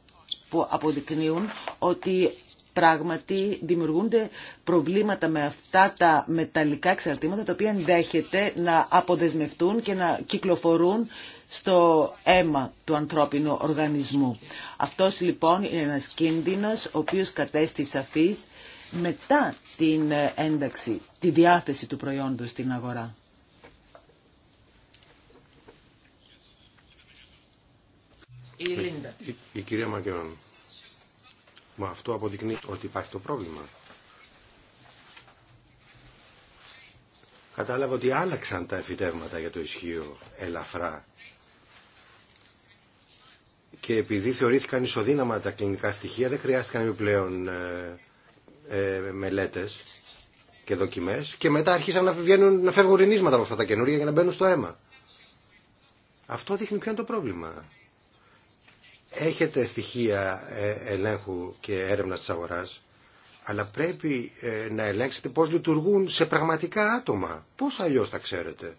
που αποδεικνύουν ότι πράγματι δημιουργούνται προβλήματα με αυτά τα μεταλλικά εξαρτήματα τα οποία ενδέχεται να αποδεσμευτούν και να κυκλοφορούν στο αίμα του ανθρώπινου οργανισμού. Αυτός λοιπόν είναι ένας κίνδυνος ο οποίος κατέστη σαφής μετά την ένταξη, τη διάθεση του προϊόντος στην αγορά. Η, η, κυρία Μακεών, Μα αυτό αποδεικνύει ότι υπάρχει το πρόβλημα. Κατάλαβα ότι άλλαξαν τα εφητεύματα για το ισχύο ελαφρά. Και επειδή θεωρήθηκαν ισοδύναμα τα κλινικά στοιχεία, δεν χρειάστηκαν επιπλέον ε, ε, μελέτες και δοκιμές και μετά αρχίσαν να, βγαίνουν, να φεύγουν ρινίσματα από αυτά τα καινούργια για να μπαίνουν στο αίμα. Αυτό δείχνει ποιο είναι το πρόβλημα. Έχετε στοιχεία ε, ελέγχου και έρευνας της αγοράς, αλλά πρέπει ε, να ελέγξετε πώς λειτουργούν σε πραγματικά άτομα. Πώς αλλιώς θα ξέρετε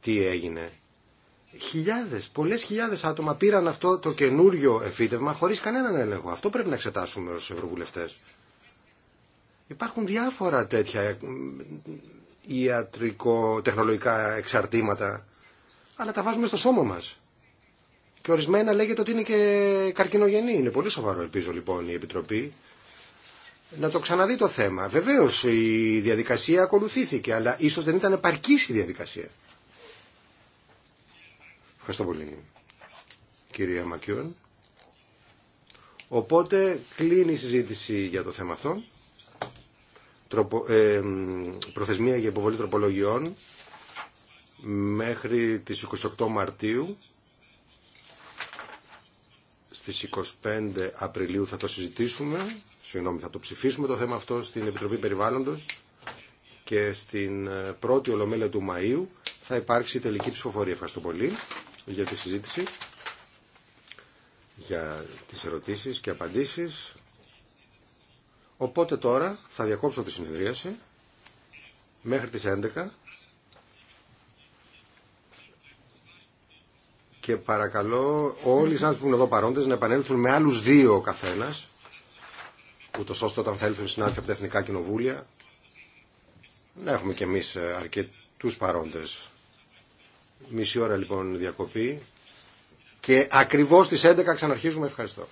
τι έγινε. Χιλιάδες, πολλές χιλιάδες άτομα πήραν αυτό το καινούριο εφήτευμα χωρίς κανέναν έλεγχο. Αυτό πρέπει να εξετάσουμε ω ευρωβουλευτές. Υπάρχουν διάφορα τέτοια ε, ιατρικό-τεχνολογικά εξαρτήματα, αλλά τα βάζουμε στο σώμα μας. Και ορισμένα λέγεται ότι είναι και καρκινογενή. Είναι πολύ σοβαρό, ελπίζω λοιπόν η Επιτροπή να το ξαναδεί το θέμα. Βεβαίω η διαδικασία ακολουθήθηκε, αλλά ίσω δεν ήταν επαρκή η διαδικασία. Ευχαριστώ πολύ, κυρία Μακιόν. Οπότε κλείνει η συζήτηση για το θέμα αυτό προθεσμία για υποβολή τροπολογιών μέχρι τις 28 Μαρτίου. Στις 25 Απριλίου θα το συζητήσουμε, συγγνώμη θα το ψηφίσουμε το θέμα αυτό στην Επιτροπή Περιβάλλοντος και στην ε, πρώτη Ολομέλεια του Μαΐου θα υπάρξει η τελική ψηφοφορία. Ευχαριστώ πολύ για τη συζήτηση, για τις ερωτήσεις και απαντήσεις. Οπότε τώρα θα διακόψω τη συνεδρίαση μέχρι τις 11 και παρακαλώ όλοι οι άνθρωποι που είναι εδώ παρόντες να επανέλθουν με άλλους δύο ο καθένας ούτως ώστε όταν θα έλθουν συνάδελφοι από τα Εθνικά Κοινοβούλια να έχουμε κι εμείς ε, αρκετούς παρόντες. Μισή ώρα λοιπόν διακοπή και ακριβώς στις 11 ξαναρχίζουμε. Ευχαριστώ.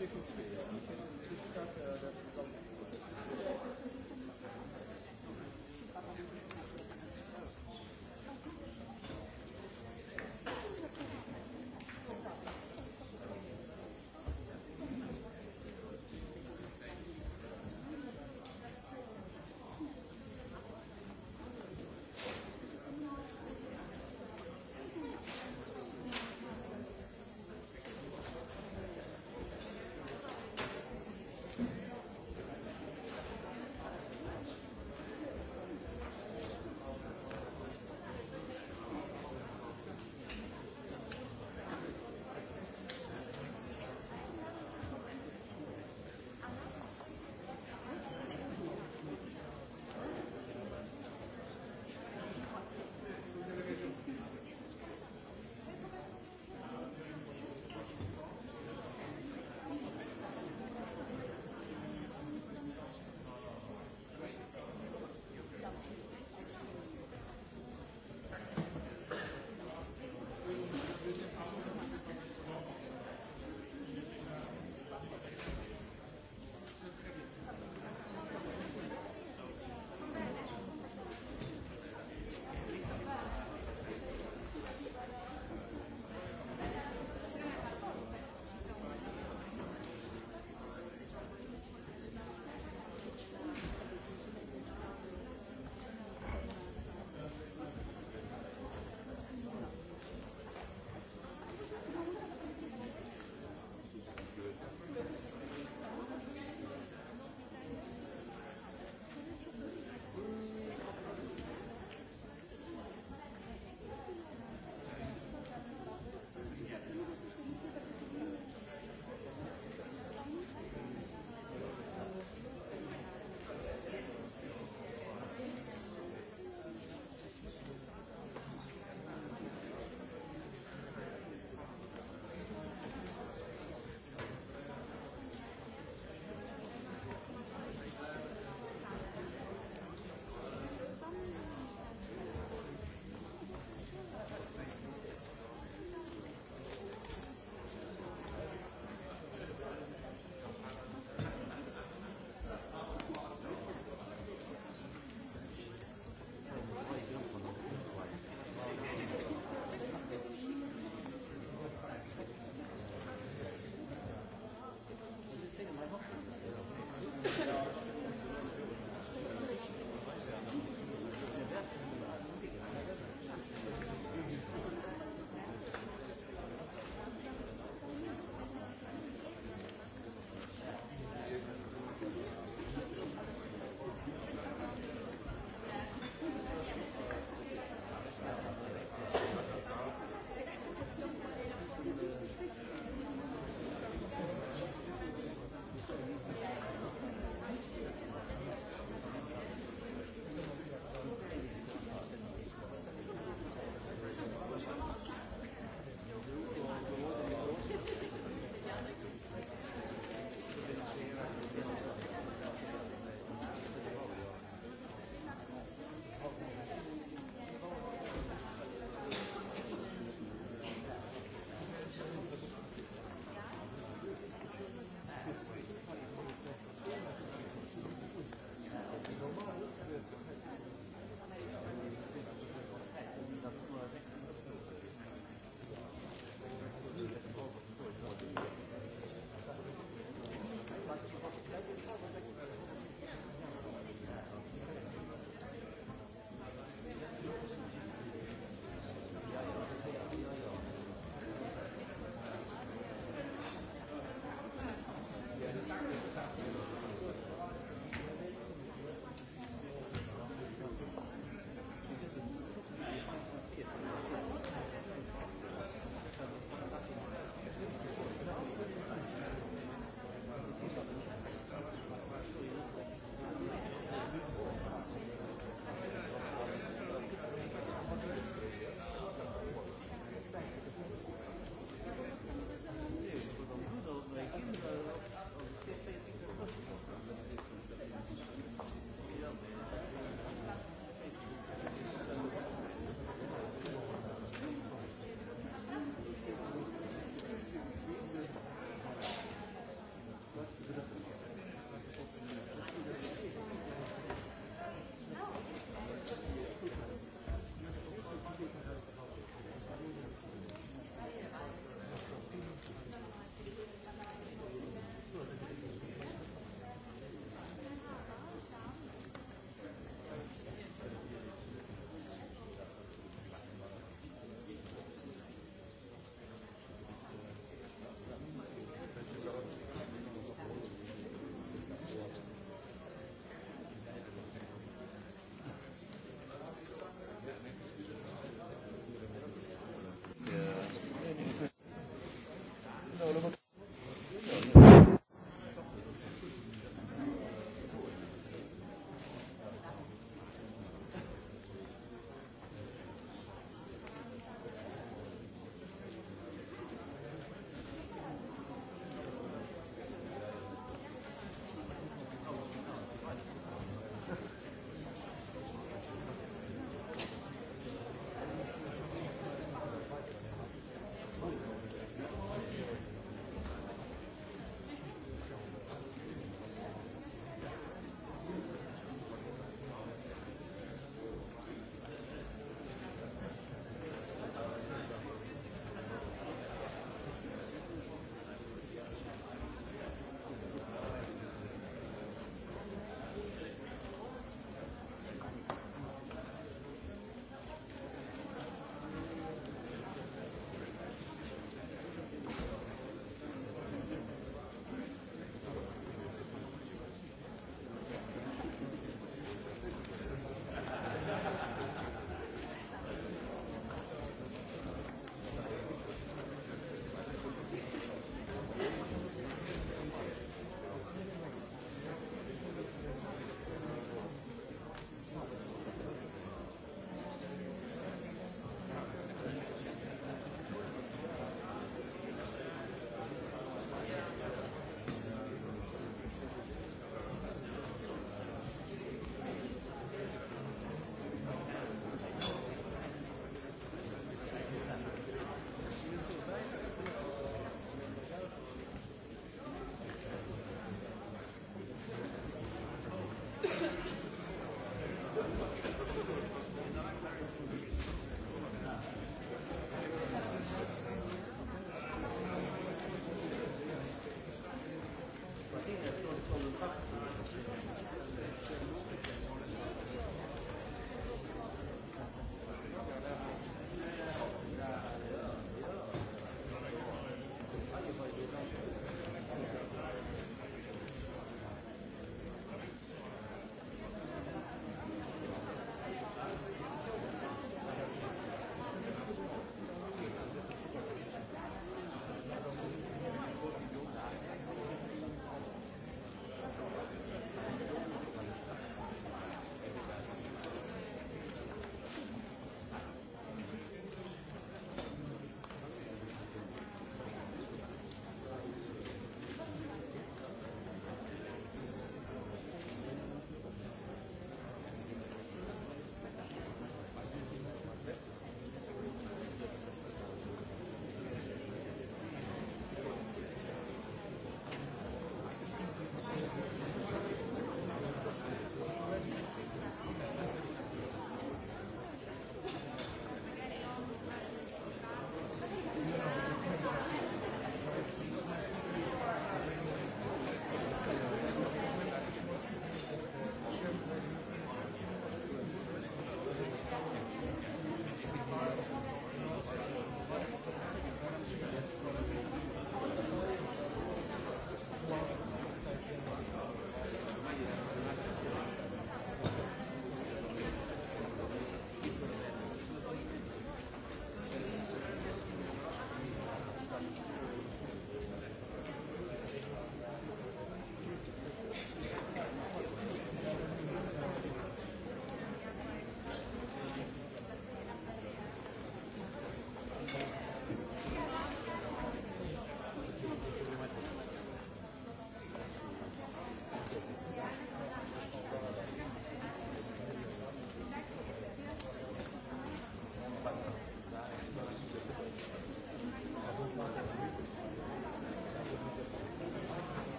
Zwickstadt, das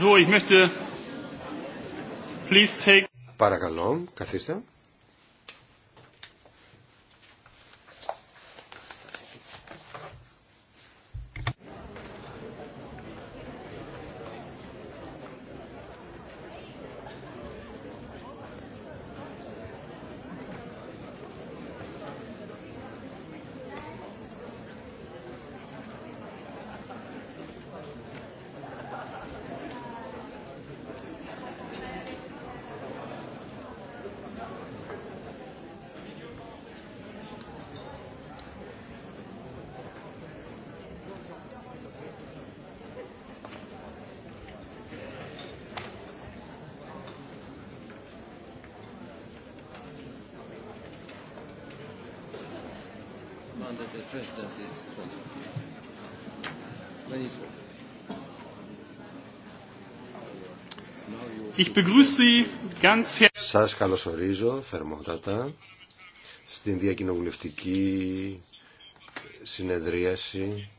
So, ich möchte... Please take... Παρακαλώ, καθίστε. Σας καλωσορίζω θερμότατα στην διακοινοβουλευτική συνεδρίαση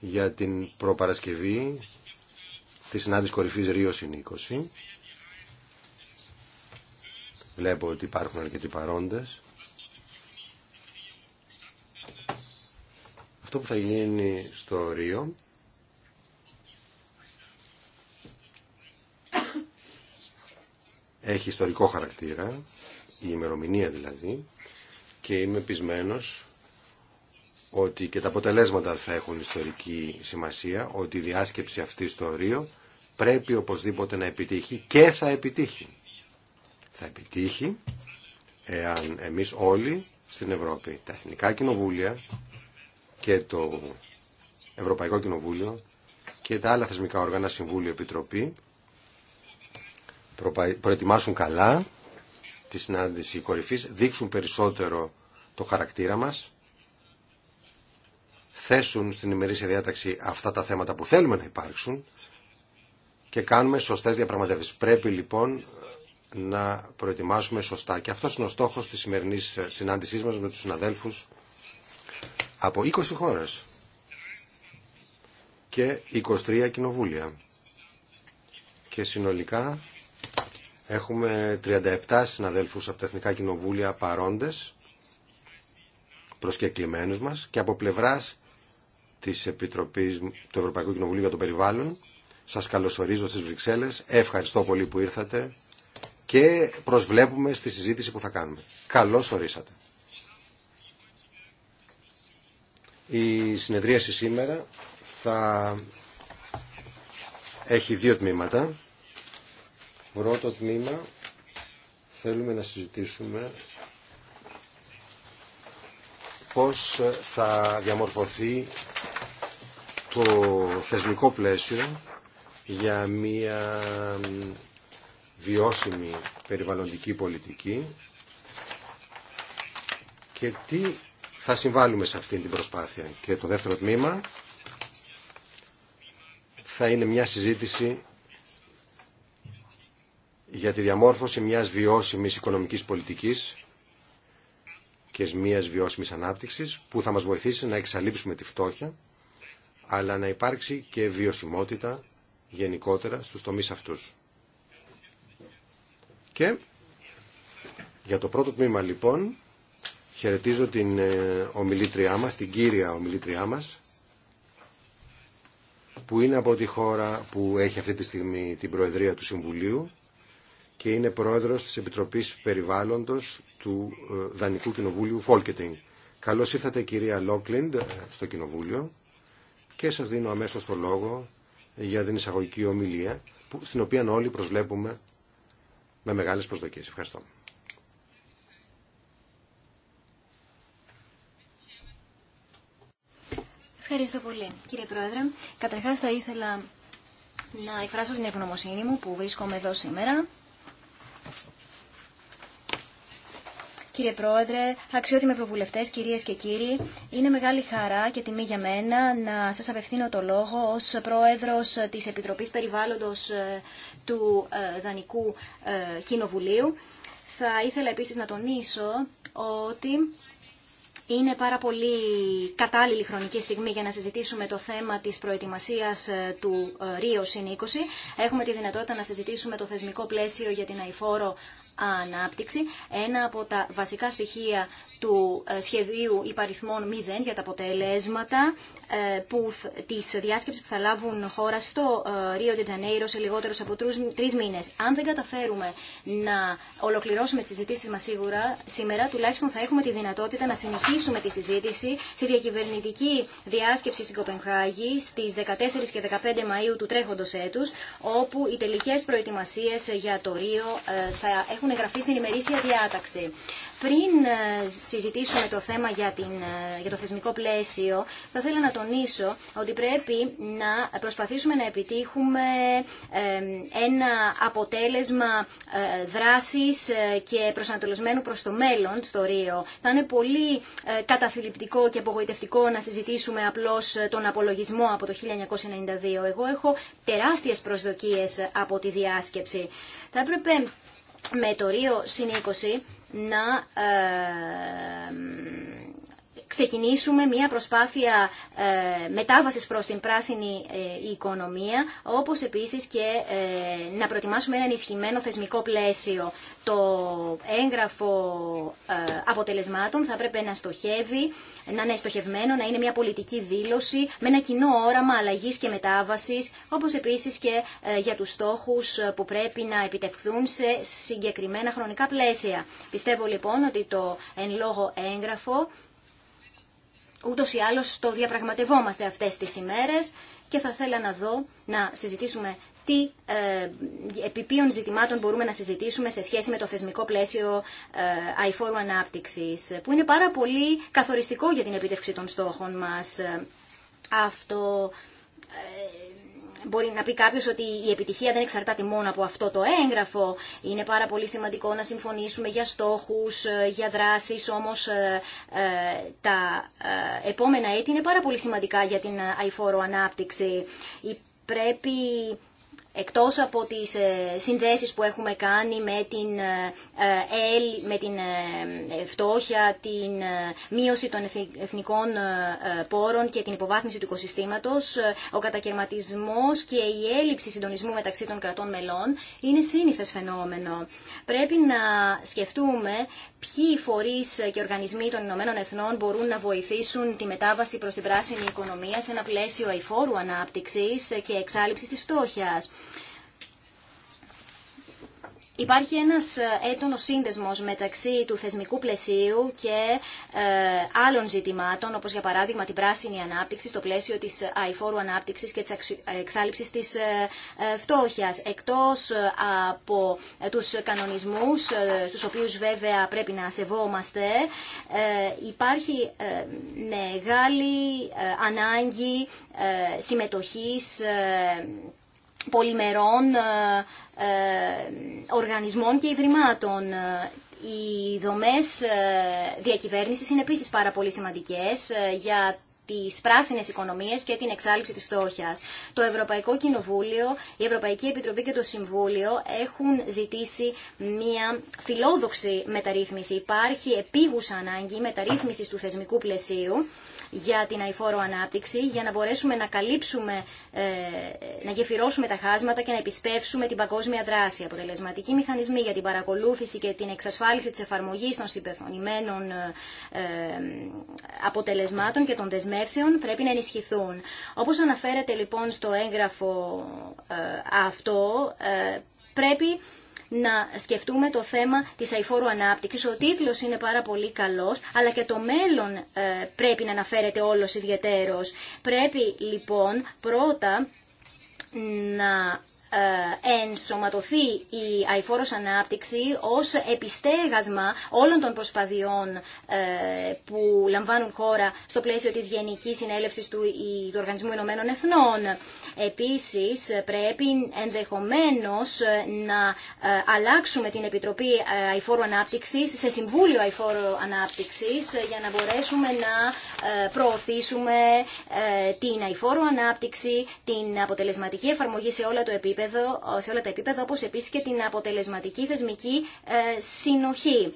για την προπαρασκευή της συνάντησης κορυφής Ρίο 20. Βλέπω ότι υπάρχουν αρκετοί παρόντες. Αυτό που θα γίνει στο Ρίο έχει ιστορικό χαρακτήρα, η ημερομηνία δηλαδή, και είμαι πεισμένος ότι και τα αποτελέσματα θα έχουν ιστορική σημασία, ότι η διάσκεψη αυτή στο Ρίο πρέπει οπωσδήποτε να επιτύχει και θα επιτύχει. Θα επιτύχει εάν εμείς όλοι στην Ευρώπη, τα Εθνικά Κοινοβούλια και το Ευρωπαϊκό Κοινοβούλιο και τα άλλα θεσμικά όργανα, Συμβούλιο, Επιτροπή, προετοιμάσουν καλά τη συνάντηση κορυφής, δείξουν περισσότερο το χαρακτήρα μας, θέσουν στην ημερήσια διάταξη αυτά τα θέματα που θέλουμε να υπάρξουν και κάνουμε σωστές διαπραγματεύσεις. Πρέπει λοιπόν να προετοιμάσουμε σωστά. Και αυτός είναι ο στόχος της σημερινής συνάντησής μας με τους συναδέλφους από 20 χώρες και 23 κοινοβούλια. Και συνολικά Έχουμε 37 συναδέλφους από τα Εθνικά Κοινοβούλια παρόντες, προσκεκλημένους μας και από πλευράς της Επιτροπής του Ευρωπαϊκού Κοινοβουλίου για το Περιβάλλον. Σας καλωσορίζω στις Βρυξέλλες. Ευχαριστώ πολύ που ήρθατε και προσβλέπουμε στη συζήτηση που θα κάνουμε. Καλώς ορίσατε. Η συνεδρίαση σήμερα θα έχει δύο τμήματα. Πρώτο τμήμα θέλουμε να συζητήσουμε πώς θα διαμορφωθεί το θεσμικό πλαίσιο για μια βιώσιμη περιβαλλοντική πολιτική και τι θα συμβάλλουμε σε αυτή την προσπάθεια. Και το δεύτερο τμήμα θα είναι μια συζήτηση για τη διαμόρφωση μιας βιώσιμης οικονομικής πολιτικής και μιας βιώσιμης ανάπτυξης που θα μας βοηθήσει να εξαλείψουμε τη φτώχεια αλλά να υπάρξει και βιωσιμότητα γενικότερα στους τομείς αυτούς. Και για το πρώτο τμήμα λοιπόν χαιρετίζω την ε, ομιλήτριά μας, την κύρια ομιλήτριά μας που είναι από τη χώρα που έχει αυτή τη στιγμή την Προεδρία του Συμβουλίου και είναι πρόεδρος της Επιτροπής Περιβάλλοντος του ε, Δανικού Κοινοβούλιου Φόλκετινγκ. Καλώς ήρθατε κυρία Λόκλιντ ε, στο Κοινοβούλιο και σας δίνω αμέσως το λόγο για την εισαγωγική ομιλία στην οποία όλοι προσβλέπουμε με μεγάλες προσδοκίες. Ευχαριστώ. Ευχαριστώ πολύ κύριε Πρόεδρε. Καταρχάς θα ήθελα να εκφράσω την ευγνωμοσύνη μου που βρίσκομαι εδώ σήμερα Κύριε Πρόεδρε, αξιότιμοι ευρωβουλευτέ, κυρίε και κύριοι, είναι μεγάλη χαρά και τιμή για μένα να σα απευθύνω το λόγο ω πρόεδρο τη Επιτροπή Περιβάλλοντο ε, του ε, Δανικού ε, Κοινοβουλίου. Θα ήθελα επίση να τονίσω ότι είναι πάρα πολύ κατάλληλη χρονική στιγμή για να συζητήσουμε το θέμα της προετοιμασίας του Ρίο 20. Έχουμε τη δυνατότητα να συζητήσουμε το θεσμικό πλαίσιο για την αηφόρο ανάπτυξη, ένα από τα βασικά στοιχεία του ε, σχεδίου υπαριθμών 0 για τα αποτελέσματα ε, που, τις διάσκεψεις που θα λάβουν χώρα στο ε, Ρίο Janeiro σε λιγότερους από τρεις μήνες. Αν δεν καταφέρουμε να ολοκληρώσουμε τις συζητήσεις μας σίγουρα, σήμερα τουλάχιστον θα έχουμε τη δυνατότητα να συνεχίσουμε τη συζήτηση στη διακυβερνητική διάσκεψη στην Κοπενχάγη στις 14 και 15 Μαΐου του τρέχοντος έτους, όπου οι τελικές προετοιμασίες για το Ρίο θα έχουν εγγραφεί στην ημερήσια διάταξη. Πριν ε, συζητήσουμε το θέμα για, την, ε, για το θεσμικό πλαίσιο, θα ήθελα να τονίσω ότι πρέπει να προσπαθήσουμε να επιτύχουμε ε, ένα αποτέλεσμα δράσης και προσανατολισμένου προς το μέλλον στο Ρίο. Θα είναι πολύ καταθλιπτικό και απογοητευτικό να συζητήσουμε απλώς τον απολογισμό από το 1992. Εγώ έχω τεράστιες προσδοκίες από τη διάσκεψη. Θα έπρεπε με το Ρίο Συν 20 να ε, ξεκινήσουμε μια προσπάθεια ε, μετάβασης προς την πράσινη ε, οικονομία, όπως επίσης και ε, να προετοιμάσουμε ένα ενισχυμένο θεσμικό πλαίσιο. Το έγγραφο αποτελεσμάτων θα πρέπει να στοχεύει, να είναι στοχευμένο, να είναι μια πολιτική δήλωση με ένα κοινό όραμα αλλαγής και μετάβασης, όπως επίσης και για τους στόχους που πρέπει να επιτευχθούν σε συγκεκριμένα χρονικά πλαίσια. Πιστεύω λοιπόν ότι το εν λόγω έγγραφο ούτως ή άλλως το διαπραγματευόμαστε αυτές τις ημέρες και θα θέλα να δω, να συζητήσουμε τι ε, ζητημάτων μπορούμε να συζητήσουμε σε σχέση με το θεσμικό πλαίσιο αϊφόρου ε, αηφόρου ανάπτυξης, που είναι πάρα πολύ καθοριστικό για την επίτευξη των στόχων μας. Ε, αυτό Μπορεί να πει κάποιο ότι η επιτυχία δεν εξαρτάται μόνο από αυτό το έγγραφο. Είναι πάρα πολύ σημαντικό να συμφωνήσουμε για στόχου, ε, για δράσει, όμω ε, ε, τα επόμενα έτη είναι πάρα πολύ σημαντικά για την αηφόρο ανάπτυξη. Πρέπει εκτός από τις ε, συνδέσεις που έχουμε κάνει με την, ε, ε, με την φτώχεια, την μείωση των εθνικών πόρων και την υποβάθμιση του οικοσυστήματος, ο κατακαιρματισμός και η έλλειψη συντονισμού μεταξύ των κρατών μελών είναι σύνηθες φαινόμενο. Πρέπει να σκεφτούμε ποιοι φορείς και οργανισμοί των Ηνωμένων Εθνών μπορούν να βοηθήσουν τη μετάβαση προς την πράσινη οικονομία σε ένα πλαίσιο αηφόρου ανάπτυξης και εξάλληψης της φτώχειας. Υπάρχει ένας ε, έτονος σύνδεσμος μεταξύ του θεσμικού πλαισίου και ε, άλλων ζητημάτων, όπως για παράδειγμα την πράσινη ανάπτυξη στο πλαίσιο της αηφόρου ανάπτυξης και της εξάλληψης της ε, φτώχειας. Εκτός από τους κανονισμούς, στους οποίους βέβαια πρέπει να σεβόμαστε, υπάρχει μεγάλη ανάγκη συμμετοχής πολυμερών ε, οργανισμών και ιδρυμάτων. Ε, οι δομές ε, διακυβέρνησης είναι επίσης πάρα πολύ σημαντικές για τι πράσινε οικονομίες και την εξάλληψη τη φτώχεια. Το Ευρωπαϊκό Κοινοβούλιο, η Ευρωπαϊκή Επιτροπή και το Συμβούλιο έχουν ζητήσει μια φιλόδοξη μεταρρύθμιση. Υπάρχει επίγουσα ανάγκη μεταρρύθμισης του θεσμικού πλαισίου για την αηφόρο ανάπτυξη, για να μπορέσουμε να καλύψουμε, ε, να γεφυρώσουμε τα χάσματα και να επισπεύσουμε την παγκόσμια δράση. Αποτελεσματικοί μηχανισμοί για την παρακολούθηση και την εξασφάλιση τη εφαρμογή των συμπεφωνημένων ε, ε, αποτελεσμάτων και των πρέπει να ενισχυθούν. Όπως αναφέρεται λοιπόν στο έγγραφο ε, αυτό, ε, πρέπει να σκεφτούμε το θέμα της αηφόρου ανάπτυξης. Ο τίτλος είναι πάρα πολύ καλός, αλλά και το μέλλον ε, πρέπει να αναφέρεται όλος ιδιαίτερος. Πρέπει λοιπόν πρώτα να ε, ενσωματωθεί η αηφόρος ανάπτυξη ως επιστέγασμα όλων των προσπαθειών ε, που λαμβάνουν χώρα στο πλαίσιο της Γενικής Συνέλευσης του, του Οργανισμού Ηνωμένων Εθνών. Επίσης πρέπει ενδεχομένως ε, να ε, αλλάξουμε την Επιτροπή ε, Αϊφόρου Ανάπτυξης σε Συμβούλιο Αϊφόρου Ανάπτυξης για να μπορέσουμε να προωθήσουμε την Αϊφόρου Ανάπτυξη, την αποτελεσματική εφαρμογή σε όλα, το επίπεδο, σε όλα τα επίπεδα όπως επίσης και την αποτελεσματική θεσμική συνοχή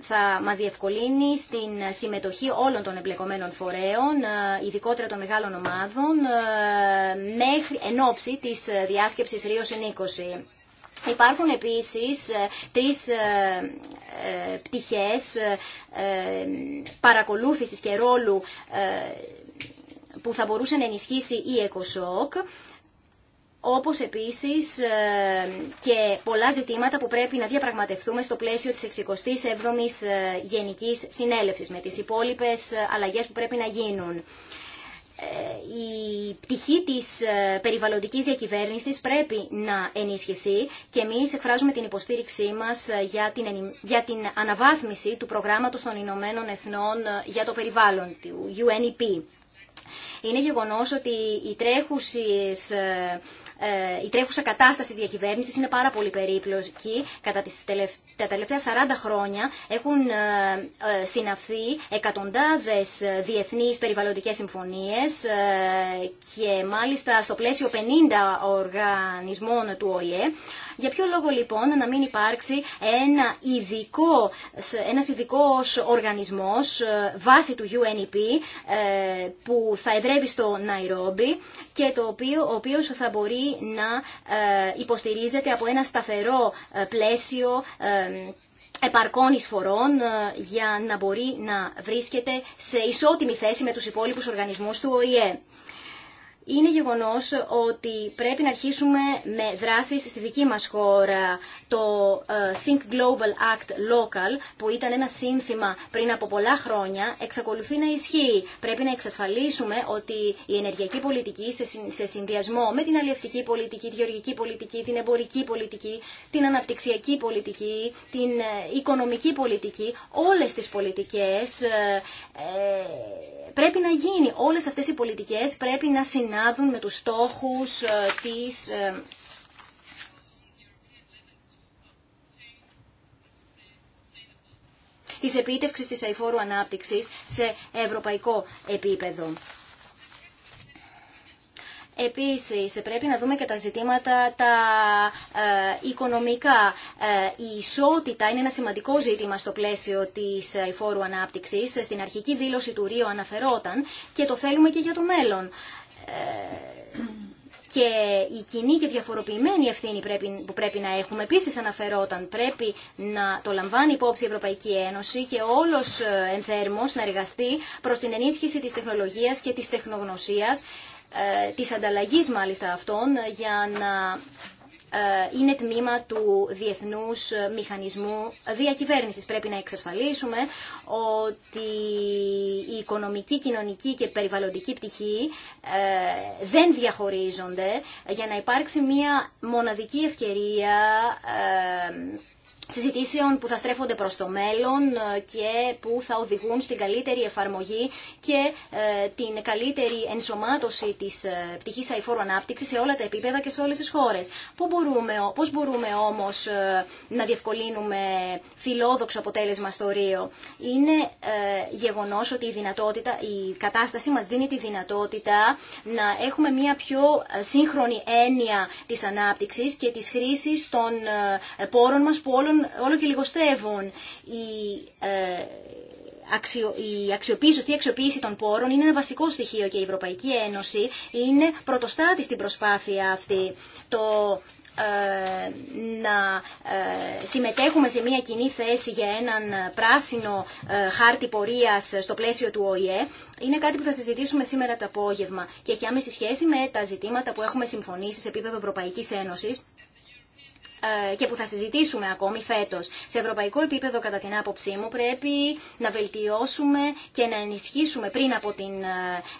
θα μας διευκολύνει στην συμμετοχή όλων των εμπλεκομένων φορέων, ε, ειδικότερα των μεγάλων ομάδων, ε, μέχρι εν ώψη της ε, διάσκεψης Ρίος 20. Υπάρχουν επίσης τρεις πτυχές παρακολούθησης και ρόλου που θα μπορούσε να ενισχύσει η ΕΚΟΣΟΚ όπως επίσης ε, και πολλά ζητήματα που πρέπει να διαπραγματευτούμε στο πλαίσιο της 67ης ε, Γενικής Συνέλευσης με τις υπόλοιπες ε, αλλαγές που πρέπει να γίνουν. Η πτυχή της περιβαλλοντικής διακυβέρνησης πρέπει να ενισχυθεί και εμείς εκφράζουμε την υποστήριξή μας για την, για αναβάθμιση του προγράμματος των Ηνωμένων Εθνών για το περιβάλλον, του UNEP είναι γεγονός ότι η ε, ε, η τρέχουσα κατάσταση διακυβέρνησης είναι πάρα πολύ περίπλοκη. Κατά τις τα τελευταία 40 χρόνια έχουν ε, συναφθεί εκατοντάδες διεθνείς περιβαλλοντικές συμφωνίες και μάλιστα στο πλαίσιο 50 οργανισμών του ΟΗΕ για ποιο λόγο λοιπόν να μην υπάρξει ένα ειδικό, ένας ειδικός οργανισμός ε, βάσει του UNEP ε, που θα εδρεύει στο Ναϊρόμπι και το οποίο, ο θα μπορεί να ε, υποστηρίζεται από ένα σταθερό πλαίσιο επαρκών εισφορών για να μπορεί να βρίσκεται σε ισότιμη θέση με τους υπόλοιπους οργανισμούς του ΟΗΕ είναι γεγονός ότι πρέπει να αρχίσουμε με δράσεις στη δική μας χώρα. Το ε, Think Global Act Local, που ήταν ένα σύνθημα πριν από πολλά χρόνια, εξακολουθεί να ισχύει. Πρέπει να εξασφαλίσουμε ότι η ενεργειακή πολιτική σε συνδυασμό με την αλληλευτική πολιτική, τη γεωργική πολιτική, την εμπορική πολιτική, την αναπτυξιακή πολιτική, την ε, οικονομική πολιτική, όλες τις πολιτικές ε, πρέπει να γίνει. Όλες αυτές οι πολιτικές πρέπει να συνεχίσουν συνάδουν με τους στόχους ε, της ε, της επίτευξης της αηφόρου ανάπτυξης σε ευρωπαϊκό επίπεδο. Επίσης, πρέπει να δούμε και τα ζητήματα τα ε, οικονομικά. η ισότητα είναι ένα σημαντικό ζήτημα στο πλαίσιο της αηφόρου ανάπτυξης. Στην αρχική δήλωση του Ρίο αναφερόταν και το θέλουμε και για το μέλλον και η κοινή και διαφοροποιημένη ευθύνη που πρέπει να έχουμε επίση αναφερόταν. Πρέπει να το λαμβάνει υπόψη η Ευρωπαϊκή Ένωση και όλο ε, ενθέρμο να εργαστεί προ την ενίσχυση τη τεχνολογία και τη τεχνογνωσία, ε, τη ανταλλαγή μάλιστα αυτών, για να ε, είναι τμήμα του Διεθνούς Μηχανισμού Διακυβέρνησης. Πρέπει να εξασφαλίσουμε ότι η οικονομική, κοινωνική και περιβαλλοντική πτυχή ε, δεν διαχωρίζονται για να υπάρξει μια μοναδική ευκαιρία ε, συζητήσεων που θα στρέφονται προς το μέλλον ε, και που θα οδηγούν στην καλύτερη εφαρμογή και ε, την καλύτερη ενσωμάτωση της ε, πτυχής αηφόρου ανάπτυξης σε όλα τα επίπεδα και σε όλες τις χώρες. πώς μπορούμε, πώς μπορούμε όμως να διευκολύνουμε φιλόδοξο αποτέλεσμα στο Ρίο. Είναι γεγονός ότι η, η κατάσταση μας δίνει τη δυνατότητα να έχουμε μια πιο σύγχρονη έννοια της ανάπτυξης και της χρήσης των πόρων μας που όλων Λοιπόν, όλο και λιγοστεύουν. Η, ε, η, αξιοποίηση, αξιοποίηση των πόρων είναι ένα βασικό στοιχείο και η Ευρωπαϊκή Ένωση είναι πρωτοστάτη στην προσπάθεια αυτή. Το ε, να ε, συμμετέχουμε σε μια κοινή θέση για έναν πράσινο ε, χάρτη πορείας στο πλαίσιο του ΟΗΕ είναι κάτι που θα συζητήσουμε σήμερα το απόγευμα και έχει άμεση σχέση με τα ζητήματα που έχουμε συμφωνήσει σε επίπεδο Ευρωπαϊκής Ένωσης ε, και που θα συζητήσουμε ακόμη φέτος. Σε ευρωπαϊκό επίπεδο, κατά την άποψή μου, πρέπει να βελτιώσουμε και να ενισχύσουμε πριν από την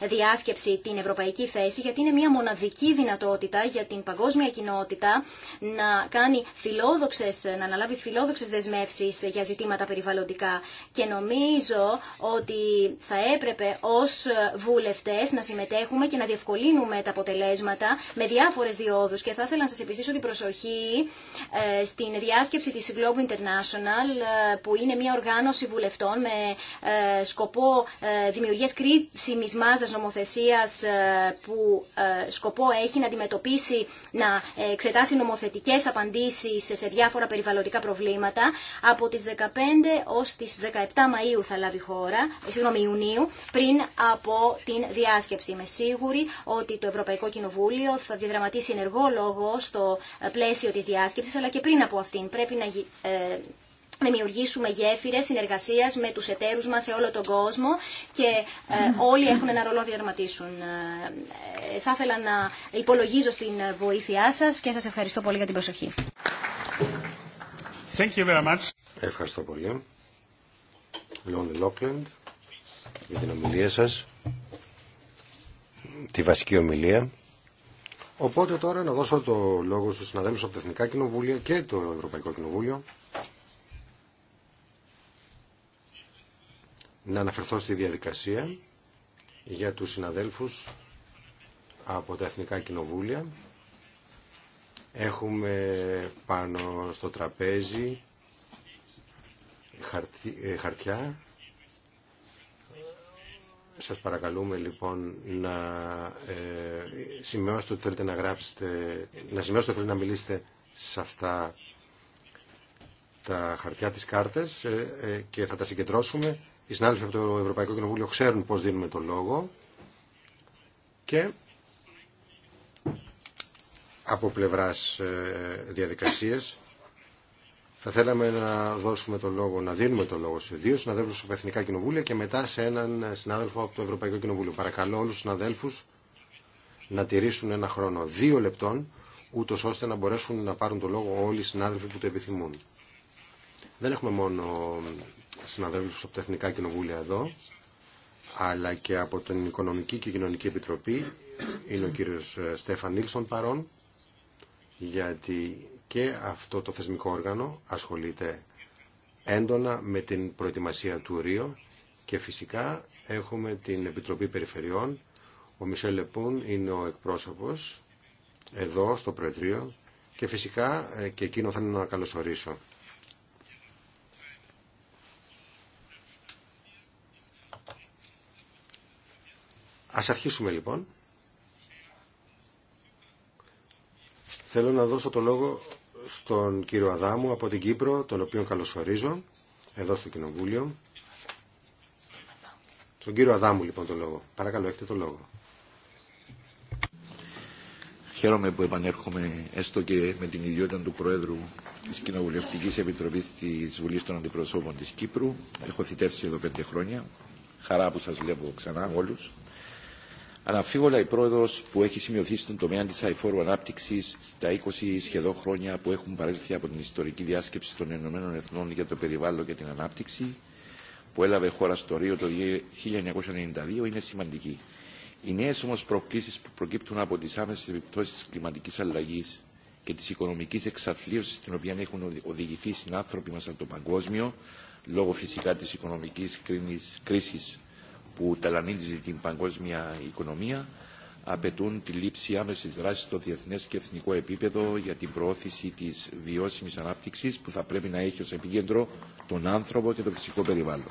ε, διάσκεψη την ευρωπαϊκή θέση, γιατί είναι μια μοναδική δυνατότητα για την παγκόσμια κοινότητα να, κάνει φιλόδοξες, ε, να αναλάβει φιλόδοξες δεσμεύσεις για ζητήματα περιβαλλοντικά. Και νομίζω ότι θα έπρεπε ως βουλευτές να συμμετέχουμε και να διευκολύνουμε τα αποτελέσματα με διάφορες διόδους. Και θα ήθελα να σας επιστήσω την προσοχή ε, στην διάσκεψη της Globe International ε, που είναι μια οργάνωση βουλευτών με ε, σκοπό δημιουργίας κρίσιμης μάζας νομοθεσίας που σκοπό έχει να αντιμετωπίσει, να εξετάσει νομοθετικές απαντήσεις σε διάφορα περιβαλλοντικά προβλήματα. Από τις 15 ως τις 17 Μαΐου θα λάβει χώρα, συγγνώμη Ιουνίου, πριν από την διάσκεψη. Είμαι σίγουρη ότι το Ευρωπαϊκό Κοινοβούλιο θα διαδραματίσει ενεργό λόγο στο πλαίσιο της διάσκεψης αλλά και πριν από αυτήν. Πρέπει να ε, δημιουργήσουμε γέφυρες συνεργασία με του εταίρου μας σε όλο τον κόσμο και ε, όλοι έχουν ένα ρόλο να διαρματίσουν. Ε, θα ήθελα να υπολογίζω στην βοήθειά σας και σα ευχαριστώ πολύ για την προσοχή. Thank you very much. Ευχαριστώ πολύ. Λόνι Λόκλεντ για την ομιλία σας, τη βασική ομιλία. Οπότε τώρα να δώσω το λόγο στους συναδέλφους από τα Εθνικά Κοινοβούλια και το Ευρωπαϊκό Κοινοβούλιο να αναφερθώ στη διαδικασία για τους συναδέλφους από τα Εθνικά Κοινοβούλια. Έχουμε πάνω στο τραπέζι ε, χαρτιά σας παρακαλούμε λοιπόν να ε, σημειώσετε ότι θέλετε να γράψετε, να σημειώσετε ότι θέλετε να μιλήσετε σε αυτά τα χαρτιά της κάρτες ε, ε, και θα τα συγκεντρώσουμε. Οι συνάδελφοι από το Ευρωπαϊκό Κοινοβούλιο ξέρουν πώς δίνουμε το λόγο και από πλευράς ε, διαδικασίες θα θέλαμε να δώσουμε το λόγο, να δίνουμε το λόγο σε δύο συναδέλφου από Εθνικά Κοινοβούλια και μετά σε έναν συνάδελφο από το Ευρωπαϊκό Κοινοβούλιο. Παρακαλώ όλου του συναδέλφου να τηρήσουν ένα χρόνο δύο λεπτών, ούτω ώστε να μπορέσουν να πάρουν το λόγο όλοι οι συνάδελφοι που το επιθυμούν. Δεν έχουμε μόνο συναδέλφου από τα Εθνικά Κοινοβούλια εδώ, αλλά και από την Οικονομική και Κοινωνική Επιτροπή είναι ο κύριο ε, Στέφαν Νίλσον παρόν, γιατί και αυτό το θεσμικό όργανο ασχολείται έντονα με την προετοιμασία του Ρίο και φυσικά έχουμε την Επιτροπή Περιφερειών. Ο Μισελ Λεπούν είναι ο εκπρόσωπος εδώ στο Προεδρείο και φυσικά ε, και εκείνο θα να καλωσορίσω. Ας αρχίσουμε λοιπόν. Θέλω να δώσω το λόγο στον κύριο Αδάμου από την Κύπρο, τον οποίο καλωσορίζω εδώ στο Κοινοβούλιο. Στον κύριο Αδάμου λοιπόν το λόγο. Παρακαλώ, έχετε το λόγο. Χαίρομαι που επανέρχομαι έστω και με την ιδιότητα του Προέδρου της Κοινοβουλευτικής Επιτροπή τη Βουλή των Αντιπροσώπων τη Κύπρου. Έχω θητεύσει εδώ πέντε χρόνια. Χαρά που σα βλέπω ξανά όλου. Αναφίβολα η πρόοδο που έχει σημειωθεί στον τομέα τη αηφόρου ανάπτυξη στα 20 σχεδόν χρόνια που έχουν παρέλθει από την ιστορική διάσκεψη των Ηνωμένων Εθνών για το Περιβάλλον και την Ανάπτυξη, που έλαβε χώρα στο Ρίο το 1992, είναι σημαντική. Οι νέε όμω προκλήσει που προκύπτουν από τι άμεσε επιπτώσει τη κλιματική αλλαγή και τη οικονομική εξαθλίωση την οποία έχουν οδηγηθεί οι συνάνθρωποι μα από το παγκόσμιο, λόγω φυσικά τη οικονομική κρίση που ταλανίζει την παγκόσμια οικονομία απαιτούν τη λήψη άμεση δράση στο διεθνέ και εθνικό επίπεδο για την προώθηση τη βιώσιμη ανάπτυξη που θα πρέπει να έχει ω επίκεντρο τον άνθρωπο και το φυσικό περιβάλλον.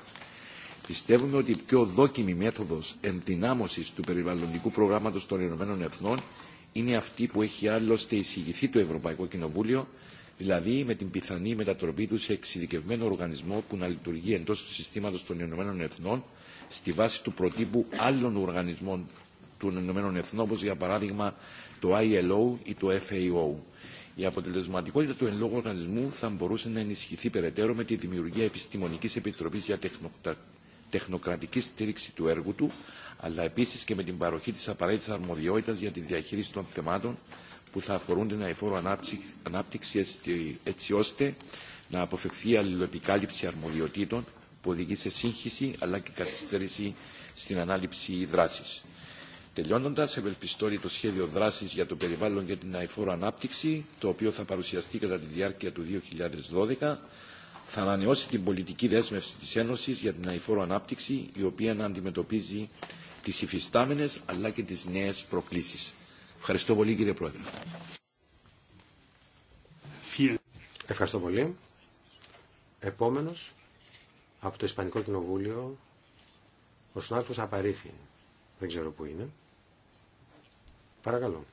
Πιστεύουμε ότι η πιο δόκιμη μέθοδο ενδυνάμωση του περιβαλλοντικού προγράμματο των Ηνωμένων είναι αυτή που έχει άλλωστε εισηγηθεί το Ευρωπαϊκό Κοινοβούλιο, δηλαδή με την πιθανή μετατροπή του σε εξειδικευμένο οργανισμό που να λειτουργεί εντό του συστήματο των Ηνωμένων στη βάση του προτύπου άλλων οργανισμών των ΗΕ Εθνών, για παράδειγμα το ILO ή το FAO. Η αποτελεσματικότητα του εν λόγω οργανισμού θα μπορούσε να ενισχυθεί περαιτέρω με τη δημιουργία επιστημονική επιτροπή για τεχνοκρατική στήριξη του έργου του, αλλά επίση και με την παροχή τη απαραίτητη αρμοδιότητα για τη διαχείριση των θεμάτων που θα αφορούν την αεφόρο ανάπτυξη έτσι ώστε να αποφευθεί η αλληλοεπικάλυψη αρμοδιοτήτων που οδηγεί σε σύγχυση αλλά και καθυστέρηση στην ανάληψη δράση. Τελειώνοντα, ευελπιστώ ότι το σχέδιο δράση για το περιβάλλον και την αηφόρο ανάπτυξη, το οποίο θα παρουσιαστεί κατά τη διάρκεια του 2012, θα ανανεώσει την πολιτική δέσμευση τη Ένωση για την αηφόρο ανάπτυξη, η οποία να αντιμετωπίζει τι υφιστάμενε αλλά και τι νέε προκλήσει. Ευχαριστώ πολύ, κύριε Πρόεδρε. Ευχαριστώ πολύ. Επόμενος από το Ισπανικό Κοινοβούλιο, ο συνάδελφος Απαρίθη. Δεν ξέρω πού είναι. Παρακαλώ.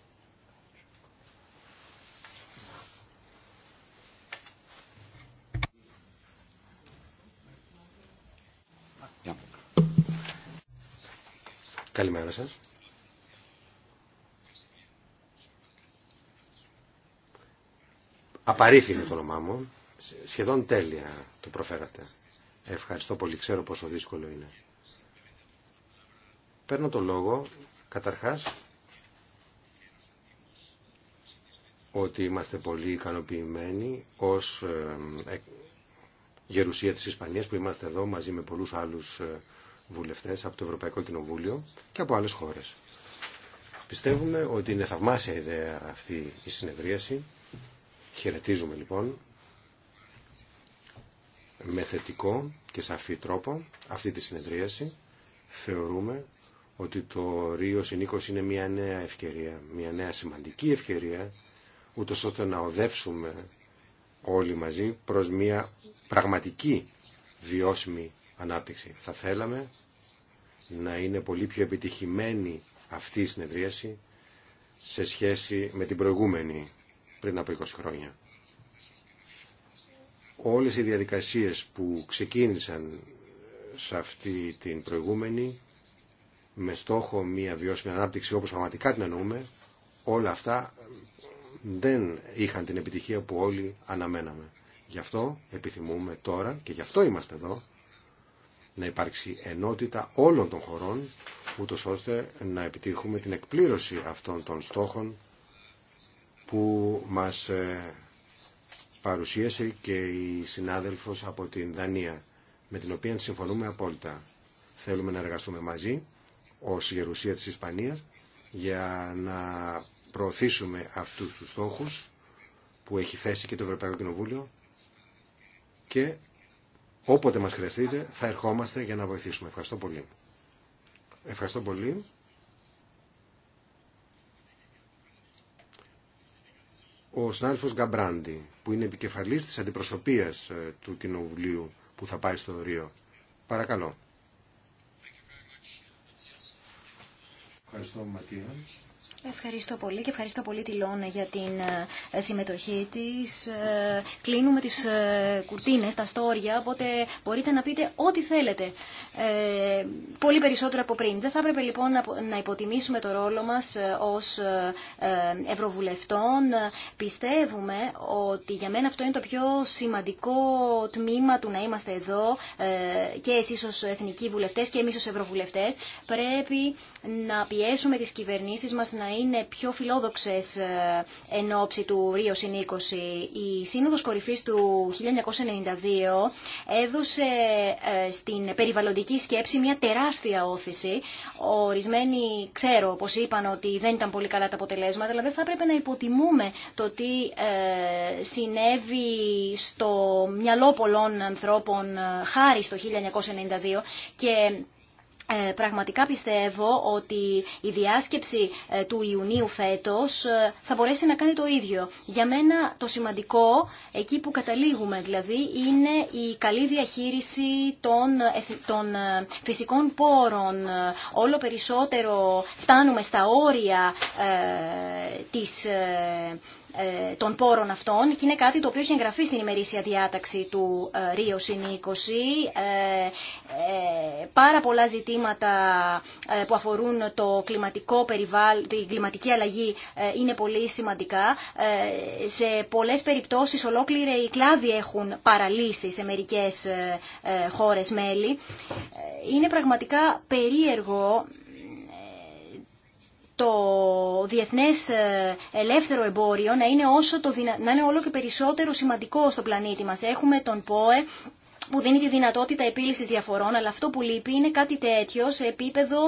Καλημέρα σας. Απαρίθινο είναι το όνομά μου. Σχεδόν τέλεια το προφέρατε. Ευχαριστώ πολύ. Ξέρω πόσο δύσκολο είναι. Παίρνω το λόγο, καταρχάς, ότι είμαστε πολύ ικανοποιημένοι ως ε, ε, γερουσία της Ισπανίας που είμαστε εδώ μαζί με πολλούς άλλους ε, βουλευτές από το Ευρωπαϊκό Κοινοβούλιο και από άλλες χώρες. Πιστεύουμε ότι είναι θαυμάσια ιδέα αυτή η συνεδρίαση. Χαιρετίζουμε λοιπόν με θετικό και σαφή τρόπο αυτή τη συνεδρίαση. Θεωρούμε ότι το Ρίο Συνήκος είναι μια νέα ευκαιρία, μια νέα σημαντική ευκαιρία, ούτω ώστε να οδεύσουμε όλοι μαζί προς μια πραγματική βιώσιμη ανάπτυξη. Θα θέλαμε να είναι πολύ πιο επιτυχημένη αυτή η συνεδρίαση σε σχέση με την προηγούμενη πριν από 20 χρόνια όλες οι διαδικασίες που ξεκίνησαν σε αυτή την προηγούμενη με στόχο μια βιώσιμη ανάπτυξη όπως πραγματικά την εννοούμε όλα αυτά δεν είχαν την επιτυχία που όλοι αναμέναμε. Γι' αυτό επιθυμούμε τώρα και γι' αυτό είμαστε εδώ να υπάρξει ενότητα όλων των χωρών ούτω ώστε να επιτύχουμε την εκπλήρωση αυτών των στόχων που μας ε, παρουσίασε και η συνάδελφος από την Δανία, με την οποία συμφωνούμε απόλυτα. Θέλουμε να εργαστούμε μαζί ως γερουσία της Ισπανίας για να προωθήσουμε αυτούς τους στόχους που έχει θέσει και το Ευρωπαϊκό Κοινοβούλιο και όποτε μας χρειαστείτε θα ερχόμαστε για να βοηθήσουμε. Ευχαριστώ πολύ. Ευχαριστώ πολύ. ο συνάδελφο Γκαμπράντη, που είναι επικεφαλής της αντιπροσωπείας ε, του Κοινοβουλίου που θα πάει στο Ρίο. Παρακαλώ. Ευχαριστώ, Ματία. Ευχαριστώ πολύ και ευχαριστώ πολύ τη Λόνα για την ε, συμμετοχή της. Ε, κλείνουμε τις ε, κουρτίνες, τα στόρια, οπότε μπορείτε να πείτε ό,τι θέλετε. πολύ περισσότερο από πριν. Δεν θα έπρεπε λοιπόν να υποτιμήσουμε το ρόλο μας ως ευρωβουλευτών. Πιστεύουμε ότι για μένα αυτό είναι το πιο σημαντικό τμήμα του να είμαστε εδώ και εσείς ως εθνικοί βουλευτές και εμείς ως ευρωβουλευτές. Πρέπει να πιέσουμε τις κυβερνήσεις μας να είναι πιο φιλόδοξες ε, εν ώψη του Ρίο 20. Η Σύνοδος Κορυφής του 1992 έδωσε ε, στην περιβαλλοντική σκέψη μια τεράστια όθηση. Ορισμένοι ξέρω, πως είπαν, ότι δεν ήταν πολύ καλά τα αποτελέσματα, αλλά δεν θα έπρεπε να υποτιμούμε το τι ε, συνέβη στο μυαλό πολλών ανθρώπων χάρη στο 1992 και ε, πραγματικά πιστεύω ότι η διάσκεψη ε, του Ιουνίου φέτος ε, θα μπορέσει να κάνει το ίδιο. Για μένα το σημαντικό, εκεί που καταλήγουμε δηλαδή, είναι η καλή διαχείριση των, των ε, φυσικών πόρων. Όλο περισσότερο φτάνουμε στα όρια της ε, των πόρων αυτών και είναι κάτι το οποίο έχει εγγραφεί στην ημερήσια διάταξη του ε, Ρίο ε, ε, Πάρα πολλά ζητήματα που αφορούν το κλιματικό περιβάλλον, την κλιματική αλλαγή είναι πολύ σημαντικά. Σε πολλές περιπτώσεις ολόκληρη οι κλάδοι έχουν παραλύσει σε μερικές χώρες μέλη. Είναι πραγματικά περίεργο το διεθνές ε, ελεύθερο εμπόριο να είναι, όλο και περισσότερο σημαντικό στο πλανήτη μας. Έχουμε τον ΠΟΕ που δίνει τη δυνατότητα επίλυσης διαφορών, αλλά αυτό που λείπει είναι κάτι τέτοιο σε επίπεδο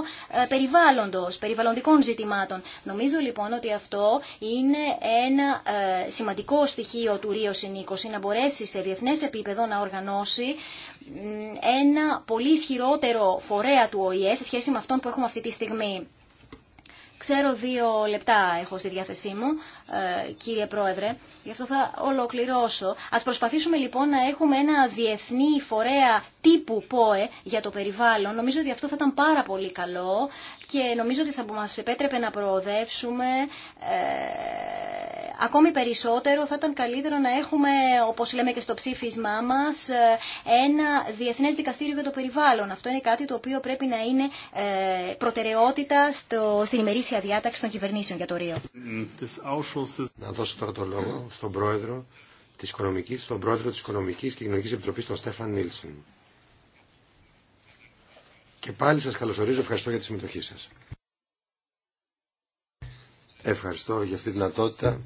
ε, περιβάλλοντος, περιβαλλοντικών ζητημάτων. Νομίζω λοιπόν ότι αυτό είναι ένα ε, σημαντικό στοιχείο του Ρίο Συνήκωση, να μπορέσει σε διεθνές επίπεδο να οργανώσει ένα πολύ ισχυρότερο φορέα του ΟΗΕ σε σχέση με αυτόν που έχουμε αυτή τη στιγμή. Ξέρω δύο λεπτά έχω στη διάθεσή μου, ε, κύριε Πρόεδρε, γι' αυτό θα ολοκληρώσω. Ας προσπαθήσουμε λοιπόν να έχουμε ένα διεθνή φορέα τύπου ΠΟΕ για το περιβάλλον. Νομίζω ότι αυτό θα ήταν πάρα πολύ καλό και νομίζω ότι θα μας επέτρεπε να προοδεύσουμε ε, ακόμη περισσότερο. Θα ήταν καλύτερο να έχουμε, όπως λέμε και στο ψήφισμά μας, ε, ένα διεθνές δικαστήριο για το περιβάλλον. Αυτό είναι κάτι το οποίο πρέπει να είναι ε, προτεραιότητα στο, στην ημερήσια διάταξη των κυβερνήσεων για το Ρίο. Να δώσω τώρα το λόγο στον πρόεδρο της οικονομικής, στον πρόεδρο της Οικονομικής και Κοινωνικής Επιτροπής, τον Στέφαν Νίλσον. Και πάλι σας καλωσορίζω, ευχαριστώ για τη συμμετοχή σας. Ευχαριστώ για αυτή τη δυνατότητα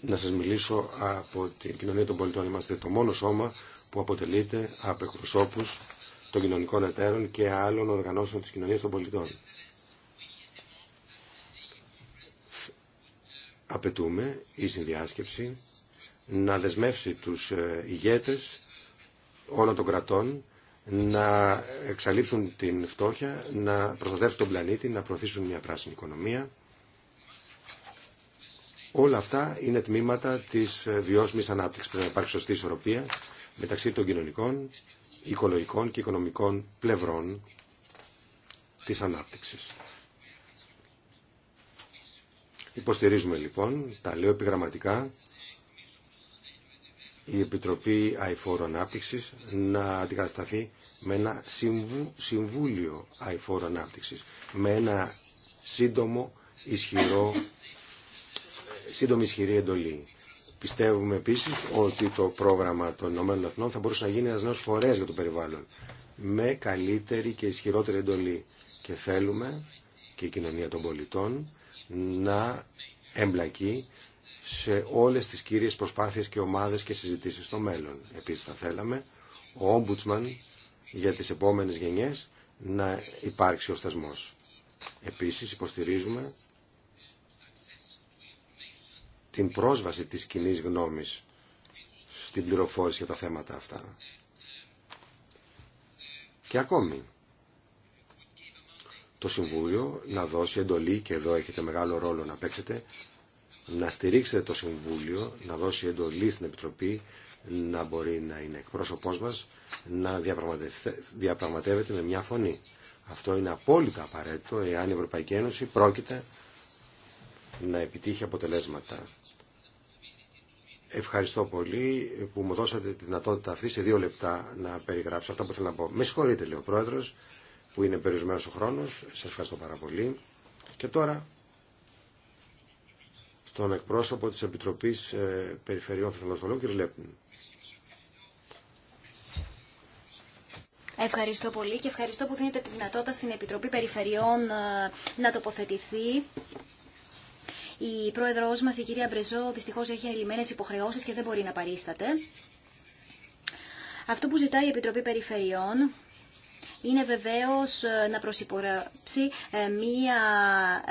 να σας μιλήσω από την κοινωνία των πολιτών. Είμαστε το μόνο σώμα που αποτελείται από εκπροσώπους των κοινωνικών εταίρων και άλλων οργανώσεων της κοινωνίας των πολιτών. Απαιτούμε η συνδιάσκεψη να δεσμεύσει τους ε, ηγέτες όλων των κρατών να εξαλείψουν την φτώχεια, να προστατεύσουν τον πλανήτη, να προωθήσουν μια πράσινη οικονομία. Όλα αυτά είναι τμήματα της βιώσιμης ανάπτυξης. Πρέπει να υπάρχει σωστή ισορροπία μεταξύ των κοινωνικών, οικολογικών και οικονομικών πλευρών της ανάπτυξης. Υποστηρίζουμε λοιπόν, τα λέω επιγραμματικά, η Επιτροπή Αϊφόρου Ανάπτυξη να αντικατασταθεί με ένα Συμβούλιο Αϊφόρου ανάπτυξη, με ένα σύντομο, ισχυρό, σύντομη ισχυρή εντολή. Πιστεύουμε επίσης ότι το πρόγραμμα των ΗΠΑ θα μπορούσε να γίνει ένα νέο φορέα για το περιβάλλον, με καλύτερη και ισχυρότερη εντολή. Και θέλουμε και η κοινωνία των πολιτών να εμπλακεί σε όλες τις κύριες προσπάθειες και ομάδες και συζητήσεις στο μέλλον. Επίσης θα θέλαμε ο Ombudsman για τις επόμενες γενιές να υπάρξει ο στασμός. Επίσης υποστηρίζουμε την πρόσβαση της κοινή γνώμης στην πληροφόρηση για τα θέματα αυτά. Και ακόμη, το Συμβούλιο να δώσει εντολή, και εδώ έχετε μεγάλο ρόλο να παίξετε, να στηρίξετε το Συμβούλιο, να δώσει εντολή στην Επιτροπή να μπορεί να είναι εκπρόσωπός μας, να διαπραγματεύεται με μια φωνή. Αυτό είναι απόλυτα απαραίτητο εάν η Ευρωπαϊκή Ένωση πρόκειται να επιτύχει αποτελέσματα. Ευχαριστώ πολύ που μου δώσατε τη δυνατότητα αυτή σε δύο λεπτά να περιγράψω αυτά που θέλω να πω. Με συγχωρείτε, λέει ο Πρόεδρος, που είναι περιορισμένος ο χρόνος. Σας ευχαριστώ πάρα πολύ. Και τώρα τον εκπρόσωπο της Επιτροπής ε, Περιφερειών Φεθαλαστολών, κ. Λέπνη. Ευχαριστώ πολύ και ευχαριστώ που δίνετε τη δυνατότητα στην Επιτροπή Περιφερειών ε, να τοποθετηθεί. Η πρόεδρός μας, η κυρία Μπρεζό, δυστυχώς έχει ελλημένες υποχρεώσεις και δεν μπορεί να παρίσταται. Αυτό που ζητάει η Επιτροπή Περιφερειών είναι βεβαίως ε, να προσυπογράψει ε, μία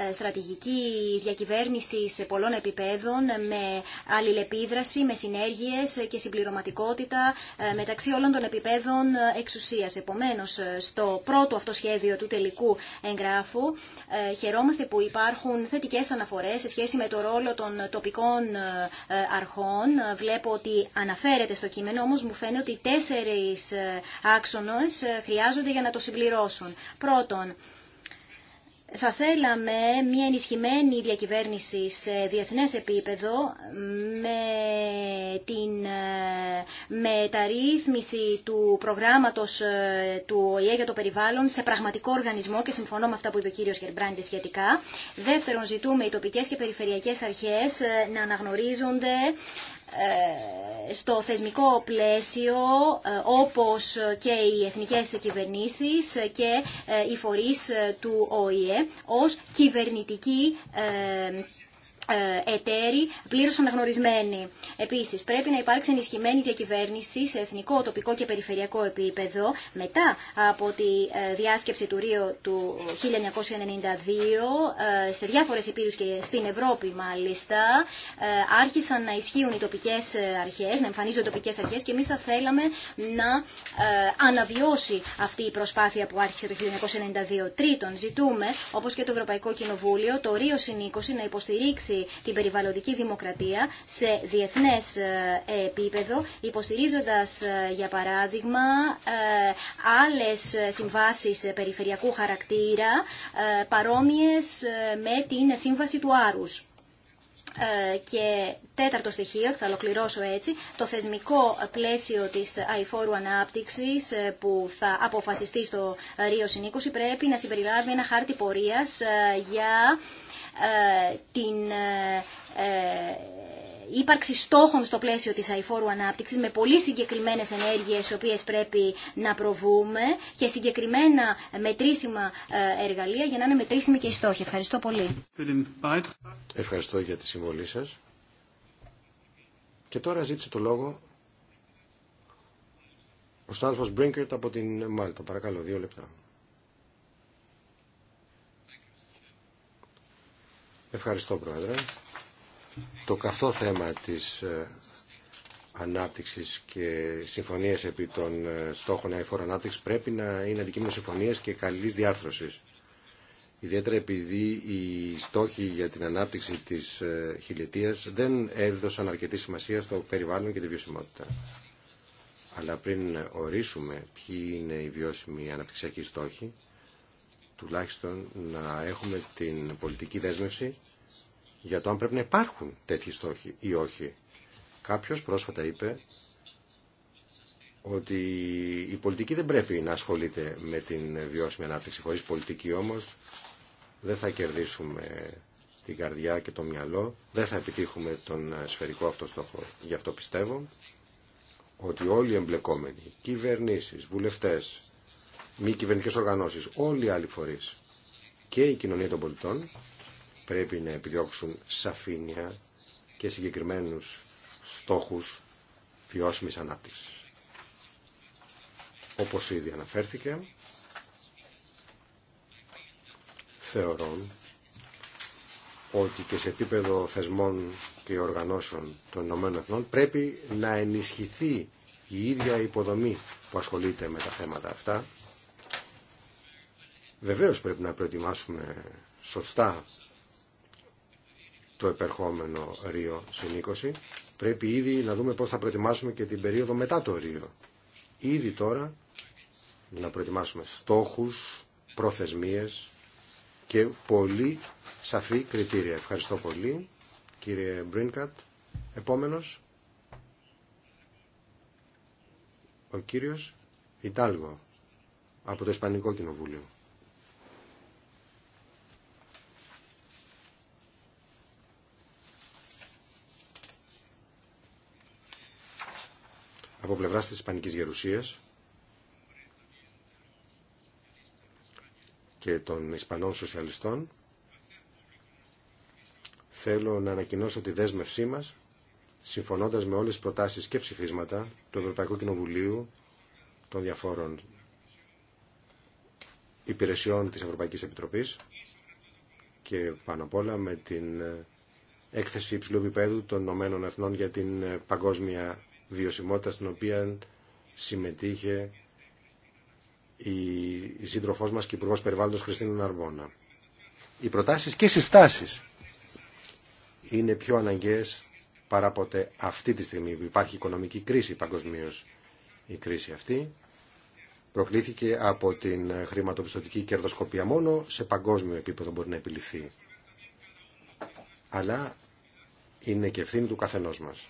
ε, στρατηγική διακυβέρνηση σε πολλών επιπέδων με αλληλεπίδραση, με συνέργειες και συμπληρωματικότητα μεταξύ όλων των επιπέδων εξουσίας. Επομένως, στο πρώτο αυτό σχέδιο του τελικού εγγράφου χαιρόμαστε που υπάρχουν θετικές αναφορές σε σχέση με το ρόλο των τοπικών αρχών. Βλέπω ότι αναφέρεται στο κείμενο, όμως μου φαίνεται ότι τέσσερις άξονες χρειάζονται για να το συμπληρώσουν. Πρώτον, θα θέλαμε μια ενισχυμένη διακυβέρνηση σε διεθνές επίπεδο με την ε, μεταρρύθμιση του προγράμματος ε, του ΟΗΕ για το περιβάλλον σε πραγματικό οργανισμό και συμφωνώ με αυτά που είπε ο κύριος Γερμπράντη σχετικά. Δεύτερον, ζητούμε οι τοπικές και περιφερειακές αρχές ε, να αναγνωρίζονται ε, στο θεσμικό πλαίσιο ε, όπως και οι εθνικές κυβερνήσεις και ε, οι φορείς του ΟΗΕ ως κυβερνητική ε, εταίροι πλήρω αναγνωρισμένοι. Επίση, πρέπει να υπάρξει ενισχυμένη διακυβέρνηση σε εθνικό, τοπικό και περιφερειακό επίπεδο μετά από τη ε, διάσκεψη του Ρίο του 1992 ε, σε διάφορε υπήρου και στην Ευρώπη μάλιστα. Άρχισαν να ισχύουν οι τοπικέ αρχέ, να εμφανίζονται τοπικέ αρχέ και εμεί θα θέλαμε να αναβιώσει αυτή η προσπάθεια που άρχισε το 1992. Τρίτον, ζητούμε, όπω και το Ευρωπαϊκό Κοινοβούλιο, το Ρίο Συνήκωση να υποστηρίξει την περιβαλλοντική δημοκρατία σε διεθνές ε, επίπεδο, υποστηρίζοντας, ε, για παράδειγμα, ε, άλλες συμβάσεις περιφερειακού χαρακτήρα, παρόμοιες με την σύμβαση του Άρους και τέταρτο στοιχείο, θα ολοκληρώσω έτσι, το θεσμικό πλαίσιο της αηφόρου ανάπτυξης που θα αποφασιστεί στο Ρίο πρέπει να συμπεριλάβει ένα χάρτη πορείας για ε, την ε, ε, ύπαρξη στόχων στο πλαίσιο της αηφόρου ανάπτυξης με πολύ συγκεκριμένες ενέργειες οι οποίες πρέπει να προβούμε και συγκεκριμένα μετρήσιμα εργαλεία για να είναι μετρήσιμοι και οι στόχοι. Ευχαριστώ πολύ. Ευχαριστώ για τη συμβολή σας. Και τώρα ζήτησε το λόγο ο συνάδελφος Μπρίνκερτ από την Μάλτα. Παρακαλώ, δύο λεπτά. Ευχαριστώ, Πρόεδρε. Το καυτό θέμα της ε, ανάπτυξης και συμφωνίες επί των ε, στόχων αεφόρου ανάπτυξης πρέπει να είναι αντικείμενο συμφωνίες και καλής διάρθρωσης. Ιδιαίτερα επειδή οι στόχοι για την ανάπτυξη της ε, χιλιετίας δεν έδωσαν αρκετή σημασία στο περιβάλλον και τη βιωσιμότητα. Αλλά πριν ορίσουμε ποιοι είναι οι βιώσιμοι αναπτυξιακοί στόχοι, τουλάχιστον να έχουμε την πολιτική δέσμευση για το αν πρέπει να υπάρχουν τέτοιοι στόχοι ή όχι. Κάποιος πρόσφατα είπε ότι η πολιτική δεν πρέπει να ασχολείται με την βιώσιμη ανάπτυξη. Χωρίς πολιτική όμως δεν θα κερδίσουμε την καρδιά και το μυαλό, δεν θα επιτύχουμε τον σφαιρικό αυτό στόχο. Γι' αυτό πιστεύω ότι όλοι οι εμπλεκόμενοι, κυβερνήσεις, βουλευτές, μη κυβερνητικές οργανώσεις, όλοι οι άλλοι φορείς και η κοινωνία των πολιτών πρέπει να επιδιώξουν σαφήνεια και συγκεκριμένους στόχους βιώσιμης ανάπτυξης. Όπως ήδη αναφέρθηκε, θεωρώ ότι και σε επίπεδο θεσμών και οργανώσεων των ΗΕ πρέπει να ενισχυθεί η ίδια υποδομή που ασχολείται με τα θέματα αυτά. Βεβαίως πρέπει να προετοιμάσουμε σωστά το επερχόμενο Ρίο συνήκωση. Πρέπει ήδη να δούμε πώς θα προετοιμάσουμε και την περίοδο μετά το Ρίο. Ήδη τώρα να προετοιμάσουμε στόχους, προθεσμίες και πολύ σαφή κριτήρια. Ευχαριστώ πολύ. Κύριε Μπρίνκατ, επόμενος. Ο κύριος Ιτάλγο από το Ισπανικό Κοινοβούλιο. από πλευρά τη ισπανική Γερουσίας και των Ισπανών Σοσιαλιστών θέλω να ανακοινώσω τη δέσμευσή μας συμφωνώντας με όλες τι προτάσεις και ψηφίσματα του Ευρωπαϊκού Κοινοβουλίου των διαφόρων υπηρεσιών της Ευρωπαϊκής Επιτροπής και πάνω απ' όλα με την ε, έκθεση υψηλού επίπεδου των Ηνωμένων Εθνών για την ε, παγκόσμια βιωσιμότητα στην οποία συμμετείχε η σύντροφός μας και Υπουργός Περιβάλλοντος Χριστίνα Ναρμόνα. Οι προτάσεις και συστάσεις είναι πιο αναγκαίες παρά ποτέ αυτή τη στιγμή που υπάρχει οικονομική κρίση παγκοσμίω. Η κρίση αυτή προκλήθηκε από την χρηματοπιστωτική κερδοσκοπία μόνο σε παγκόσμιο επίπεδο μπορεί να επιληφθεί. Αλλά είναι και ευθύνη του καθενός μας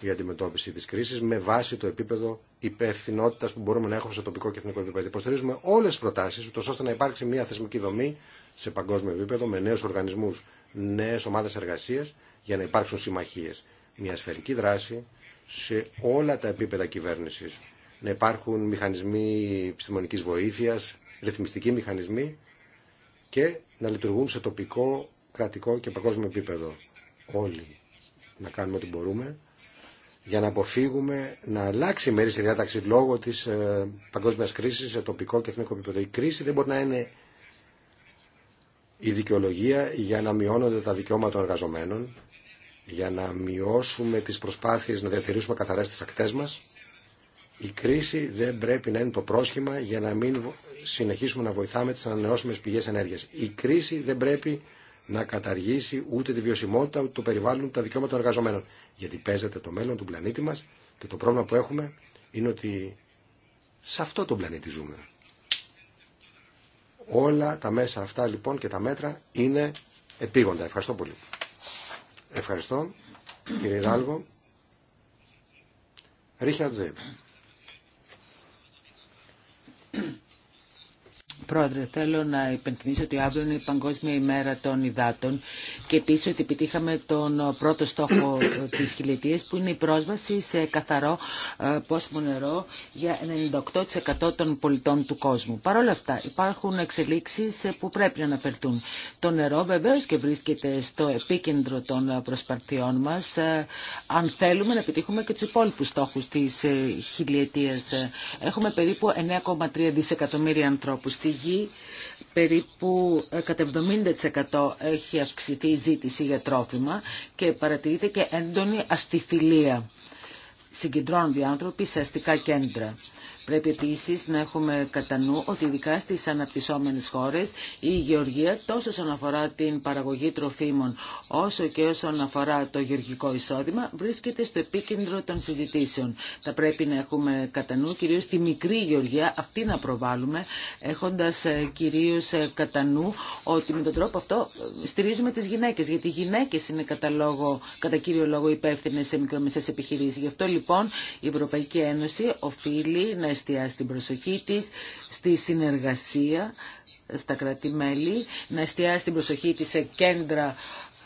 για αντιμετώπιση τη κρίση με βάση το επίπεδο υπευθυνότητα που μπορούμε να έχουμε σε τοπικό και εθνικό επίπεδο. Υποστηρίζουμε όλε τι προτάσει, ούτω ώστε να υπάρξει μια θεσμική δομή σε παγκόσμιο επίπεδο με νέου οργανισμού, νέε ομάδε εργασία για να υπάρξουν συμμαχίε. Μια σφαιρική δράση σε όλα τα επίπεδα κυβέρνηση. Να υπάρχουν μηχανισμοί επιστημονική βοήθεια, ρυθμιστικοί μηχανισμοί και να λειτουργούν σε τοπικό, κρατικό και παγκόσμιο επίπεδο. Όλοι να κάνουμε ό,τι μπορούμε για να αποφύγουμε να αλλάξει η στη διάταξη λόγω τη ε, παγκόσμιας κρίσης σε τοπικό και εθνικό επίπεδο. Η κρίση δεν μπορεί να είναι η δικαιολογία για να μειώνονται τα δικαιώματα των εργαζομένων, για να μειώσουμε τι προσπάθειε να διατηρήσουμε καθαρές τι ακτές μα. Η κρίση δεν πρέπει να είναι το πρόσχημα για να μην συνεχίσουμε να βοηθάμε τι ανανεώσιμε πηγέ ενέργεια. Η κρίση δεν πρέπει να καταργήσει ούτε τη βιωσιμότητα, ούτε το περιβάλλον, τα δικαιώματα των εργαζομένων γιατί παίζεται το μέλλον του πλανήτη μας και το πρόβλημα που έχουμε είναι ότι σε αυτό το πλανήτη ζούμε. Όλα τα μέσα αυτά λοιπόν και τα μέτρα είναι επίγοντα. Ευχαριστώ πολύ. Ευχαριστώ κύριε Ιδάλγο. Ρίχαρτ Πρόεδρε, θέλω να υπενθυμίσω ότι αύριο είναι η Παγκόσμια ημέρα των υδάτων και επίση ότι επιτύχαμε τον πρώτο στόχο τη χιλιετία που είναι η πρόσβαση σε καθαρό ε, πόσιμο νερό για 98% των πολιτών του κόσμου. Παρ' όλα αυτά υπάρχουν εξελίξει ε, που πρέπει να αναφερθούν. Το νερό βεβαίω και βρίσκεται στο επίκεντρο των προσπαρτιών μα ε, αν θέλουμε να επιτύχουμε και του υπόλοιπου στόχου τη χιλιετία. Έχουμε περίπου 9,3 δισεκατομμύρια ανθρώπου γή περίπου ε, κατά 70% έχει αυξηθεί η ζήτηση για τρόφιμα και παρατηρείται και έντονη αστιφιλία. Συγκεντρώνονται οι άνθρωποι σε αστικά κέντρα. Πρέπει επίσης να έχουμε κατά νου ότι ειδικά στις αναπτυσσόμενες χώρες η γεωργία τόσο όσον αφορά την παραγωγή τροφίμων όσο και όσον αφορά το γεωργικό εισόδημα βρίσκεται στο επίκεντρο των συζητήσεων. Θα πρέπει να έχουμε κατά νου κυρίως τη μικρή γεωργία, αυτή να προβάλλουμε έχοντας ε, κυρίως ε, κατά νου ότι με τον τρόπο αυτό ε, στηρίζουμε τις γυναίκες γιατί οι γυναίκες είναι κατά, λόγο, κατά κύριο λόγο υπεύθυνε σε μικρομεσαίες επιχειρήσεις. Γι' αυτό λοιπόν η Ευρωπαϊκή Ένωση οφείλει να εστιάσει την προσοχή της στη συνεργασία στα κρατημέλη, να εστιάσει την προσοχή της σε κέντρα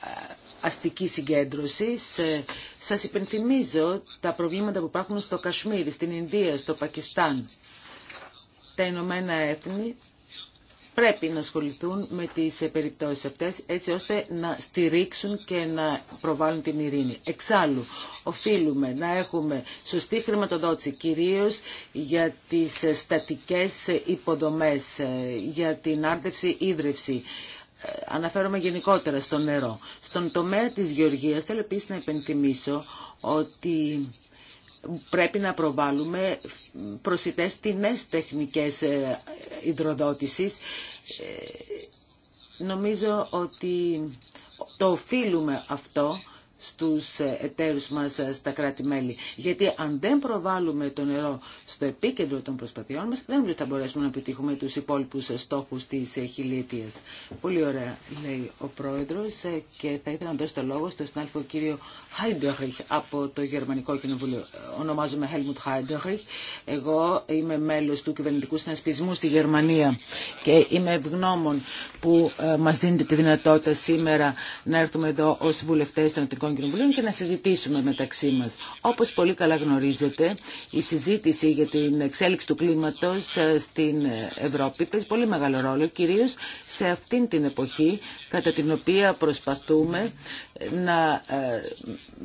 ε, αστικής συγκέντρωση. Ε, σας υπενθυμίζω τα προβλήματα που υπάρχουν στο Κασμίρι, στην Ινδία, στο Πακιστάν. Τα Ηνωμένα Έθνη πρέπει να ασχοληθούν με τις περιπτώσεις αυτές έτσι ώστε να στηρίξουν και να προβάλλουν την ειρήνη. Εξάλλου, οφείλουμε να έχουμε σωστή χρηματοδότηση κυρίως για τις στατικές υποδομές, για την άρτευση-ίδρυυση. Ε, αναφέρομαι γενικότερα στο νερό. Στον τομέα της γεωργίας θέλω επίσης να επενθυμίσω ότι πρέπει να προβάλλουμε προσιτές τιμές τεχνικές ε, υδροδότησης. Ε, νομίζω ότι το οφείλουμε αυτό στους εταίρους μας ε, στα κράτη-μέλη. Γιατί αν δεν προβάλλουμε το νερό στο επίκεντρο των προσπαθειών μας, δεν θα μπορέσουμε να επιτύχουμε τους υπόλοιπους στόχους της ε, χιλίτιας. Πολύ ωραία, λέει ο Πρόεδρος ε, και θα ήθελα να δώσω το λόγο στον συνάδελφο κύριο Χάιντεχριχ από το Γερμανικό Κοινοβούλιο. Ονομάζομαι Χέλμουτ Χάιντεχριχ. Εγώ είμαι μέλος του κυβερνητικού συνασπισμού στη Γερμανία και είμαι ευγνώμων που μας δίνετε τη δυνατότητα σήμερα να έρθουμε εδώ ως βουλευτές των Εθνικών και να συζητήσουμε μεταξύ μα. Όπως πολύ καλά γνωρίζετε, η συζήτηση για την εξέλιξη του κλίματος ε, στην Ευρώπη παίζει πολύ μεγάλο ρόλο, κυρίως σε αυτήν την εποχή κατά την οποία προσπαθούμε να ε,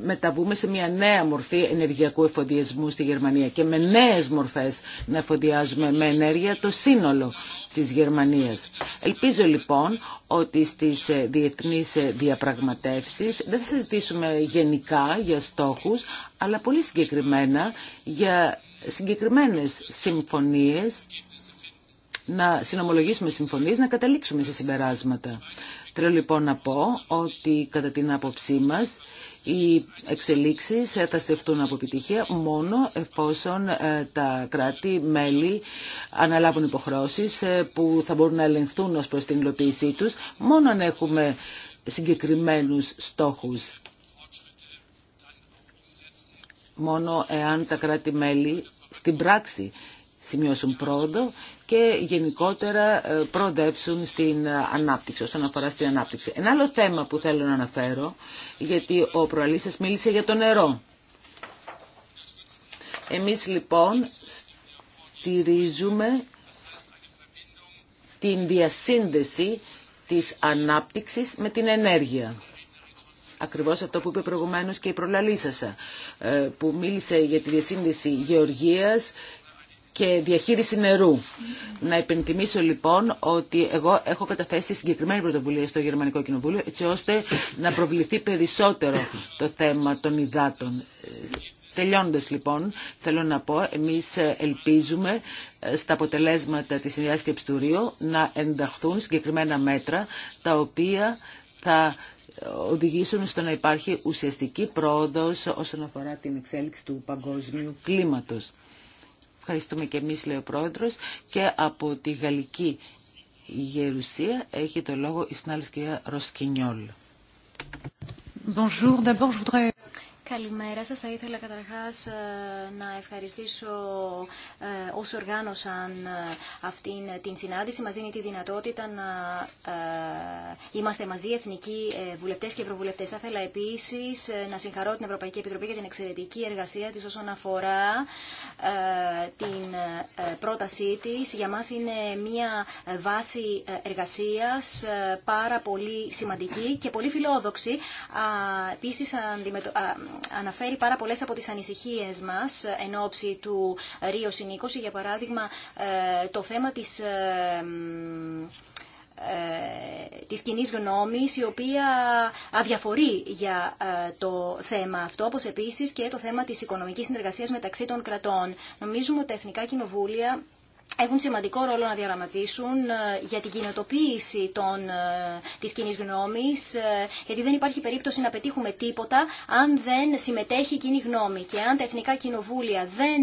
μεταβούμε σε μια νέα μορφή ενεργειακού εφοδιασμού στη Γερμανία και με νέες μορφές να εφοδιάζουμε με ενέργεια το σύνολο της Γερμανίας. Ελπίζω λοιπόν ότι στις ε, διεθνείς ε, διαπραγματεύσεις δεν θα συζητήσουμε γενικά για στόχους, αλλά πολύ συγκεκριμένα για συγκεκριμένες συμφωνίες να συνομολογήσουμε συμφωνίες, να καταλήξουμε σε συμπεράσματα. Θέλω λοιπόν να πω ότι κατά την άποψή μας οι εξελίξεις ε, θα στεφτούν από επιτυχία μόνο εφόσον ε, τα κράτη-μέλη αναλάβουν υποχρώσεις ε, που θα μπορούν να ελεγχθούν ως προς την υλοποίησή τους, μόνο αν έχουμε συγκεκριμένους στόχους. Μόνο εάν τα κράτη-μέλη στην πράξη σημειώσουν πρόοδο και γενικότερα ε, προοδεύσουν στην ε, ανάπτυξη, όσον αφορά στην ανάπτυξη. Ένα άλλο θέμα που θέλω να αναφέρω, γιατί ο προαλής σας μίλησε για το νερό. Εμείς λοιπόν στηρίζουμε την διασύνδεση της ανάπτυξης με την ενέργεια. Ακριβώς αυτό που είπε προηγουμένως και η προλαλήσασα, ε, που μίλησε για τη διασύνδεση γεωργίας και διαχείριση νερού. Να υπενθυμίσω λοιπόν ότι εγώ έχω καταθέσει συγκεκριμένη πρωτοβουλία στο Γερμανικό Κοινοβούλιο έτσι ώστε να προβληθεί περισσότερο το θέμα των υδάτων. Τελειώνοντας λοιπόν, θέλω να πω, εμείς ελπίζουμε ε, στα αποτελέσματα της συνδιάσκεψης του Ρίο να ενταχθούν συγκεκριμένα μέτρα τα οποία θα οδηγήσουν στο να υπάρχει ουσιαστική πρόοδος όσον αφορά την εξέλιξη του παγκόσμιου κλίματος. Ευχαριστούμε και εμείς, λέει ο Πρόεδρος, και από τη Γαλλική Γερουσία έχει το λόγο η συνάλληση κυρία Ροσκινιόλ. Καλημέρα σας. Θα ήθελα καταρχάς ε, να ευχαριστήσω ε, όσοι οργάνωσαν ε, αυτήν την συνάντηση. Μας δίνει τη δυνατότητα να είμαστε μαζί εθνικοί βουλευτές και ευρωβουλευτές. Θα ήθελα επίσης να συγχαρώ την Ευρωπαϊκή Επιτροπή για την εξαιρετική εργασία της όσον αφορά την πρότασή της. Για μας είναι μια βάση εργασίας πάρα πολύ σημαντική και πολύ φιλόδοξη. Επίσης, αναφέρει πάρα πολλές από τις ανησυχίες μας ε, εν ώψη του Ρίο Συνήκωση, για παράδειγμα ε, το θέμα της ε, της κοινή γνώμης η οποία αδιαφορεί για το θέμα αυτό όπως επίσης και το θέμα της οικονομικής συνεργασίας μεταξύ των κρατών. Νομίζουμε ότι τα Εθνικά Κοινοβούλια έχουν σημαντικό ρόλο να διαγραμματίσουν ε, για την κοινοτοποίηση των, ε, της κοινή γνώμη, ε, γιατί δεν υπάρχει περίπτωση να πετύχουμε τίποτα αν δεν συμμετέχει η κοινή γνώμη. Και αν τα εθνικά κοινοβούλια δεν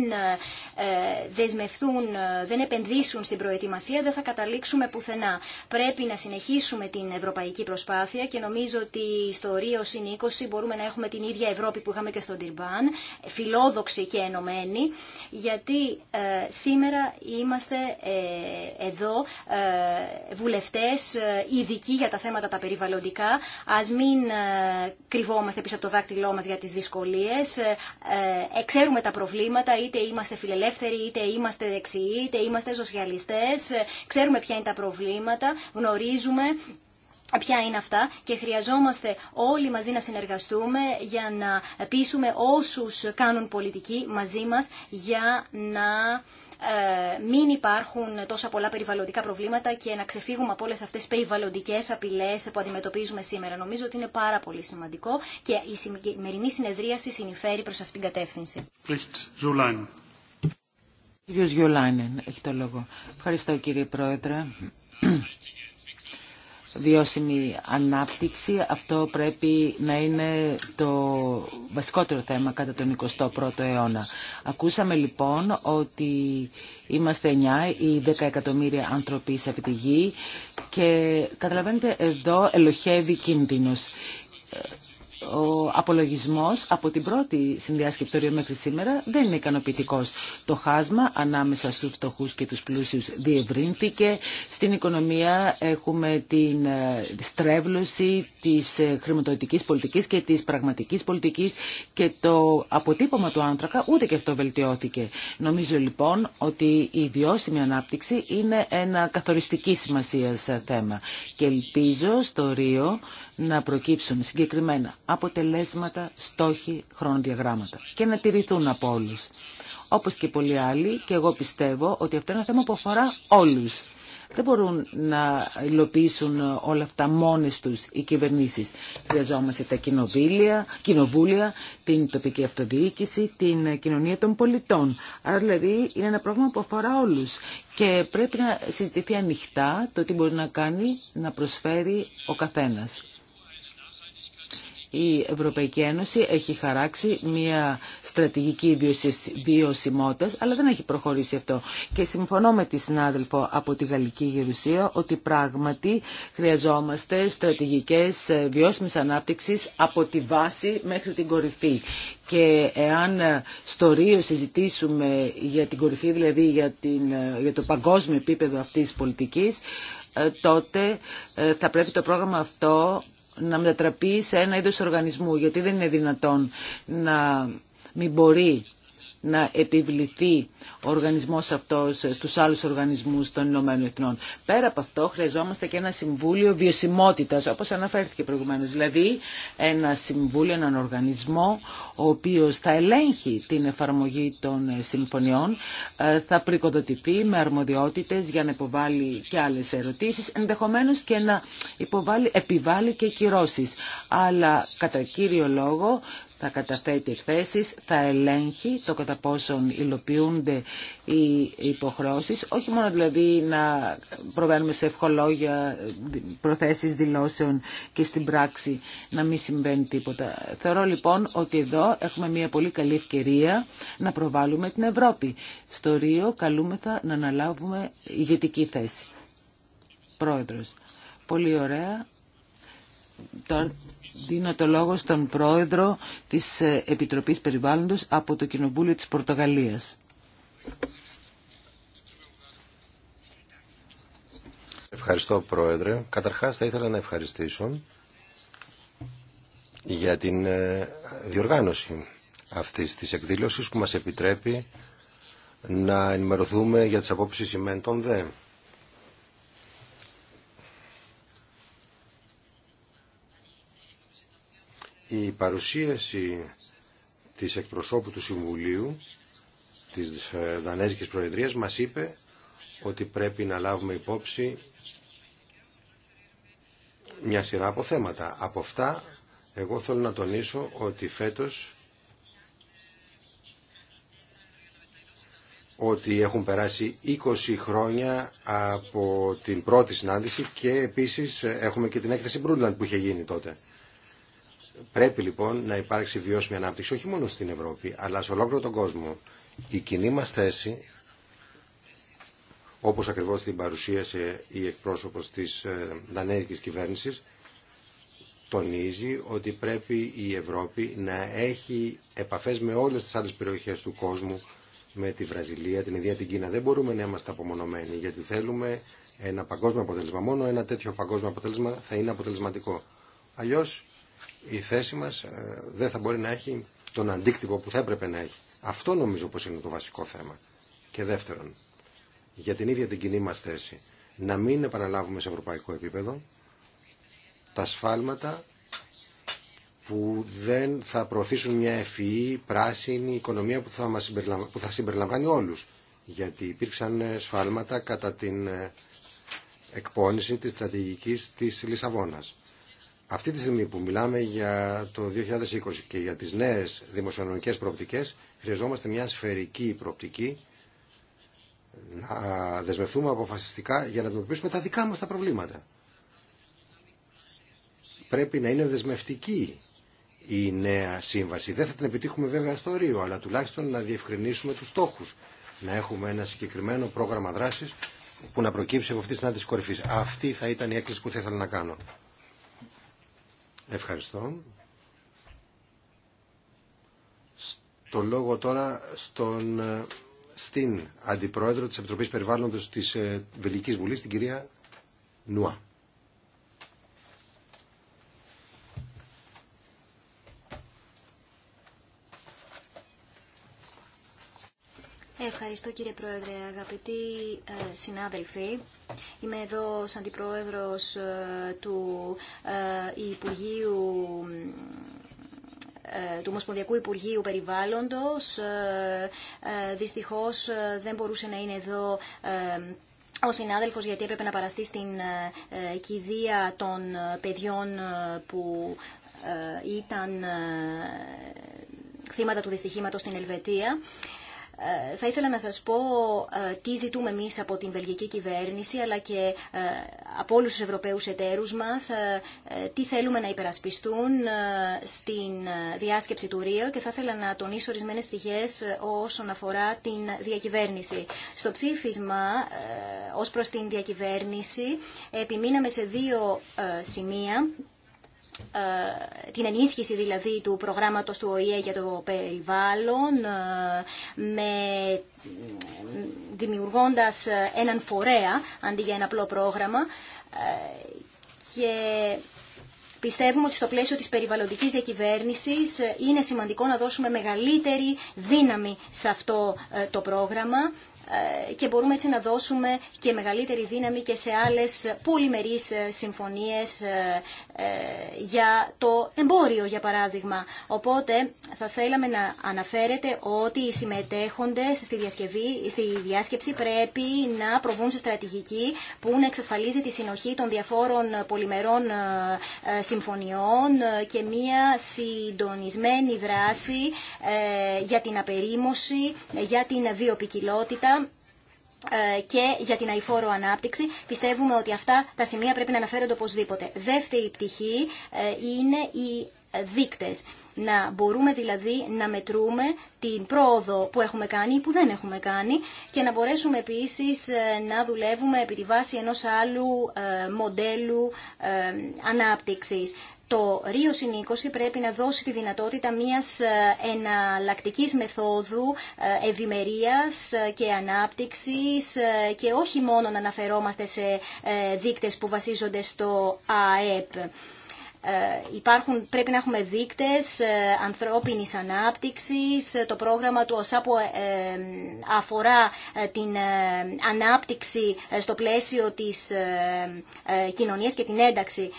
ε, δεσμευτούν, ε, δεν επενδύσουν στην προετοιμασία, δεν θα καταλήξουμε πουθενά. Πρέπει να συνεχίσουμε την ευρωπαϊκή προσπάθεια και νομίζω ότι στο Ρίο Συν 20 μπορούμε να έχουμε την ίδια Ευρώπη που είχαμε και στον Τιρμπάν, φιλόδοξη και ενωμένη, γιατί ε, σήμερα είμαστε εδώ βουλευτές ειδικοί για τα θέματα τα περιβαλλοντικά. Ας μην κρυβόμαστε πίσω από το δάκτυλό μας για τις δυσκολίες. Εξέρουμε τα προβλήματα, είτε είμαστε φιλελεύθεροι ελεύθεροι, είτε είμαστε δεξιοί, είτε είμαστε σοσιαλιστές, ξέρουμε ποια είναι τα προβλήματα, γνωρίζουμε Ποια είναι αυτά και χρειαζόμαστε όλοι μαζί να συνεργαστούμε για να πείσουμε όσους κάνουν πολιτική μαζί μας για να ε, μην υπάρχουν τόσα πολλά περιβαλλοντικά προβλήματα και να ξεφύγουμε από όλες αυτές τις περιβαλλοντικές απειλές που αντιμετωπίζουμε σήμερα. Νομίζω ότι είναι πάρα πολύ σημαντικό και η σημερινή συνεδρίαση συνηφέρει προς αυτήν την κατεύθυνση. Κύριος Γιολάνεν έχει το λόγο. Ευχαριστώ κύριε Πρόεδρε βιώσιμη ανάπτυξη. Αυτό πρέπει να είναι το βασικότερο θέμα κατά τον 21ο αιώνα. Ακούσαμε λοιπόν ότι είμαστε 9 ή 10 εκατομμύρια άνθρωποι σε αυτή τη γη και καταλαβαίνετε εδώ ελοχεύει κίνδυνος ο απολογισμός από την πρώτη συνδιάσκευτο μέχρι σήμερα δεν είναι ικανοποιητικός. Το χάσμα ανάμεσα στους φτωχούς και τους πλούσιους διευρύνθηκε. Στην οικονομία έχουμε την ε, στρέβλωση της ε, χρηματοδοτικής πολιτικής και της πραγματικής πολιτικής και το αποτύπωμα του άνθρακα ούτε και αυτό βελτιώθηκε. Νομίζω λοιπόν ότι η βιώσιμη ανάπτυξη είναι ένα καθοριστική σημασία ε, θέμα και ελπίζω στο Ρίο να προκύψουν συγκεκριμένα αποτελέσματα, στόχοι, χρονοδιαγράμματα και να τηρηθούν από όλου. Όπω και πολλοί άλλοι, και εγώ πιστεύω ότι αυτό είναι ένα θέμα που αφορά όλου. Δεν μπορούν να υλοποιήσουν όλα αυτά μόνε του οι κυβερνήσει. Χρειαζόμαστε τα κοινοβούλια, την τοπική αυτοδιοίκηση, την κοινωνία των πολιτών. Άρα δηλαδή είναι ένα πρόβλημα που αφορά όλου. Και πρέπει να συζητηθεί ανοιχτά το τι μπορεί να κάνει να προσφέρει ο καθένα η Ευρωπαϊκή Ένωση έχει χαράξει μια στρατηγική βιώσιμότητα, αλλά δεν έχει προχωρήσει αυτό. Και συμφωνώ με τη συνάδελφο από τη Γαλλική Γερουσία ότι πράγματι χρειαζόμαστε στρατηγικές ε, βιώσιμης ανάπτυξης από τη βάση μέχρι την κορυφή. Και εάν ε, στο Ρίο συζητήσουμε για την κορυφή, δηλαδή για, την, ε, για το παγκόσμιο επίπεδο αυτής της πολιτικής, τότε θα πρέπει το πρόγραμμα αυτό να μετατραπεί σε ένα είδος οργανισμού, γιατί δεν είναι δυνατόν να μην μπορεί να επιβληθεί ο οργανισμός αυτός στους άλλους οργανισμούς των Ηνωμένων Εθνών. Πέρα από αυτό χρειαζόμαστε και ένα συμβούλιο βιωσιμότητας, όπως αναφέρθηκε προηγουμένως. Δηλαδή ένα συμβούλιο, έναν οργανισμό, ο οποίος θα ελέγχει την εφαρμογή των συμφωνιών, ε, θα πρικοδοτηθεί με αρμοδιότητες για να υποβάλει και άλλες ερωτήσεις, ενδεχομένως και να υποβάλει, επιβάλλει και κυρώσεις. Αλλά κατά κύριο λόγο θα καταθέτει εκθέσεις, θα ελέγχει το κατά πόσον υλοποιούνται οι υποχρώσεις, όχι μόνο δηλαδή να προβαίνουμε σε ευχολόγια προθέσεις δηλώσεων και στην πράξη να μην συμβαίνει τίποτα. Θεωρώ λοιπόν ότι εδώ έχουμε μια πολύ καλή ευκαιρία να προβάλλουμε την Ευρώπη. Στο Ρίο καλούμεθα να αναλάβουμε ηγετική θέση. Πρόεδρος. Πολύ ωραία. Τώρα Δίνω το λόγο στον πρόεδρο της ε, Επιτροπής Περιβάλλοντος από το Κοινοβούλιο της Πορτογαλίας. Ευχαριστώ πρόεδρε. Καταρχάς θα ήθελα να ευχαριστήσω για την ε, διοργάνωση αυτής της εκδήλωσης που μας επιτρέπει να ενημερωθούμε για τις απόψεις ημέν των ΔΕ. η παρουσίαση της εκπροσώπου του Συμβουλίου της Δανέζικης Προεδρίας μας είπε ότι πρέπει να λάβουμε υπόψη μια σειρά από θέματα. Από αυτά εγώ θέλω να τονίσω ότι φέτος ότι έχουν περάσει 20 χρόνια από την πρώτη συνάντηση και επίσης έχουμε και την έκθεση Μπρούντλαντ που είχε γίνει τότε. Πρέπει λοιπόν να υπάρξει βιώσιμη ανάπτυξη όχι μόνο στην Ευρώπη αλλά σε ολόκληρο τον κόσμο. Η κοινή μα θέση, όπω ακριβώ την παρουσίασε η εκπρόσωπο τη ε, δανέζικη κυβέρνηση, τονίζει ότι πρέπει η Ευρώπη να έχει επαφέ με όλε τι άλλε περιοχέ του κόσμου, με τη Βραζιλία, την Ιδία, την Κίνα. Δεν μπορούμε να είμαστε απομονωμένοι, γιατί θέλουμε ένα παγκόσμιο αποτέλεσμα. Μόνο ένα τέτοιο παγκόσμιο αποτέλεσμα θα είναι αποτελεσματικό. Αλλιώς η θέση μας ε, δεν θα μπορεί να έχει τον αντίκτυπο που θα έπρεπε να έχει. Αυτό νομίζω πως είναι το βασικό θέμα. Και δεύτερον, για την ίδια την κοινή μας θέση, να μην επαναλάβουμε σε ευρωπαϊκό επίπεδο τα σφάλματα που δεν θα προωθήσουν μια ευφυή, πράσινη οικονομία που θα, μας που θα συμπεριλαμβάνει όλους. Γιατί υπήρξαν ε, σφάλματα κατά την ε, εκπόνηση της στρατηγικής της Λισαβόνας αυτή τη στιγμή που μιλάμε για το 2020 και για τις νέες δημοσιονομικές προοπτικές, χρειαζόμαστε μια σφαιρική προοπτική να δεσμευτούμε αποφασιστικά για να αντιμετωπίσουμε τα δικά μας τα προβλήματα. Πρέπει να είναι δεσμευτική η νέα σύμβαση. Δεν θα την επιτύχουμε βέβαια στο Ρίο, αλλά τουλάχιστον να διευκρινίσουμε τους στόχους. Να έχουμε ένα συγκεκριμένο πρόγραμμα δράσης που να προκύψει από αυτή τη συνάντηση κορυφής. Αυτή θα ήταν η έκκληση που θα ήθελα να κάνω. Ευχαριστώ. Το λόγο τώρα στον, ε, στην Αντιπρόεδρο της Επιτροπής Περιβάλλοντος της ε, Βελικής Βουλής, την κυρία Νουά. Ευχαριστώ κύριε Πρόεδρε, αγαπητοί ε, συνάδελφοι. Είμαι εδώ σαν αντιπρόεδρος ε, του ε, Υπουργείου του Ομοσπονδιακού Υπουργείου Περιβάλλοντος. Δυστυχώς δεν μπορούσε να είναι εδώ ο συνάδελφος γιατί έπρεπε να παραστεί στην κηδεία των παιδιών που ήταν θύματα του δυστυχήματος στην Ελβετία. Ε, θα ήθελα να σας πω ε, τι ζητούμε εμείς από την βελγική κυβέρνηση αλλά και ε, από όλους τους Ευρωπαίους εταίρους μας τι θέλουμε να υπερασπιστούν στην διάσκεψη του Ρίο και θα ήθελα να τονίσω ορισμένε πτυχές όσον αφορά την διακυβέρνηση. Στο ψήφισμα ως προς την διακυβέρνηση επιμείναμε σε δύο σημεία ε, την ενίσχυση δηλαδή του προγράμματος του ΟΗΕ για το περιβάλλον ε, με, δημιουργώντας έναν φορέα αντί για ένα απλό πρόγραμμα ε, και Πιστεύουμε ότι στο πλαίσιο της περιβαλλοντικής διακυβέρνησης είναι σημαντικό να δώσουμε μεγαλύτερη δύναμη σε αυτό το πρόγραμμα ε, και μπορούμε έτσι να δώσουμε και μεγαλύτερη δύναμη και σε άλλες πολυμερείς ε, συμφωνίες ε, για το εμπόριο για παράδειγμα. Οπότε θα θέλαμε να αναφέρετε ότι οι συμμετέχοντες στη, διασκευή, στη διάσκεψη πρέπει να προβούν σε στρατηγική που να εξασφαλίζει τη συνοχή των διαφόρων πολυμερών συμφωνιών και μία συντονισμένη δράση για την απερίμωση, για την βιοπικιλότητα ε, και για την αηφόρο ανάπτυξη. Πιστεύουμε ότι αυτά τα σημεία πρέπει να αναφέρονται οπωσδήποτε. Δεύτερη πτυχή ε, είναι οι δείκτες. Να μπορούμε δηλαδή να μετρούμε την πρόοδο που έχουμε κάνει ή που δεν έχουμε κάνει και να μπορέσουμε επίσης ε, να δουλεύουμε επί τη βάση ενός άλλου μοντέλου ανάπτυξης. Το Ρίο πρέπει να δώσει τη δυνατότητα μιας ε, εναλλακτικής μεθόδου ε, ευημερία ε, και ανάπτυξης και όχι μόνο να αναφερόμαστε σε δείκτες που βασίζονται στο ΑΕΠ. Ε, υπάρχουν, πρέπει να έχουμε δείκτες ε, ανθρώπινης ανάπτυξης. Ε, το πρόγραμμα του ΟΣΑ που αφορά την ανάπτυξη στο πλαίσιο της κοινωνίας και την ένταξη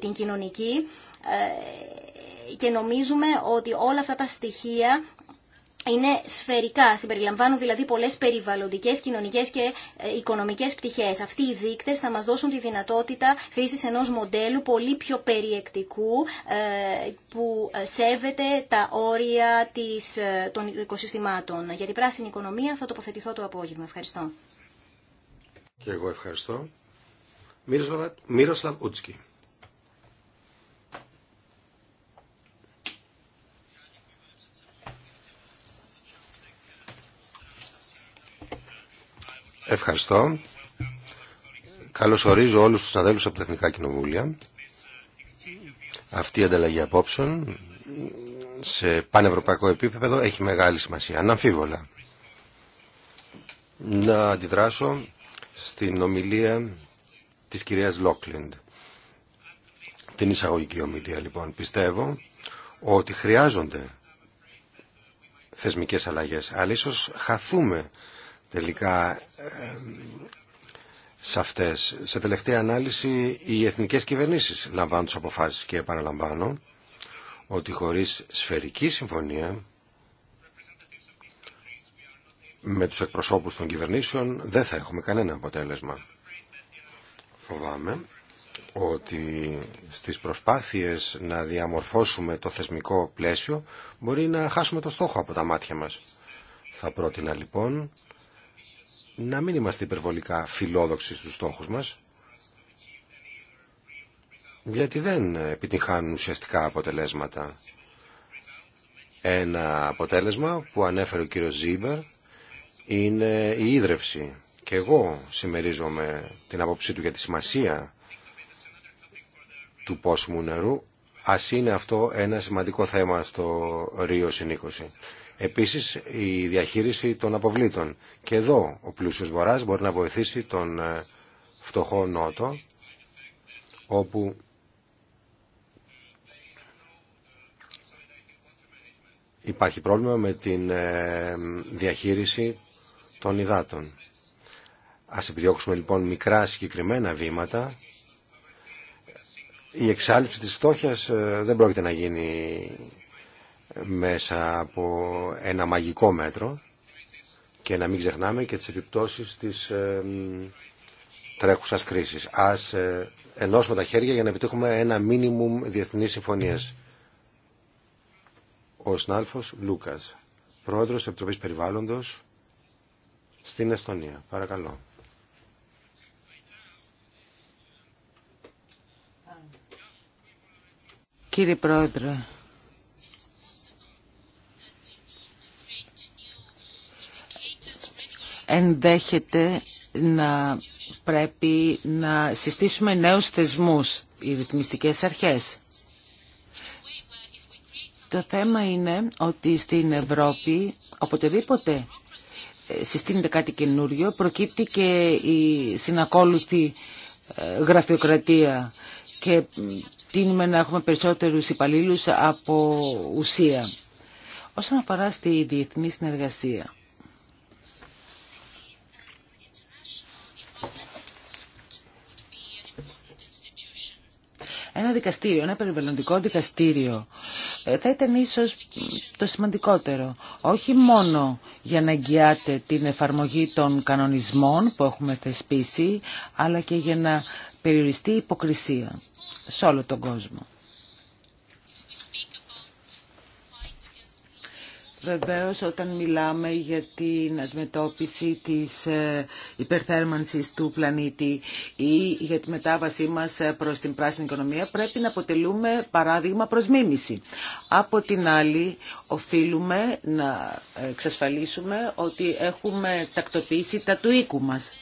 την κοινωνική και νομίζουμε ότι όλα αυτά τα στοιχεία είναι σφαιρικά, συμπεριλαμβάνουν δηλαδή πολλές περιβαλλοντικές, κοινωνικές και ε, οικονομικές πτυχές. Αυτοί οι δείκτες θα μας δώσουν τη δυνατότητα χρήσης ενός μοντέλου πολύ πιο περιεκτικού ε, που ε, σέβεται τα όρια της, των οικοσυστημάτων. Για την πράσινη οικονομία θα τοποθετηθώ το απόγευμα. Ευχαριστώ. Και εγώ ευχαριστώ. Ούτσκι. Ευχαριστώ. Καλωσορίζω όλους τους αδέλους από τα Εθνικά Κοινοβούλια. Αυτή η ανταλλαγή απόψεων σε πανευρωπαϊκό επίπεδο έχει μεγάλη σημασία. Αναμφίβολα. Να αντιδράσω στην ομιλία της κυρίας Λόκλιντ. Την εισαγωγική ομιλία λοιπόν. Πιστεύω ότι χρειάζονται θεσμικές αλλαγές, αλλά ίσως χαθούμε τελικά σε αυτές. Σε τελευταία ανάλυση οι εθνικές κυβερνήσεις λαμβάνουν τις αποφάσεις και επαναλαμβάνω ότι χωρίς σφαιρική συμφωνία με τους εκπροσώπους των κυβερνήσεων δεν θα έχουμε κανένα αποτέλεσμα. Φοβάμαι ότι στις προσπάθειες να διαμορφώσουμε το θεσμικό πλαίσιο μπορεί να χάσουμε το στόχο από τα μάτια μας. Θα πρότεινα λοιπόν να μην είμαστε υπερβολικά φιλόδοξοι στους στόχους μας, γιατί δεν επιτυχάνουν ουσιαστικά αποτελέσματα. Ένα αποτέλεσμα που ανέφερε ο κύριος Ζήμπερ είναι η ίδρευση. Και εγώ συμμερίζομαι την άποψή του για τη σημασία του πόσιμου νερού, ας είναι αυτό ένα σημαντικό θέμα στο Ρίο Συνήκωση. Επίσης η διαχείριση των αποβλήτων. Και εδώ ο πλούσιος βοράς μπορεί να βοηθήσει τον ε, φτωχό νότο όπου υπάρχει πρόβλημα με την ε, διαχείριση των υδάτων. Ας επιδιώξουμε λοιπόν μικρά συγκεκριμένα βήματα. Η εξάλληψη της φτώχειας ε, δεν πρόκειται να γίνει μέσα από ένα μαγικό μέτρο και να μην ξεχνάμε και τις επιπτώσεις της ε, τρέχουσας κρίσης. Ας ε, ενώσουμε τα χέρια για να επιτύχουμε ένα μίνιμουμ διεθνής συμφωνίας. Ο Σνάλφος Λούκας, πρόεδρος της Επιτροπής Περιβάλλοντος στην Εστονία. Παρακαλώ. Κύριε Πρόεδρε, ενδέχεται να πρέπει να συστήσουμε νέους θεσμούς, οι ρυθμιστικές αρχές. Το θέμα είναι ότι στην Ευρώπη οποτεδήποτε ε, συστήνεται κάτι καινούριο, προκύπτει και η συνακόλουθη ε, γραφειοκρατία και τίνουμε να έχουμε περισσότερους υπαλλήλους από ουσία. Όσον αφορά στη διεθνή συνεργασία, Ένα δικαστήριο, ένα περιβαλλοντικό δικαστήριο ε, θα ήταν ίσως το σημαντικότερο. Όχι μόνο για να εγγυάται την εφαρμογή των κανονισμών που έχουμε θεσπίσει, αλλά και για να περιοριστεί η υποκρισία σε όλο τον κόσμο. Βεβαίως όταν μιλάμε για την αντιμετώπιση της ε, υπερθέρμανσης του πλανήτη ή για τη μετάβασή μας ε, προς την πράσινη οικονομία πρέπει να αποτελούμε παράδειγμα προς μίμηση. Από την άλλη οφείλουμε να εξασφαλίσουμε ότι έχουμε τακτοποιήσει τα του οίκου μας.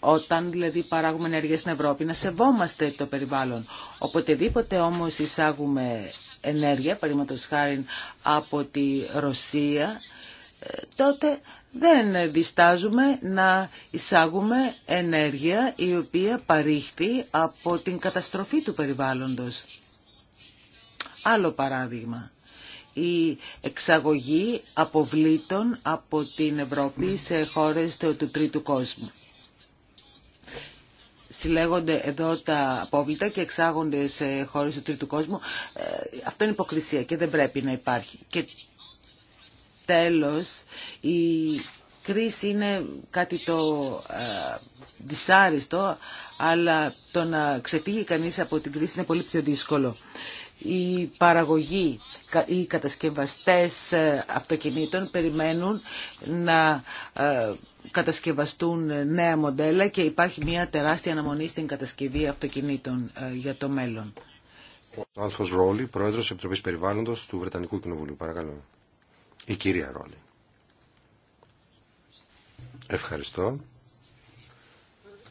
Όταν δηλαδή παράγουμε ενέργεια στην Ευρώπη, να σεβόμαστε το περιβάλλον. Οποτεδήποτε όμως εισάγουμε ενέργεια, παραδείγματος χάρη από τη Ρωσία, ε, τότε δεν διστάζουμε να εισάγουμε ενέργεια η οποία παρήχθη από την καταστροφή του περιβάλλοντος. Άλλο παράδειγμα, η εξαγωγή αποβλήτων από την Ευρώπη σε χώρες του τρίτου κόσμου συλλέγονται εδώ τα απόβλητα και εξάγονται σε χώρες του τρίτου κόσμου. Ε, αυτό είναι υποκρισία και δεν πρέπει να υπάρχει. Και τέλος, η κρίση είναι κάτι το ε, δυσάριστο, αλλά το να ξετύχει κανείς από την κρίση είναι πολύ πιο δύσκολο οι παραγωγοί, οι κατασκευαστές ε, αυτοκινήτων περιμένουν να κατασκευαστούν νέα μοντέλα και υπάρχει μια τεράστια αναμονή στην κατασκευή αυτοκινήτων ε, για το μέλλον. Ο Άλφος Ρόλι, πρόεδρος Επιτροπής Περιβάλλοντος του Βρετανικού Κοινοβουλίου. Παρακαλώ. Η κυρία Ρόλι. Ευχαριστώ.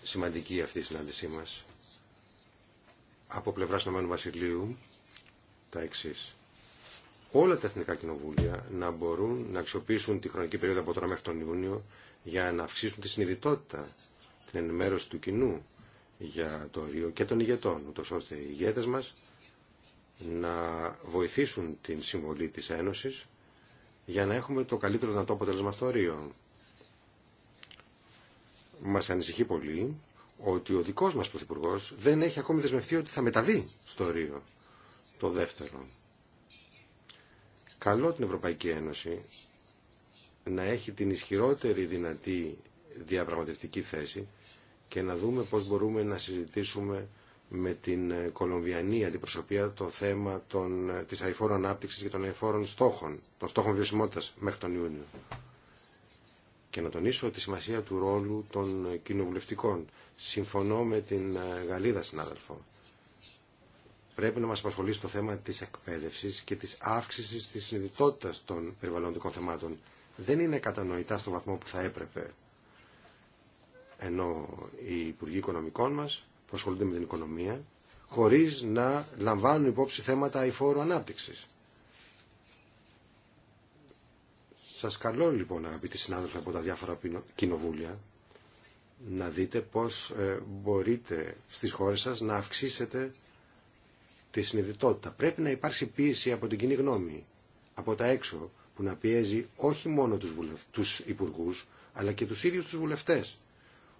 Σημαντική αυτή η συνάντησή μας. Από πλευρά Νομένου Βασιλείου, τα εξή. όλα τα εθνικά κοινοβούλια να μπορούν να αξιοποιήσουν τη χρονική περίοδο από τώρα μέχρι τον Ιούνιο για να αυξήσουν τη συνειδητότητα, την ενημέρωση του κοινού για το Ρίο και των ηγετών, ούτως ώστε οι ηγέτες μας να βοηθήσουν την συμβολή της Ένωσης για να έχουμε το καλύτερο δυνατό αποτέλεσμα στο Ρίο. Μας ανησυχεί πολύ ότι ο δικός μας Πρωθυπουργό δεν έχει ακόμη δεσμευτεί ότι θα μεταβεί στο Ρίο το δεύτερο. Καλό την Ευρωπαϊκή Ένωση να έχει την ισχυρότερη δυνατή διαπραγματευτική θέση και να δούμε πώς μπορούμε να συζητήσουμε με την κολομβιανή αντιπροσωπεία το θέμα των, της αηφόρων ανάπτυξης και των αηφόρων στόχων, των στόχων βιωσιμότητας μέχρι τον Ιούνιο. Και να τονίσω τη σημασία του ρόλου των κοινοβουλευτικών. Συμφωνώ με την ε, Γαλλίδα συνάδελφο. Πρέπει να μας απασχολήσει το θέμα της εκπαίδευσης και της αύξησης της συνειδητότητας των περιβαλλοντικών θεμάτων δεν είναι κατανοητά στο βαθμό που θα έπρεπε. Ενώ οι Υπουργοί Οικονομικών μας που ασχολούνται με την οικονομία χωρίς να λαμβάνουν υπόψη θέματα αηφόρου ανάπτυξης. Σας καλώ λοιπόν αγαπητοί συνάδελφοι από τα διάφορα κοινοβούλια να δείτε πώς ε, μπορείτε στις χώρες σας να αυξήσετε τη συνειδητότητα. Πρέπει να υπάρξει πίεση από την κοινή γνώμη, από τα έξω, που να πιέζει όχι μόνο τους, βουλευ... τους υπουργούς, αλλά και τους ίδιους τους βουλευτές,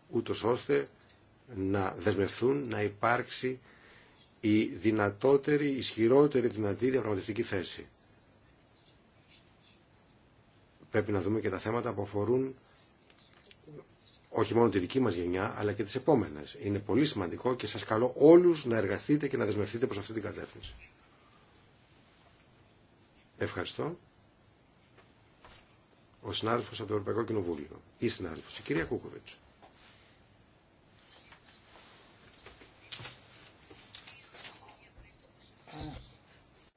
ούτω ώστε να δεσμευθούν να υπάρξει η δυνατότερη, ισχυρότερη δυνατή διαπραγματευτική θέση. Πρέπει να δούμε και τα θέματα που αφορούν όχι μόνο τη δική μας γενιά, αλλά και τις επόμενες. Είναι πολύ σημαντικό και σας καλώ όλους να εργαστείτε και να δεσμευτείτε προς αυτή την κατεύθυνση. Ευχαριστώ ο συνάδελφο από το Ευρωπαϊκό Κοινοβούλιο, η συνάδελφο, η κυρία Κούκοβιτ.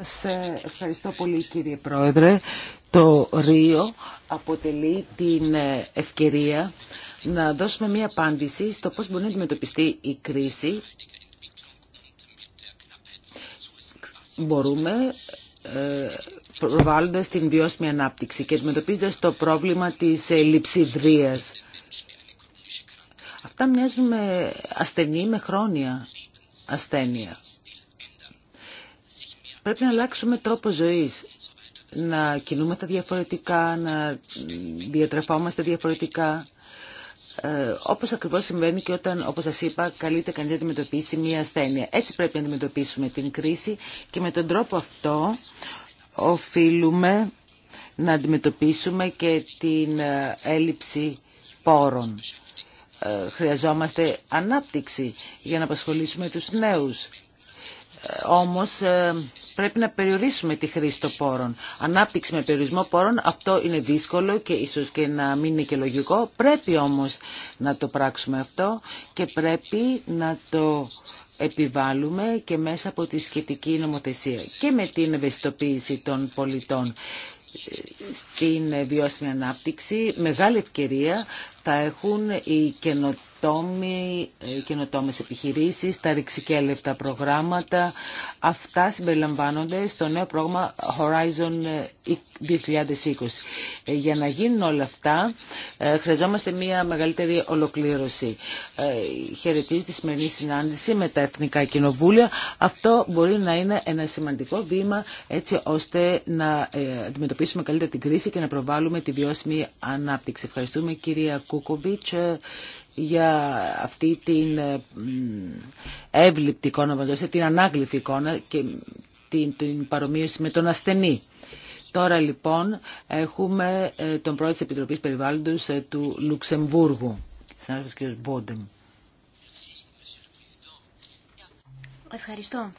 Σα ε, ευχαριστώ πολύ κύριε Πρόεδρε. Το Ρίο αποτελεί την ε, ευκαιρία να δώσουμε μία απάντηση στο πώς μπορεί να αντιμετωπιστεί η κρίση. Μπορούμε ε, προβάλλοντας την βιώσιμη ανάπτυξη και αντιμετωπίζοντας το πρόβλημα της ε, λειψιδρίας. Αυτά μοιάζουν με ασθενή, με χρόνια ασθένεια. Πρέπει να αλλάξουμε τρόπο ζωής, να κινούμαστε διαφορετικά, να διατρεφόμαστε διαφορετικά. Ε, όπως ακριβώς συμβαίνει και όταν, όπως σας είπα, καλείται κανείς να αντιμετωπίσει μία ασθένεια. Έτσι πρέπει να αντιμετωπίσουμε την κρίση και με τον τρόπο αυτό οφείλουμε να αντιμετωπίσουμε και την ε, έλλειψη πόρων. Ε, χρειαζόμαστε ανάπτυξη για να απασχολήσουμε τους νέους όμως ε, πρέπει να περιορίσουμε τη χρήση των πόρων. Ανάπτυξη με περιορισμό πόρων, αυτό είναι δύσκολο και ίσως και να μην είναι και λογικό. Πρέπει όμως να το πράξουμε αυτό και πρέπει να το επιβάλλουμε και μέσα από τη σχετική νομοθεσία και με την ευαισθητοποίηση των πολιτών ε, στην βιώσιμη ανάπτυξη, μεγάλη ευκαιρία θα έχουν οι καινοτόμε επιχειρήσεις, τα ρηξικέλευτα προγράμματα. Αυτά συμπεριλαμβάνονται στο νέο πρόγραμμα Horizon 2020. Ε, ε, για να γίνουν όλα αυτά, ε, χρειαζόμαστε μια μεγαλύτερη ολοκλήρωση. Χαιρετίζω τη σημερινή συνάντηση με τα Εθνικά Κοινοβούλια. Αυτό μπορεί να είναι ένα σημαντικό βήμα έτσι ώστε να αντιμετωπίσουμε καλύτερα την κρίση και να προβάλλουμε τη βιώσιμη ανάπτυξη. Ευχαριστούμε κυρία Κουκουμπίτς για αυτή την ε, εύληπτη εικόνα, την ανάγλυφη εικόνα και την, την παρομοίωση με τον ασθενή. Τώρα λοιπόν έχουμε ε, τον πρόεδρο της Επιτροπής Περιβάλλοντος ε, του Λουξεμβούργου, συνάδελφος κ. Μπόντεμ. Ευχαριστώ.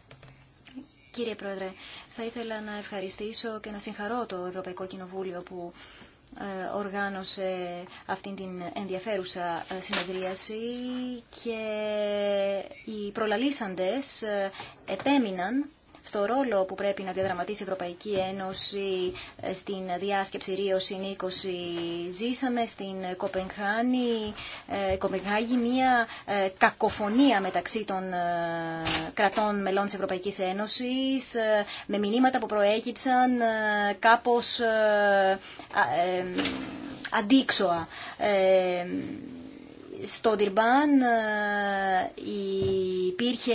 Κύριε Πρόεδρε, θα ήθελα να ευχαριστήσω και να συγχαρώ το Ευρωπαϊκό Κοινοβούλιο που ε, οργάνωσε αυτήν την ενδιαφέρουσα ε, συνεδρίαση και οι προλαλήσαντες ε, επέμειναν στο ρόλο που πρέπει να διαδραματίσει η Ευρωπαϊκή Ένωση ε, στην διάσκεψη Ρίο συν 20. Ζήσαμε στην Κοπενχάνη, ε, Κοπενχάγη μια ε, κακοφωνία μεταξύ των κρατών μελών της Ευρωπαϊκής Ένωσης με μηνύματα που προέκυψαν κάπως αντίξωα στο Τυρμπάν ε, υπήρχε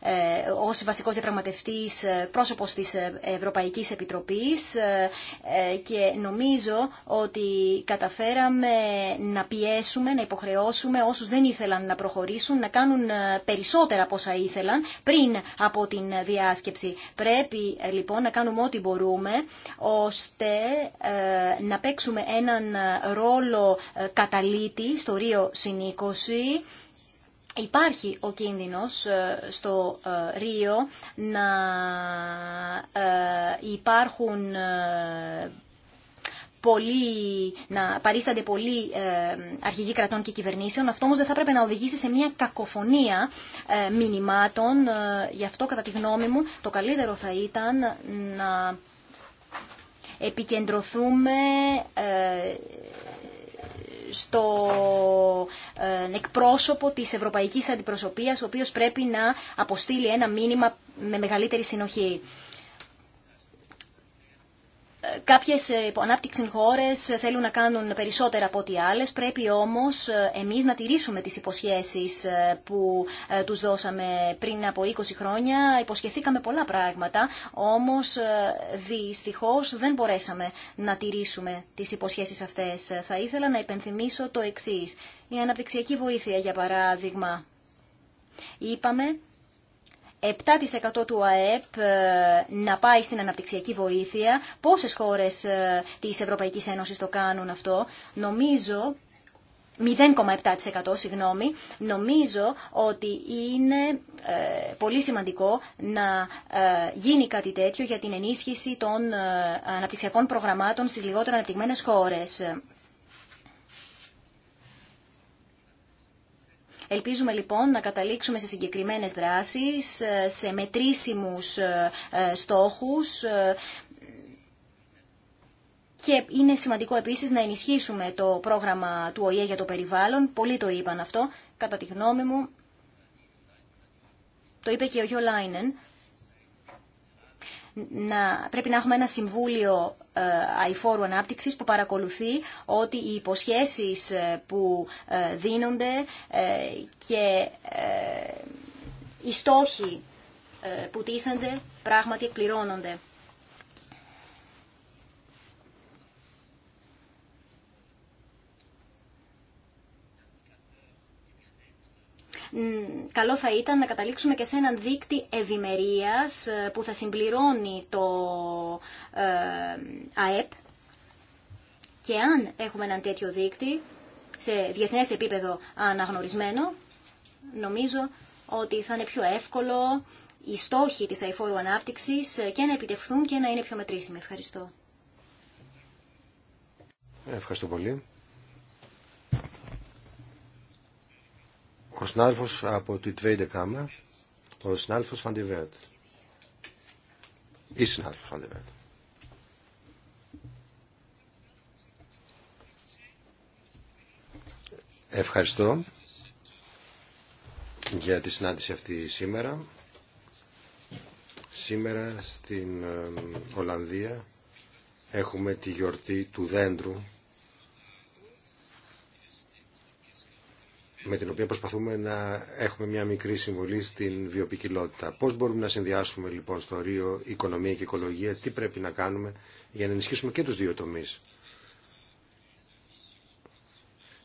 ε, ως βασικός διαπραγματευτής ε, πρόσωπος της Ευρωπαϊκής Επιτροπής και νομίζω ότι καταφέραμε να πιέσουμε, να υποχρεώσουμε όσους δεν ήθελαν να προχωρήσουν να κάνουν περισσότερα από όσα ήθελαν πριν από την διάσκεψη. Πρέπει λοιπόν να κάνουμε ό,τι μπορούμε ώστε να παίξουμε έναν ρόλο καταλήτη στο Ρίο συνήκωση Υπάρχει ο κίνδυνος ε, στο ε, Ρίο να ε, υπάρχουν πολύ, να παρίστανται πολλοί αρχηγοί κρατών και κυβερνήσεων. Αυτό όμως δεν θα πρέπει να οδηγήσει σε μια κακοφωνία μηνυμάτων. Γι' αυτό κατά τη γνώμη μου το καλύτερο θα ήταν να επικεντρωθούμε στο ε, εκπρόσωπο της Ευρωπαϊκής Αντιπροσωπείας, ο οποίος πρέπει να αποστείλει ένα μήνυμα με μεγαλύτερη συνοχή. Κάποιες ε, ανάπτυξη χώρες θέλουν να κάνουν περισσότερα από ό,τι άλλες, πρέπει όμως ε, εμείς να τηρήσουμε τις υποσχέσεις ε, που τους δώσαμε πριν από 20 χρόνια. Υποσχεθήκαμε πολλά πράγματα, όμως δυστυχώς δεν μπορέσαμε να τηρήσουμε τις υποσχέσεις αυτές. Θα ήθελα να υπενθυμίσω το εξής. Η αναπτυξιακή βοήθεια, για παράδειγμα. Είπαμε 7% του ΑΕΠ ε, να πάει στην αναπτυξιακή βοήθεια. Πόσες χώρες ε, της Ευρωπαϊκής Ένωσης το κάνουν αυτό. Νομίζω 0,7% συγγνώμη, νομίζω ότι είναι ε, πολύ σημαντικό να γίνει κάτι τέτοιο για την ενίσχυση των αναπτυξιακών προγραμμάτων στις λιγότερο αναπτυγμένες χώρες. Ελπίζουμε λοιπόν να καταλήξουμε σε συγκεκριμένες δράσεις, ε, σε μετρήσιμους ε, ε, στόχους και είναι σημαντικό επίσης να ενισχύσουμε το πρόγραμμα του ΟΗΕ για το περιβάλλον. Πολλοί το είπαν αυτό, κατά τη γνώμη μου. Το είπε και ο Γιώ να, πρέπει να έχουμε ένα συμβούλιο ε, αηφόρου ανάπτυξης που παρακολουθεί ότι οι υποσχέσεις ε, που ε, δίνονται και οι στόχοι που τίθενται πράγματι εκπληρώνονται. καλό θα ήταν να καταλήξουμε και σε έναν δίκτυ ευημερία ε, που θα συμπληρώνει το ε, ΑΕΠ. Και αν έχουμε έναν τέτοιο δίκτυ σε διεθνές επίπεδο αναγνωρισμένο, νομίζω ότι θα είναι πιο εύκολο οι στόχοι της αηφόρου ανάπτυξης ε, και να επιτευχθούν και να είναι πιο μετρήσιμοι. Ευχαριστώ. Ευχαριστώ πολύ. Ο συνάδελφος από τη Τβέιντε Κάμερα, ο συνάδελφος Φαντιβέρτ. Ή συνάδελφος Φαντιβέρτ. Ευχαριστώ για τη συνάντηση αυτή σήμερα. Σήμερα στην ε, Ολλανδία έχουμε τη γιορτή του δέντρου με την οποία προσπαθούμε να έχουμε μια μικρή συμβολή στην βιοπικιλότητα. Πώς μπορούμε να συνδυάσουμε λοιπόν στο Ρίο οικονομία και οικολογία, τι πρέπει να κάνουμε για να ενισχύσουμε και τους δύο τομείς.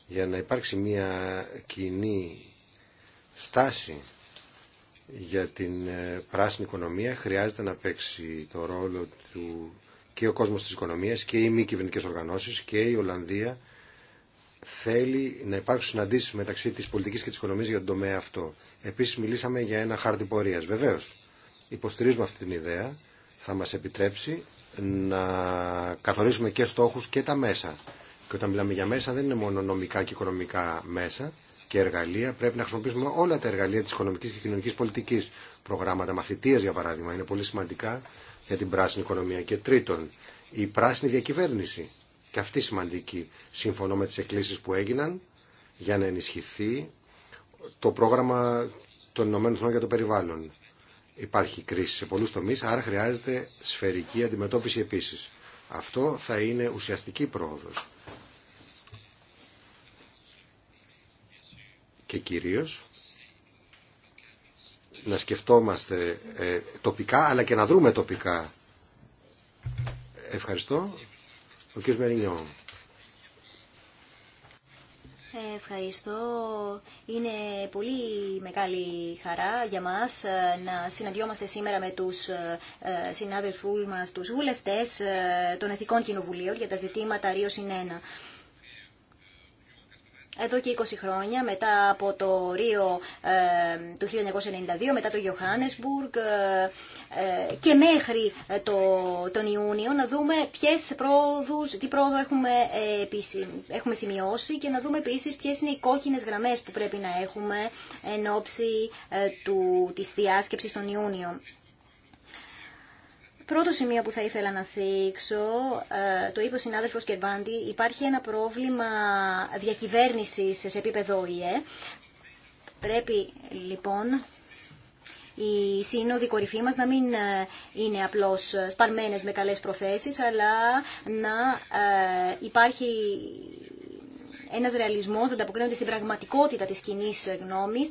Για να υπάρξει μια κοινή στάση για την ε, πράσινη οικονομία χρειάζεται να παίξει το ρόλο του και ο κόσμος της οικονομίας και οι μη κυβερνητικές οργανώσεις και η Ολλανδία θέλει να υπάρξουν συναντήσει μεταξύ τη πολιτική και τη οικονομία για τον τομέα αυτό. Επίση, μιλήσαμε για ένα χάρτη πορεία. Βεβαίω, υποστηρίζουμε αυτή την ιδέα, θα μα επιτρέψει να καθορίσουμε και στόχου και τα μέσα. Και όταν μιλάμε για μέσα δεν είναι μόνο νομικά και οικονομικά μέσα και εργαλεία. Πρέπει να χρησιμοποιήσουμε όλα τα εργαλεία τη οικονομική και κοινωνική πολιτική Προγράμματα μαθητεία, για παράδειγμα είναι πολύ σημαντικά για την πράσινη οικονομία. Και τρίτον, η πράσινη διακυβέρνηση και αυτή σημαντική. Συμφωνώ με τις εκκλήσεις που έγιναν για να ενισχυθεί το πρόγραμμα των Ηνωμένων Εθνών για το περιβάλλον. Υπάρχει κρίση σε πολλούς τομείς, άρα χρειάζεται σφαιρική αντιμετώπιση επίσης. Αυτό θα είναι ουσιαστική πρόοδος. Και κυρίως να σκεφτόμαστε ε, τοπικά αλλά και να δρούμε τοπικά. Ευχαριστώ. Ο κ. Ευχαριστώ. Είναι πολύ μεγάλη χαρά για μας ε, να συναντιόμαστε σήμερα με τους ε, συνάδελφούς μας, τους βουλευτές ε, των Εθνικών Κοινοβουλίων για τα ζητήματα Ρίος συνένα εδώ και 20 χρόνια, μετά από το Ρίο ε, του 1992, μετά το Johannesburg ε, ε, και μέχρι το, τον Ιούνιο, να δούμε ποιες πρόοδους, τι πρόοδο έχουμε, έχουμε σημειώσει και να δούμε επίσης ποιες είναι οι κόκκινες γραμμές που πρέπει να έχουμε εν ώψη του, της διάσκεψης τον Ιούνιο. Πρώτο σημείο που θα ήθελα να θίξω, ε, το είπε ο συνάδελφος Κερβάντη, υπάρχει ένα πρόβλημα διακυβέρνησης σε επίπεδο ΙΕ. Πρέπει λοιπόν η σύνοδη κορυφή μας να μην ε, είναι απλώς σπαρμένες με καλές προθέσεις, αλλά να ε, υπάρχει ένας ρεαλισμός, τα ανταποκρίνονται στην πραγματικότητα της κοινή γνώμης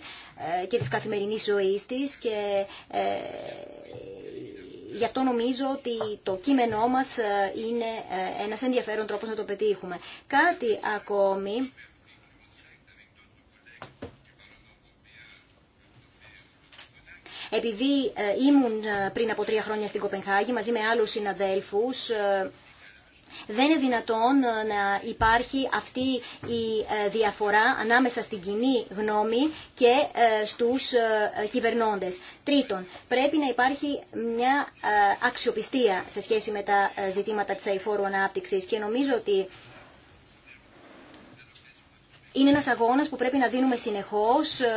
και τη καθημερινή ζωή τη. και γι' αυτό νομίζω ότι το κείμενό μας ε, είναι ε, ένας ενδιαφέρον τρόπος να το πετύχουμε. Κάτι ακόμη... Επειδή ε, ήμουν πριν από τρία χρόνια στην Κοπενχάγη μαζί με άλλους συναδέλφους, δεν είναι δυνατόν ε, να υπάρχει αυτή η ε, διαφορά ανάμεσα στην κοινή γνώμη και ε, στους κυβερνώντες. Τρίτον, πρέπει να υπάρχει μια αξιοπιστία σε σχέση με τα ζητήματα της αηφόρου ανάπτυξης και νομίζω ότι είναι ένας αγώνας που πρέπει να δίνουμε συνεχώς ε,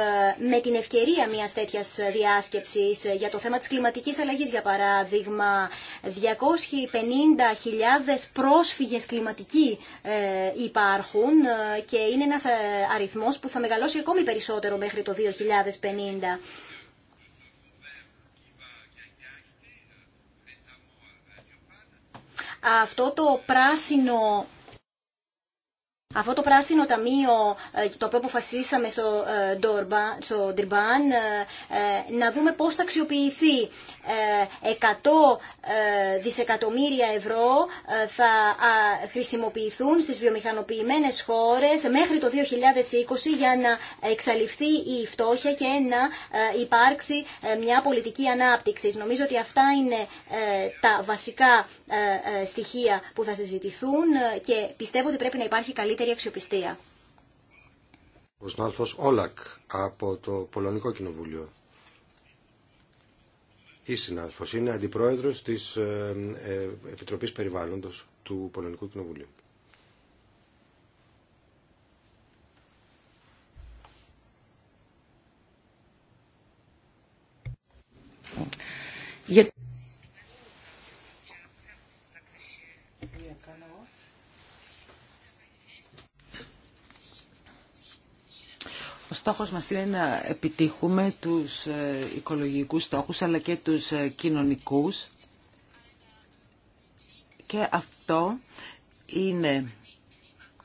με την ευκαιρία μιας τέτοιας διάσκεψης ε, για το θέμα της κλιματικής αλλαγής για παράδειγμα 250.000 πρόσφυγες κλιματικοί ε, υπάρχουν και είναι ένας αριθμός που θα μεγαλώσει ακόμη περισσότερο μέχρι το 2050. Αυτό το πράσινο αυτό το πράσινο ταμείο ε, το οποίο αποφασίσαμε στο, ε, στο Ντριμπάν ε, να δούμε πώς θα αξιοποιηθεί 100 δισεκατομμύρια ευρώ θα χρησιμοποιηθούν στις βιομηχανοποιημένες χώρες μέχρι το 2020 για να εξαλειφθεί η φτώχεια και να υπάρξει μια πολιτική ανάπτυξη. Νομίζω ότι αυτά είναι τα βασικά στοιχεία που θα συζητηθούν και πιστεύω ότι πρέπει να υπάρχει καλύτερη μεγαλύτερη αξιοπιστία. Ο συνάδελφος Όλακ από το Πολωνικό Κοινοβούλιο. Η συνάδελφος είναι αντιπρόεδρος της ε, ε, Επιτροπής Περιβάλλοντος του Πολωνικού Κοινοβουλίου. Ο στόχος μας είναι να επιτύχουμε τους ε, οικολογικούς στόχους αλλά και τους ε, κοινωνικούς και αυτό είναι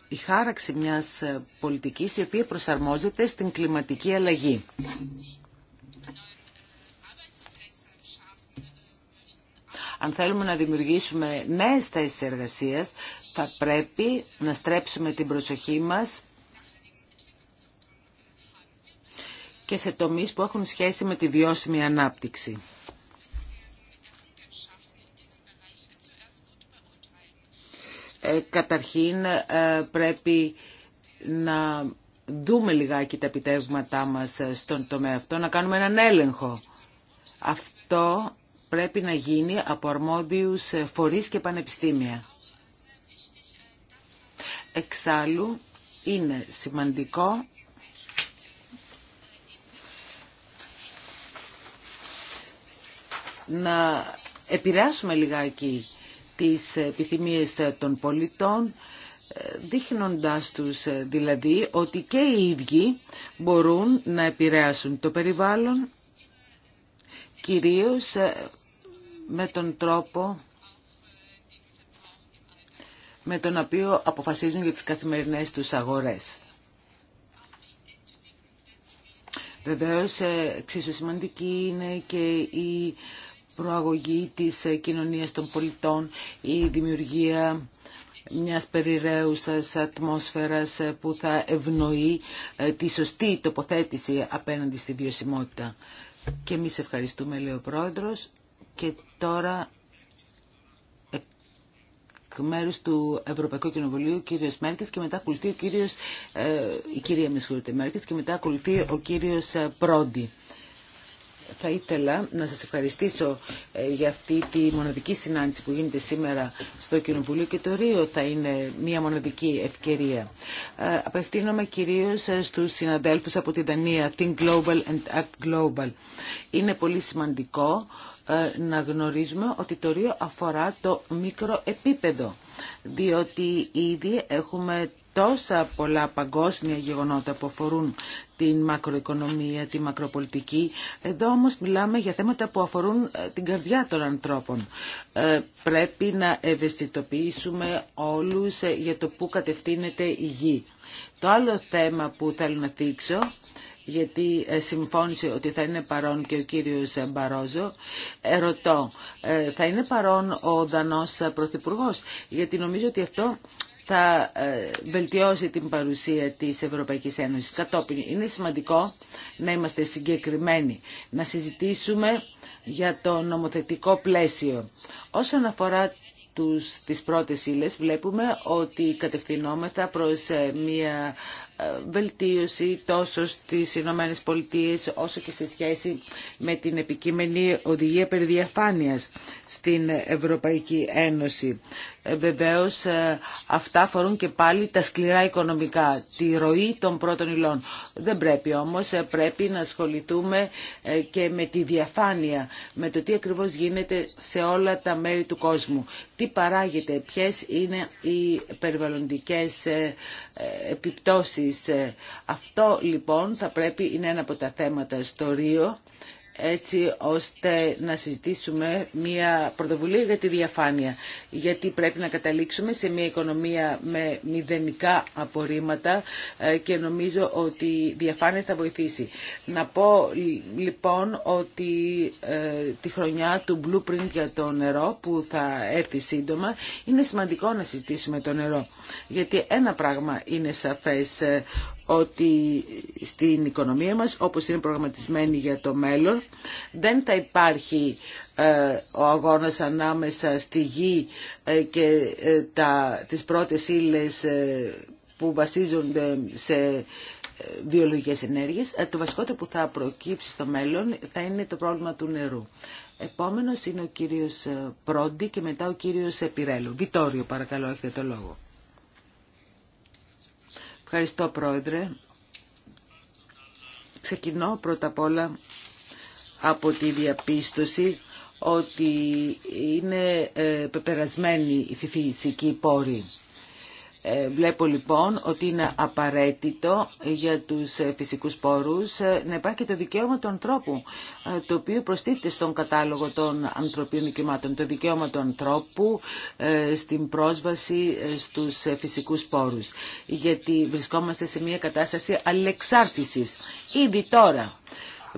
η χάραξη μιας ε, πολιτικής η οποία προσαρμόζεται στην κλιματική αλλαγή. Αν θέλουμε να δημιουργήσουμε νέες θέσεις εργασίας, θα πρέπει να στρέψουμε την προσοχή μας και σε τομείς που έχουν σχέση με τη βιώσιμη ανάπτυξη. Ε, καταρχήν ε, πρέπει να δούμε λιγάκι τα επιτεύγματά μας ε, στον τομέα αυτό, να κάνουμε έναν έλεγχο. Αυτό πρέπει να γίνει από αρμόδιους φορείς και πανεπιστήμια. Εξάλλου είναι σημαντικό να επηρεάσουμε λιγάκι τις επιθυμίες των πολιτών, δείχνοντάς τους δηλαδή ότι και οι ίδιοι μπορούν να επηρεάσουν το περιβάλλον, κυρίως ε, με τον τρόπο με τον οποίο αποφασίζουν για τις καθημερινές τους αγορές. Βεβαίως, ε, εξίσου σημαντική είναι και η προαγωγή της ε, κοινωνίας των πολιτών, η δημιουργία μιας περιραίουσας ατμόσφαιρας ε, που θα ευνοεί ε, τη σωστή τοποθέτηση απέναντι στη βιωσιμότητα. Και εμείς ευχαριστούμε, λέει ο Πρόεδρος. Και τώρα, εκ μέρους του Ευρωπαϊκού Κοινοβουλίου, κύριος Μέρκες και μετά ακολουθεί ο κύριος, ε, η κυρία και μετά ακολουθεί ο κύριος Πρόντι θα ήθελα να σας ευχαριστήσω ε, για αυτή τη μοναδική συνάντηση που γίνεται σήμερα στο Κοινοβουλίο και το Ρίο θα είναι μια μοναδική ευκαιρία. Ε, απευθύνομαι κυρίως ε, στους συναδέλφους από την Δανία Think Global and Act Global. Είναι πολύ σημαντικό να γνωρίζουμε ότι το Ρίο αφορά το μικροεπίπεδο διότι ήδη έχουμε τόσα πολλά παγκόσμια γεγονότα που αφορούν την μακροοικονομία, τη μακροπολιτική. Εδώ όμως μιλάμε για θέματα που αφορούν ε, την καρδιά των ανθρώπων. Ε, πρέπει να ευαισθητοποιήσουμε όλους ε, για το πού κατευθύνεται η γη. Το άλλο θέμα που θέλω να δείξω γιατί συμφώνησε ότι θα είναι παρόν και ο κύριος Μπαρόζο. Ρωτώ, θα είναι παρόν ο Δανός πρωθυπουργός. γιατί νομίζω ότι αυτό θα ε, βελτιώσει την παρουσία της Ευρωπαϊκής Ένωσης. Κατόπιν είναι σημαντικό να είμαστε συγκεκριμένοι, να συζητήσουμε για το νομοθετικό πλαίσιο. Όσον αφορά τους, τις πρώτες ύλες βλέπουμε ότι κατευθυνόμεθα προς ε, μια ε, βελτίωση τόσο στις Ηνωμένε Πολιτείε όσο και σε σχέση με την επικείμενη οδηγία περί στην Ευρωπαϊκή Ένωση. Ε, βεβαίως ε, αυτά αφορούν και πάλι τα σκληρά οικονομικά, τη ροή των πρώτων υλών. Δεν πρέπει όμως, ε, πρέπει να ασχοληθούμε και με τη διαφάνεια, με το τι ακριβώς γίνεται σε όλα τα μέρη του κόσμου. Τι παράγεται, ποιες είναι οι περιβαλλοντικές επιπτώσεις. Αυτό λοιπόν θα πρέπει, είναι ένα από τα θέματα στο Ρίο, έτσι ώστε να συζητήσουμε μια πρωτοβουλία για τη διαφάνεια. Γιατί πρέπει να καταλήξουμε σε μια οικονομία με μηδενικά απορρίμματα ε, και νομίζω ότι η διαφάνεια θα βοηθήσει. Να πω λοιπόν ότι ε, τη χρονιά του blueprint για το νερό που θα έρθει σύντομα είναι σημαντικό να συζητήσουμε το νερό. Γιατί ένα πράγμα είναι σαφές ε, ότι στην οικονομία μας, όπως είναι προγραμματισμένη για το μέλλον, δεν θα υπάρχει ε, ο αγώνας ανάμεσα στη γη ε, και ε, τα, τις πρώτες ύλες που βασίζονται σε βιολογικές ενέργειες. Το βασικότερο που θα προκύψει στο μέλλον θα είναι το πρόβλημα του νερού. Επόμενος είναι ο κύριος Πρόντι και μετά ο κύριος Επιρέλου. Βιτόριο, παρακαλώ, έχετε το λόγο. Ευχαριστώ Πρόεδρε. Ξεκινώ πρώτα απ' όλα από τη διαπίστωση ότι είναι ε, πεπερασμένη η φυσική πόρη ε, βλέπω λοιπόν ότι είναι απαραίτητο για τους ε, φυσικούς πόρους ε, να υπάρχει το δικαίωμα του ανθρώπου, το οποίο προστίθεται στον κατάλογο των ανθρωπίων δικαιωμάτων, το δικαίωμα του ανθρώπου στην πρόσβαση στους φυσικούς πόρους. Γιατί βρισκόμαστε σε μια κατάσταση αλεξάρτησης. Ήδη τώρα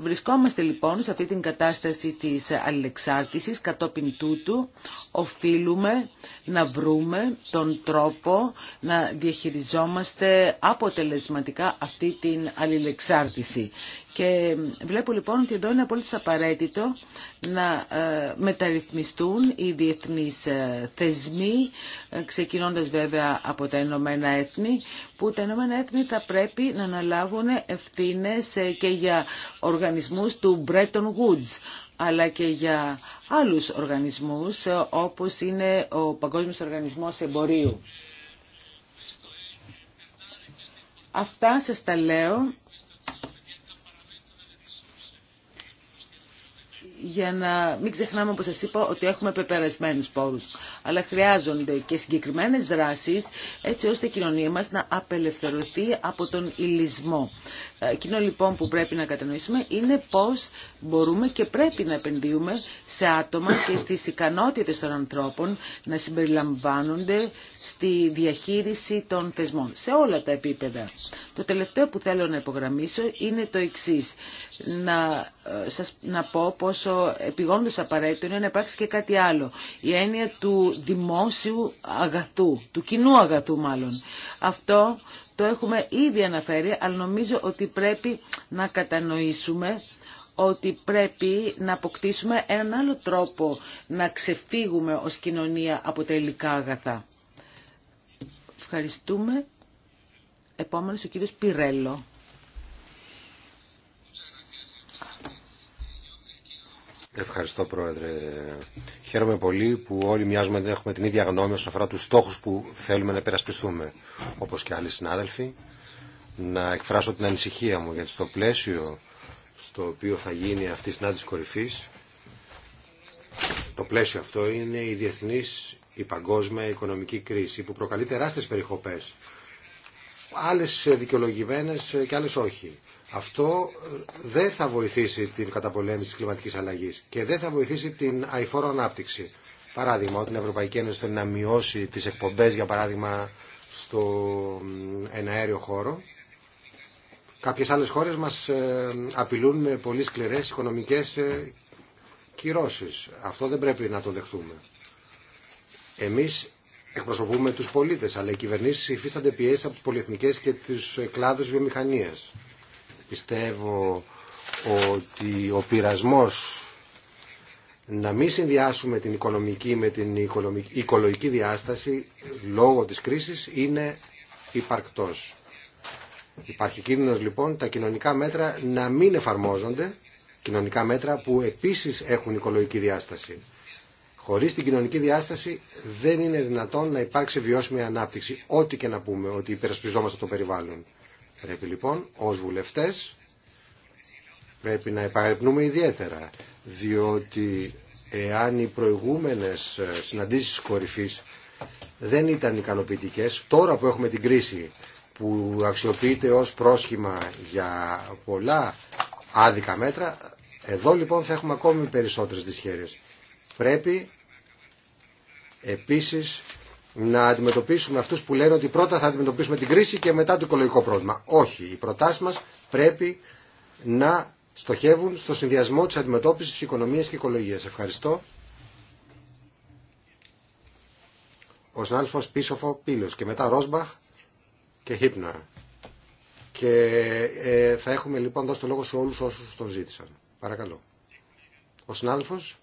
Βρισκόμαστε λοιπόν σε αυτή την κατάσταση της αλληλεξάρτησης. Κατόπιν τούτου οφείλουμε να βρούμε τον τρόπο να διαχειριζόμαστε αποτελεσματικά αυτή την αλληλεξάρτηση. Και βλέπω λοιπόν ότι εδώ είναι απόλυτα απαραίτητο να ε, μεταρρυθμιστούν οι διεθνείς ε, θεσμοί, ε, ξεκινώντας βέβαια από τα Ηνωμένα Έθνη, που τα Ηνωμένα Έθνη θα πρέπει να αναλάβουν ευθύνες και για οργανισμούς του Bretton Woods, αλλά και για άλλους οργανισμούς, όπως είναι ο Παγκόσμιος Οργανισμός Εμπορίου. Αυτά σας τα λέω για να μην ξεχνάμε, όπως σας είπα, ότι έχουμε πεπερασμένους πόρους. Αλλά χρειάζονται και συγκεκριμένες δράσεις, έτσι ώστε η κοινωνία μας να απελευθερωθεί από τον ηλισμό. Εκείνο λοιπόν που πρέπει να κατανοήσουμε είναι πώς μπορούμε και πρέπει να επενδύουμε σε άτομα και στις ικανότητες των ανθρώπων να συμπεριλαμβάνονται στη διαχείριση των θεσμών, σε όλα τα επίπεδα. Το τελευταίο που θέλω να υπογραμμίσω είναι το εξής. Να, ε, σας, να πω πόσο επιγόντως απαραίτητο είναι να υπάρξει και κάτι άλλο. Η έννοια του δημόσιου αγαθού, του κοινού αγαθού μάλλον. Αυτό το έχουμε ήδη αναφέρει, αλλά νομίζω ότι πρέπει να κατανοήσουμε ότι πρέπει να αποκτήσουμε έναν άλλο τρόπο να ξεφύγουμε ως κοινωνία από τα υλικά αγαθά. Ευχαριστούμε. Επόμενος ο κύριος Πιρέλο. Ευχαριστώ Πρόεδρε. Χαίρομαι πολύ που όλοι μοιάζουμε να έχουμε την ίδια γνώμη όσον αφορά τους στόχους που θέλουμε να υπερασπιστούμε, όπως και άλλοι συνάδελφοι. Να εκφράσω την ανησυχία μου, γιατί στο πλαίσιο στο οποίο θα γίνει αυτή η συνάντηση κορυφής, το πλαίσιο αυτό είναι η διεθνής, η παγκόσμια οικονομική κρίση που προκαλεί τεράστιες περιχοπές. Άλλες δικαιολογημένες και άλλες όχι. Αυτό ε, δεν θα βοηθήσει την καταπολέμηση της κλιματικής αλλαγής και δεν θα βοηθήσει την αηφόρο ανάπτυξη. Παράδειγμα, όταν η Ευρωπαϊκή Ένωση θέλει να μειώσει τις εκπομπές, για παράδειγμα, στο εναέριο χώρο, κάποιες άλλες χώρες μας ε, απειλούν με πολύ σκληρές οικονομικές ε, κυρώσεις. Αυτό δεν πρέπει να το δεχτούμε. Εμείς εκπροσωπούμε τους πολίτες, αλλά οι κυβερνήσεις υφίστανται πιέσεις από τις πολυεθνικές και τους κλάδους βιομηχανίας. Πιστεύω ότι ο πειρασμός να μην συνδυάσουμε την οικονομική με την οικολογική διάσταση λόγω της κρίσης είναι υπαρκτός. Υπάρχει κίνδυνος λοιπόν τα κοινωνικά μέτρα να μην εφαρμόζονται, κοινωνικά μέτρα που επίσης έχουν οικολογική διάσταση. Χωρίς την κοινωνική διάσταση δεν είναι δυνατόν να υπάρξει βιώσιμη ανάπτυξη, ό,τι και να πούμε ότι υπερασπιζόμαστε το περιβάλλον. Πρέπει λοιπόν ως βουλευτές πρέπει να επαγρυπνούμε ιδιαίτερα διότι εάν οι προηγούμενες ε, συναντήσεις κορυφής δεν ήταν ικανοποιητικές, τώρα που έχουμε την κρίση που αξιοποιείται ως πρόσχημα για πολλά άδικα μέτρα, εδώ λοιπόν θα έχουμε ακόμη περισσότερες δυσχέρειες. Πρέπει επίσης να αντιμετωπίσουμε αυτούς που λένε ότι πρώτα θα αντιμετωπίσουμε την κρίση και μετά το οικολογικό πρόβλημα. Όχι, οι προτάσεις μας πρέπει να στοχεύουν στο συνδυασμό της αντιμετώπισης οικονομίας και οικολογίας. Ευχαριστώ. Ο Σνάλφος, Πίσοφο Πύλος και μετά Ρόσμπαχ και Χίπνα. Και ε, θα έχουμε λοιπόν δώσει το λόγο σε όλους όσους τον ζήτησαν. Παρακαλώ. Ο Σνάλφος,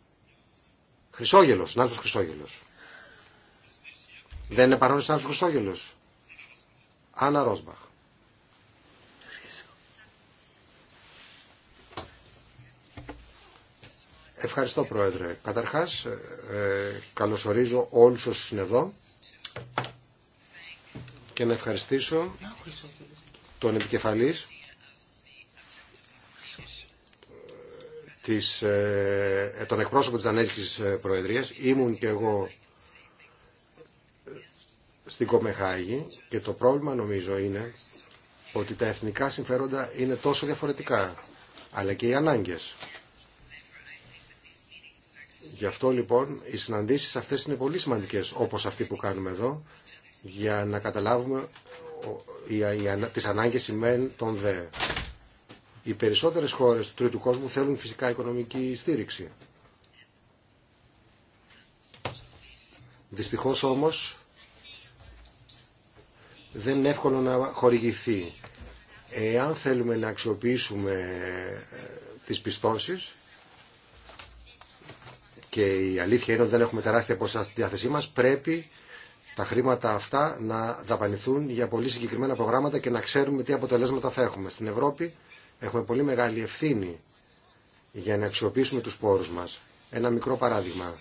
Χρυσόγελος, Σνάλφος Χρυσόγελος. Δεν είναι παρόν ο συνάδελφος Χρυσόγελος. Άννα Ρόσμπαχ. Ευχαριστώ Πρόεδρε. Καταρχάς ε, καλωσορίζω όλους όσους είναι εδώ και να ευχαριστήσω τον επικεφαλής της, ε, τον εκπρόσωπο της Δανέζικης ε, Προεδρίας. Ήμουν και εγώ στην Κομεχάγη και το πρόβλημα νομίζω είναι ότι τα εθνικά συμφέροντα είναι τόσο διαφορετικά, αλλά και οι ανάγκες. Γι' αυτό λοιπόν οι συναντήσεις αυτές είναι πολύ σημαντικές, όπως αυτή που κάνουμε εδώ, για να καταλάβουμε τις ανάγκες ημέν των δε. Οι περισσότερες χώρες του τρίτου κόσμου θέλουν φυσικά οικονομική στήριξη. Δυστυχώς όμως δεν είναι εύκολο να χορηγηθεί. Εάν θέλουμε να αξιοποιήσουμε ε, τις πιστώσεις και η αλήθεια είναι ότι δεν έχουμε τεράστια ποσά στη διάθεσή μας, πρέπει τα χρήματα αυτά να δαπανηθούν για πολύ συγκεκριμένα προγράμματα και να ξέρουμε τι αποτελέσματα θα έχουμε. Στην Ευρώπη έχουμε πολύ μεγάλη ευθύνη για να αξιοποιήσουμε τους πόρους μας. Ένα μικρό παράδειγμα.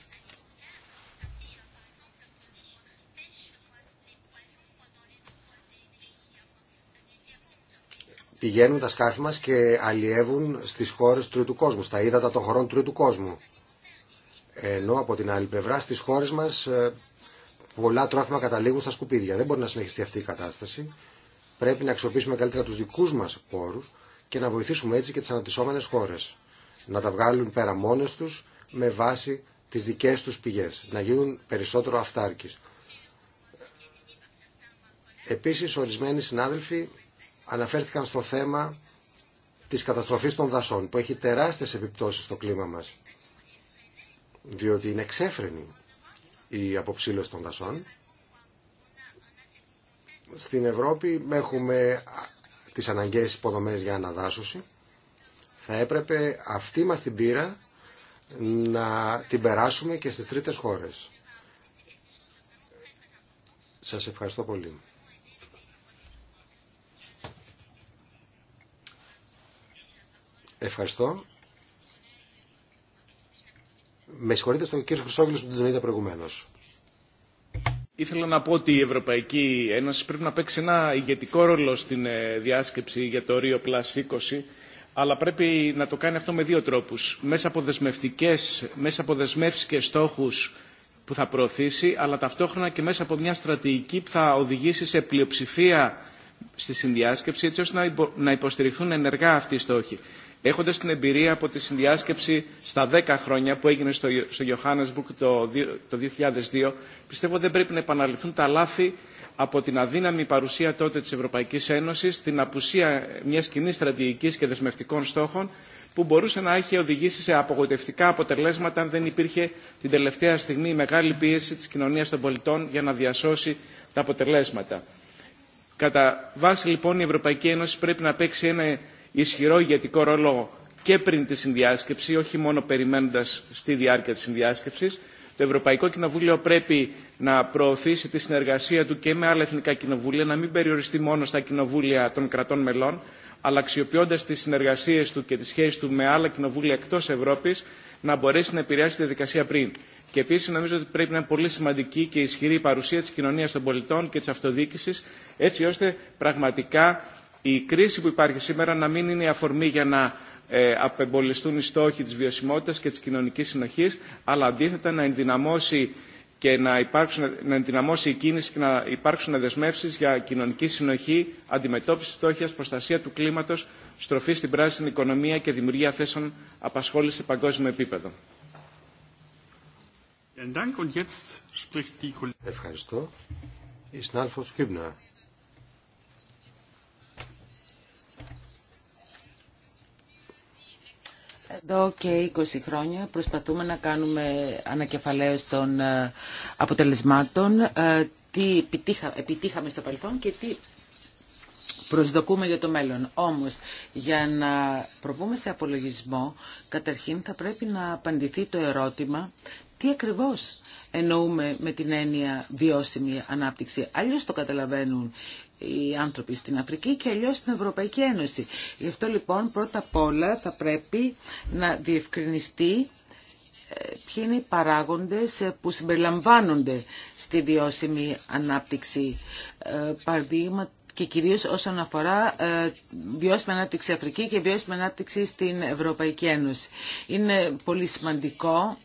πηγαίνουν τα σκάφη μας και αλλιεύουν στις χώρες τρίτου κόσμου, στα ύδατα των χωρών τρίτου κόσμου. Ενώ από την άλλη πλευρά στις χώρες μας ε, πολλά τρόφιμα καταλήγουν στα σκουπίδια. Δεν μπορεί να συνεχιστεί αυτή η κατάσταση. Πρέπει να αξιοποιήσουμε καλύτερα τους δικούς μας πόρους και να βοηθήσουμε έτσι και τις αναπτυσσόμενες χώρες. Να τα βγάλουν πέρα μόνες τους με βάση τις δικές τους πηγές. Να γίνουν περισσότερο αυτάρκεις. Επίσης, ορισμένοι συνάδελφοι αναφέρθηκαν στο θέμα της καταστροφής των δασών που έχει τεράστιες επιπτώσεις στο κλίμα μας διότι είναι εξέφρενη η αποψήλωση των δασών. Στην Ευρώπη έχουμε τις αναγκαίες υποδομές για αναδάσωση. Θα έπρεπε αυτή μας την πείρα να την περάσουμε και στις τρίτες χώρες. Σας ευχαριστώ πολύ. Ευχαριστώ. Με συγχωρείτε στον κύριο Χρυσόγλου που τον είδα προηγουμένω. Ήθελα να πω ότι η Ευρωπαϊκή Ένωση πρέπει να παίξει ένα ηγετικό ρόλο στην ε, διάσκεψη για το Rio 20, αλλά πρέπει να το κάνει αυτό με δύο τρόπους. Μέσα από, δεσμευτικές, μέσα από δεσμεύσεις και στόχους που θα προωθήσει, αλλά ταυτόχρονα και μέσα από μια στρατηγική που θα οδηγήσει σε πλειοψηφία στη συνδιάσκεψη, έτσι ώστε να υποστηριχθούν ενεργά αυτοί οι στόχοι έχοντα την εμπειρία από τη συνδιάσκεψη στα 10 χρόνια που έγινε στο, στο Johannesburg το, το 2002, πιστεύω δεν πρέπει να επαναληφθούν τα λάθη από την αδύναμη παρουσία τότε τη Ευρωπαϊκή Ένωση, την απουσία μια κοινή στρατηγική και δεσμευτικών στόχων, που μπορούσε να έχει οδηγήσει σε απογοητευτικά αποτελέσματα αν δεν υπήρχε την τελευταία στιγμή η μεγάλη πίεση τη κοινωνία των πολιτών για να διασώσει τα αποτελέσματα. Κατά βάση λοιπόν η Ευρωπαϊκή Ένωση πρέπει να παίξει ένα ισχυρό ηγετικό ρόλο και πριν τη συνδιάσκεψη, όχι μόνο περιμένοντας στη διάρκεια της συνδιάσκεψης. Το Ευρωπαϊκό Κοινοβούλιο πρέπει να προωθήσει τη συνεργασία του και με άλλα εθνικά κοινοβούλια, να μην περιοριστεί μόνο στα κοινοβούλια των κρατών μελών, αλλά αξιοποιώντα τι συνεργασίε του και τι σχέσει του με άλλα κοινοβούλια εκτό Ευρώπη, να μπορέσει να επηρεάσει τη διαδικασία πριν. Και επίση νομίζω ότι πρέπει να είναι πολύ σημαντική και ισχυρή η παρουσία τη κοινωνία των πολιτών και τη αυτοδιοίκηση, έτσι ώστε πραγματικά η κρίση που υπάρχει σήμερα να μην είναι η αφορμή για να ε, απεμπολιστούν οι στόχοι της βιωσιμότητας και της κοινωνικής συνοχής, αλλά αντίθετα να ενδυναμώσει και να, υπάρξουν, να ενδυναμώσει η κίνηση και να υπάρξουν δεσμεύσει για κοινωνική συνοχή, αντιμετώπιση φτώχεια, προστασία του κλίματο, στροφή στην πράσινη οικονομία και δημιουργία θέσεων απασχόληση σε παγκόσμιο επίπεδο. Ευχαριστώ. Η συνάδελφο Χίμπνα. Εδώ και 20 χρόνια προσπαθούμε να κάνουμε ανακεφαλαίωση των ε, αποτελεσμάτων, ε, τι επιτύχαμε στο παρελθόν και τι προσδοκούμε για το μέλλον. Όμως, για να προβούμε σε απολογισμό, καταρχήν θα πρέπει να απαντηθεί το ερώτημα τι ακριβώς εννοούμε με την έννοια βιώσιμη ανάπτυξη. Αλλιώς το καταλαβαίνουν οι άνθρωποι στην Αφρική και αλλιώς στην Ευρωπαϊκή Ένωση. Γι' αυτό λοιπόν πρώτα απ' όλα θα πρέπει να διευκρινιστεί ε, ποιοι είναι οι παράγοντες ε, που συμπεριλαμβάνονται στη βιώσιμη ανάπτυξη ε, και κυρίως όσον αφορά βιώσιμη ανάπτυξη Αφρική και βιώσιμη ανάπτυξη στην Ευρωπαϊκή Ένωση. Είναι πολύ σημαντικό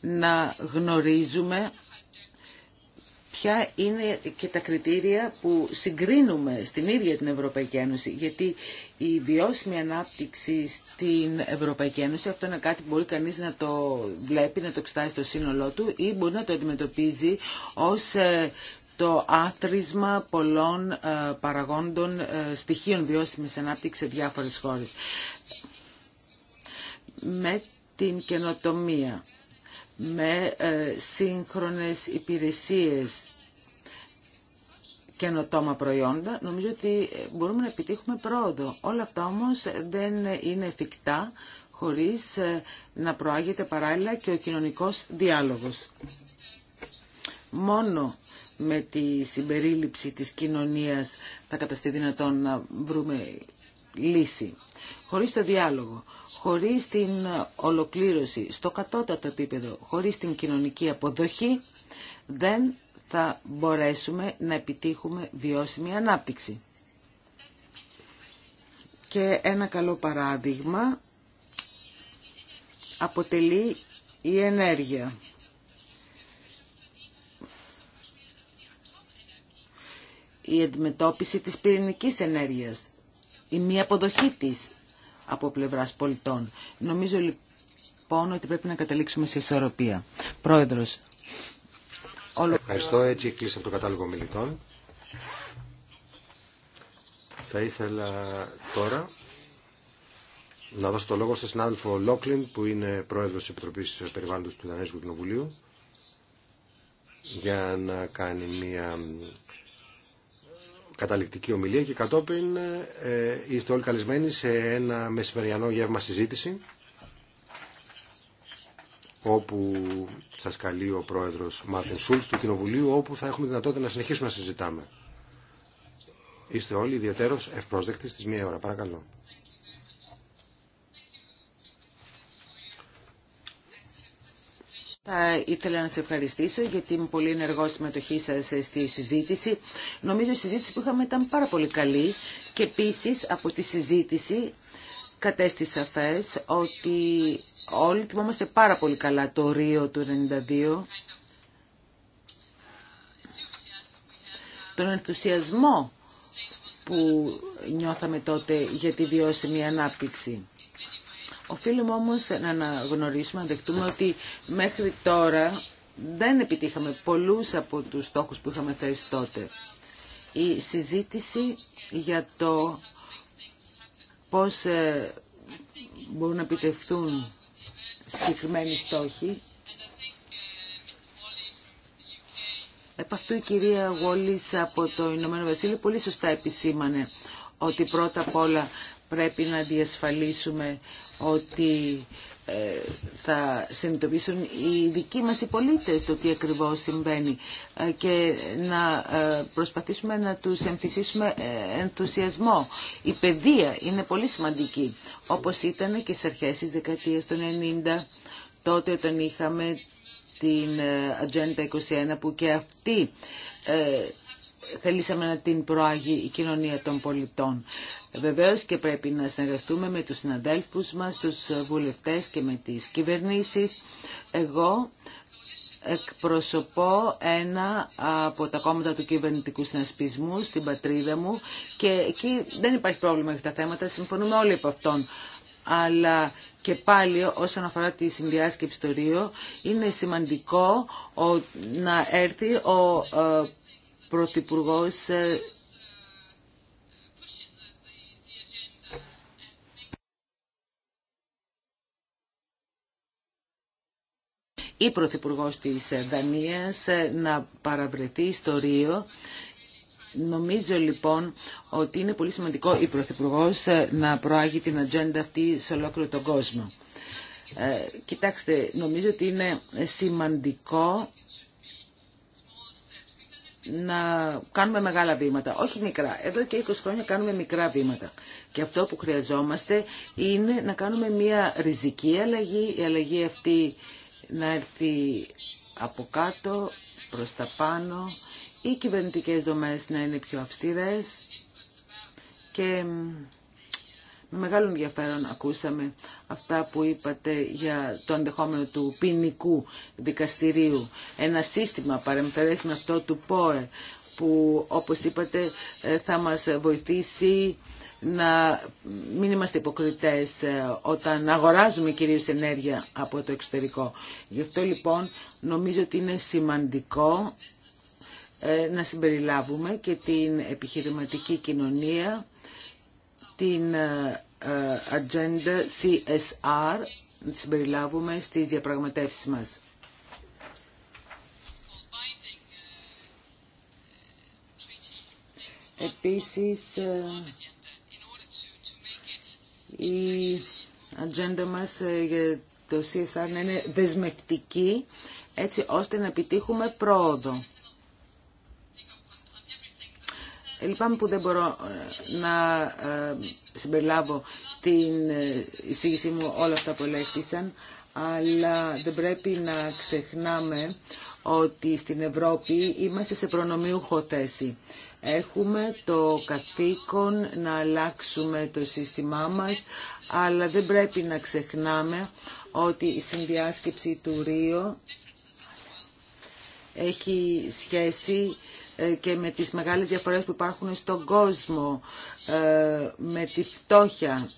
να γνωρίζουμε ποια είναι και τα κριτήρια που συγκρίνουμε στην ίδια την Ευρωπαϊκή Ένωση. Γιατί η βιώσιμη ανάπτυξη στην Ευρωπαϊκή Ένωση, αυτό είναι κάτι που μπορεί κανείς να το βλέπει, να το εξετάζει στο σύνολό του ή μπορεί να το αντιμετωπίζει ως ε, το άθροισμα πολλών ε, παραγόντων ε, στοιχείων βιώσιμης ανάπτυξης σε διάφορες χώρες. Με την καινοτομία με ε, σύγχρονες υπηρεσίες καινοτόμα προϊόντα, νομίζω ότι μπορούμε να επιτύχουμε πρόοδο. Όλα αυτά όμως δεν είναι εφικτά χωρίς ε, να προάγεται παράλληλα και ο κοινωνικός διάλογος. Μόνο με τη συμπερίληψη της κοινωνίας θα καταστεί δυνατόν να βρούμε λύση. Χωρίς το διάλογο, χωρίς την ολοκλήρωση στο κατώτατο επίπεδο, χωρίς την κοινωνική αποδοχή, δεν θα μπορέσουμε να επιτύχουμε βιώσιμη ανάπτυξη. Και ένα καλό παράδειγμα αποτελεί η ενέργεια. Η αντιμετώπιση της πυρηνικής ενέργειας, η μη αποδοχή της από πλευράς πολιτών. Νομίζω λοιπόν ότι πρέπει να καταλήξουμε σε ισορροπία. Πρόεδρος. Όλο... Ευχαριστώ. Έτσι κλείσαμε το κατάλογο μιλητών. Θα ήθελα τώρα να δώσω το λόγο στον συνάδελφο Λόκλιν που είναι πρόεδρος της Επιτροπής Περιβάλλοντος του Δανέζικου Κοινοβουλίου για να κάνει μια καταληκτική ομιλία και κατόπιν ε, ε, είστε όλοι καλεσμένοι σε ένα μεσημεριανό γεύμα συζήτηση όπου σας καλεί ο πρόεδρος Μάρτιν Σούλτς του Κοινοβουλίου όπου θα έχουμε δυνατότητα να συνεχίσουμε να συζητάμε. Είστε όλοι ιδιαίτερως ευπρόσδεκτοι στις μία ώρα. Παρακαλώ. Θα ήθελα να σε ευχαριστήσω για την πολύ ενεργό συμμετοχή σα στη συζήτηση. Νομίζω η συζήτηση που είχαμε ήταν πάρα πολύ καλή και επίση από τη συζήτηση κατέστη σαφέ ότι όλοι θυμόμαστε πάρα πολύ καλά το Ρίο του 92. Τον ενθουσιασμό που νιώθαμε τότε για τη βιώσιμη ανάπτυξη. Οφείλουμε όμως να αναγνωρίσουμε, να δεχτούμε ότι μέχρι τώρα δεν επιτύχαμε πολλούς από τους στόχους που είχαμε θέσει τότε. Η συζήτηση για το πώς ε, μπορούν να επιτευχθούν συγκεκριμένοι στόχοι. Επ' αυτού η κυρία Γόλης από το Ηνωμένο Βασίλειο πολύ σωστά επισήμανε ότι πρώτα απ' όλα πρέπει να διασφαλίσουμε ότι ε, θα συνειδητοποιήσουν οι δικοί μας οι πολίτες το τι ακριβώς συμβαίνει ε, και να ε, προσπαθήσουμε να τους εμφυσίσουμε ενθουσιασμό. Η παιδεία είναι πολύ σημαντική, όπως ήταν και στις αρχές της δεκαετίας των 90, τότε όταν είχαμε την Agenda 21 που και αυτή θελήσαμε να την προάγει η κοινωνία των πολιτών. Βεβαίως και πρέπει να συνεργαστούμε με τους συναδέλφους μας, τους βουλευτές και με τις κυβερνήσεις. Εγώ εκπροσωπώ ένα από τα κόμματα του κυβερνητικού συνασπισμού στην πατρίδα μου και εκεί δεν υπάρχει πρόβλημα για τα θέματα, συμφωνούμε όλοι από αυτόν. Αλλά και πάλι όσον αφορά τη συνδυάσκεψη στο Ρίο είναι σημαντικό να έρθει ο ε, Πρωθυπουργός ε, ή Πρωθυπουργό της ε, Δανίας ε, να παραβρεθεί στο Ρίο. Νομίζω λοιπόν ότι είναι πολύ σημαντικό η Πρωθυπουργό να προάγει την ατζέντα αυτή σε ολόκληρο τον κόσμο. κοιτάξτε, νομίζω ότι είναι σημαντικό να κάνουμε μεγάλα βήματα, όχι μικρά. Εδώ και 20 χρόνια κάνουμε μικρά βήματα. Και αυτό που χρειαζόμαστε είναι να κάνουμε μια ριζική αλλαγή, η αλλαγή αυτή να έρθει από κάτω προς τα πάνω, οι κυβερνητικές δομές να είναι πιο αυστηρές και με μεγάλο ενδιαφέρον ακούσαμε αυτά που είπατε για το αντεχόμενο του ποινικού δικαστηρίου. Ένα σύστημα παρεμφερές με αυτό του ΠΟΕ που όπως είπατε ε, θα μας βοηθήσει να μην είμαστε υποκριτές ε, όταν αγοράζουμε κυρίως ενέργεια από το εξωτερικό. Γι' αυτό λοιπόν νομίζω ότι είναι σημαντικό ε, να συμπεριλάβουμε και την επιχειρηματική κοινωνία την ατζέντα ε, ε, CSR να τη συμπεριλάβουμε στις διαπραγματεύσεις μας. Επίσης, ε, η ατζέντα μας για το CSR να είναι δεσμευτική, έτσι ώστε να επιτύχουμε πρόοδο. Λυπάμαι που δεν μπορώ ε, να ε, συμπεριλάβω την ε, εισήγησή μου όλα αυτά που ελέγχθησαν, αλλά δεν πρέπει να ξεχνάμε ότι στην Ευρώπη είμαστε σε προνομίου θέση. Έχουμε το καθήκον να αλλάξουμε το σύστημά μας, αλλά δεν πρέπει να ξεχνάμε ότι η συνδιάσκεψη του Ρίο έχει σχέση ε, και με τις μεγάλες διαφορές που υπάρχουν στον κόσμο, ε, με τη φτώχεια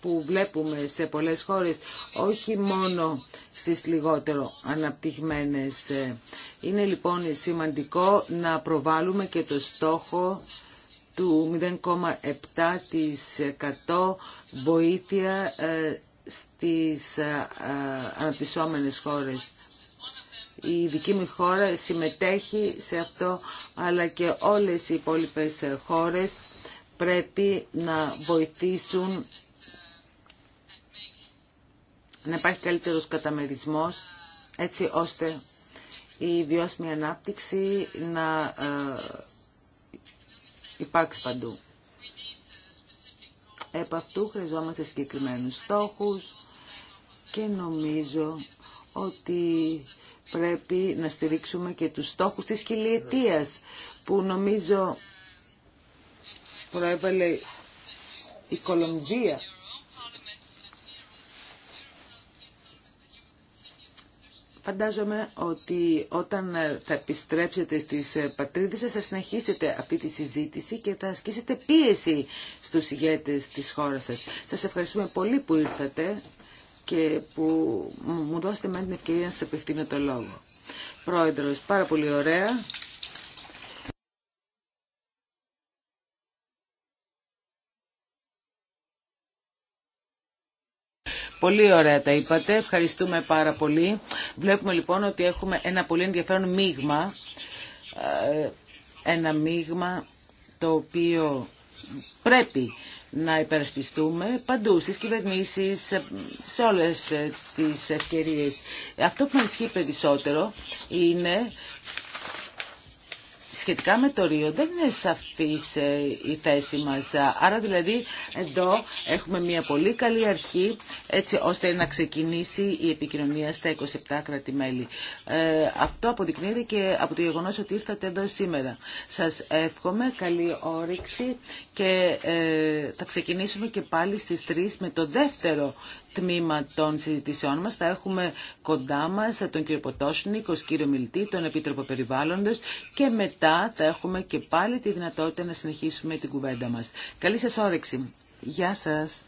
που βλέπουμε σε πολλές χώρες, όχι μόνο στις λιγότερο αναπτυγμένες. Είναι λοιπόν σημαντικό να προβάλλουμε και το στόχο του 0,7% βοήθεια ε, στις αναπτυσσόμενες χώρες η δική μου χώρα συμμετέχει σε αυτό, αλλά και όλες οι υπόλοιπες χώρες πρέπει να βοηθήσουν να υπάρχει καλύτερος καταμερισμός, έτσι ώστε η βιώσιμη ανάπτυξη να ε, υπάρξει παντού. Επ' αυτού χρειαζόμαστε συγκεκριμένους στόχους και νομίζω ότι πρέπει να στηρίξουμε και τους στόχους της χιλιετίας που νομίζω προέβαλε η Κολομβία. Φαντάζομαι ότι όταν θα επιστρέψετε στις πατρίδες σας θα συνεχίσετε αυτή τη συζήτηση και θα ασκήσετε πίεση στους ηγέτες της χώρας σας. Σας ευχαριστούμε πολύ που ήρθατε και που μου δώσετε με την ευκαιρία να σας απευθύνω το λόγο. Πρόεδρος, πάρα πολύ ωραία. Πολύ ωραία τα είπατε. Ευχαριστούμε πάρα πολύ. Βλέπουμε λοιπόν ότι έχουμε ένα πολύ ενδιαφέρον μείγμα. Ε, ένα μείγμα το οποίο πρέπει να υπερασπιστούμε παντού, στις κυβερνήσεις, σε όλες ε, τις ευκαιρίες. Αυτό που μας ισχύει περισσότερο είναι σχετικά με το Ρίο δεν είναι σαφής ε, η θέση μας. Άρα δηλαδή εδώ έχουμε μια πολύ καλή αρχή έτσι ώστε να ξεκινήσει η επικοινωνία στα 27 κράτη-μέλη. Ε, αυτό αποδεικνύεται και από το γεγονός ότι ήρθατε εδώ σήμερα. Σας εύχομαι καλή όρεξη και ε, θα ξεκινήσουμε και πάλι στις 3 με το δεύτερο τμήμα των συζητήσεών μας θα έχουμε κοντά μας τον κύριο Ποτόσνικ ως κύριο Μιλτή, τον Επίτροπο Περιβάλλοντος και μετά θα έχουμε και πάλι τη δυνατότητα να συνεχίσουμε την κουβέντα μας. Καλή σας όρεξη. Γεια σας.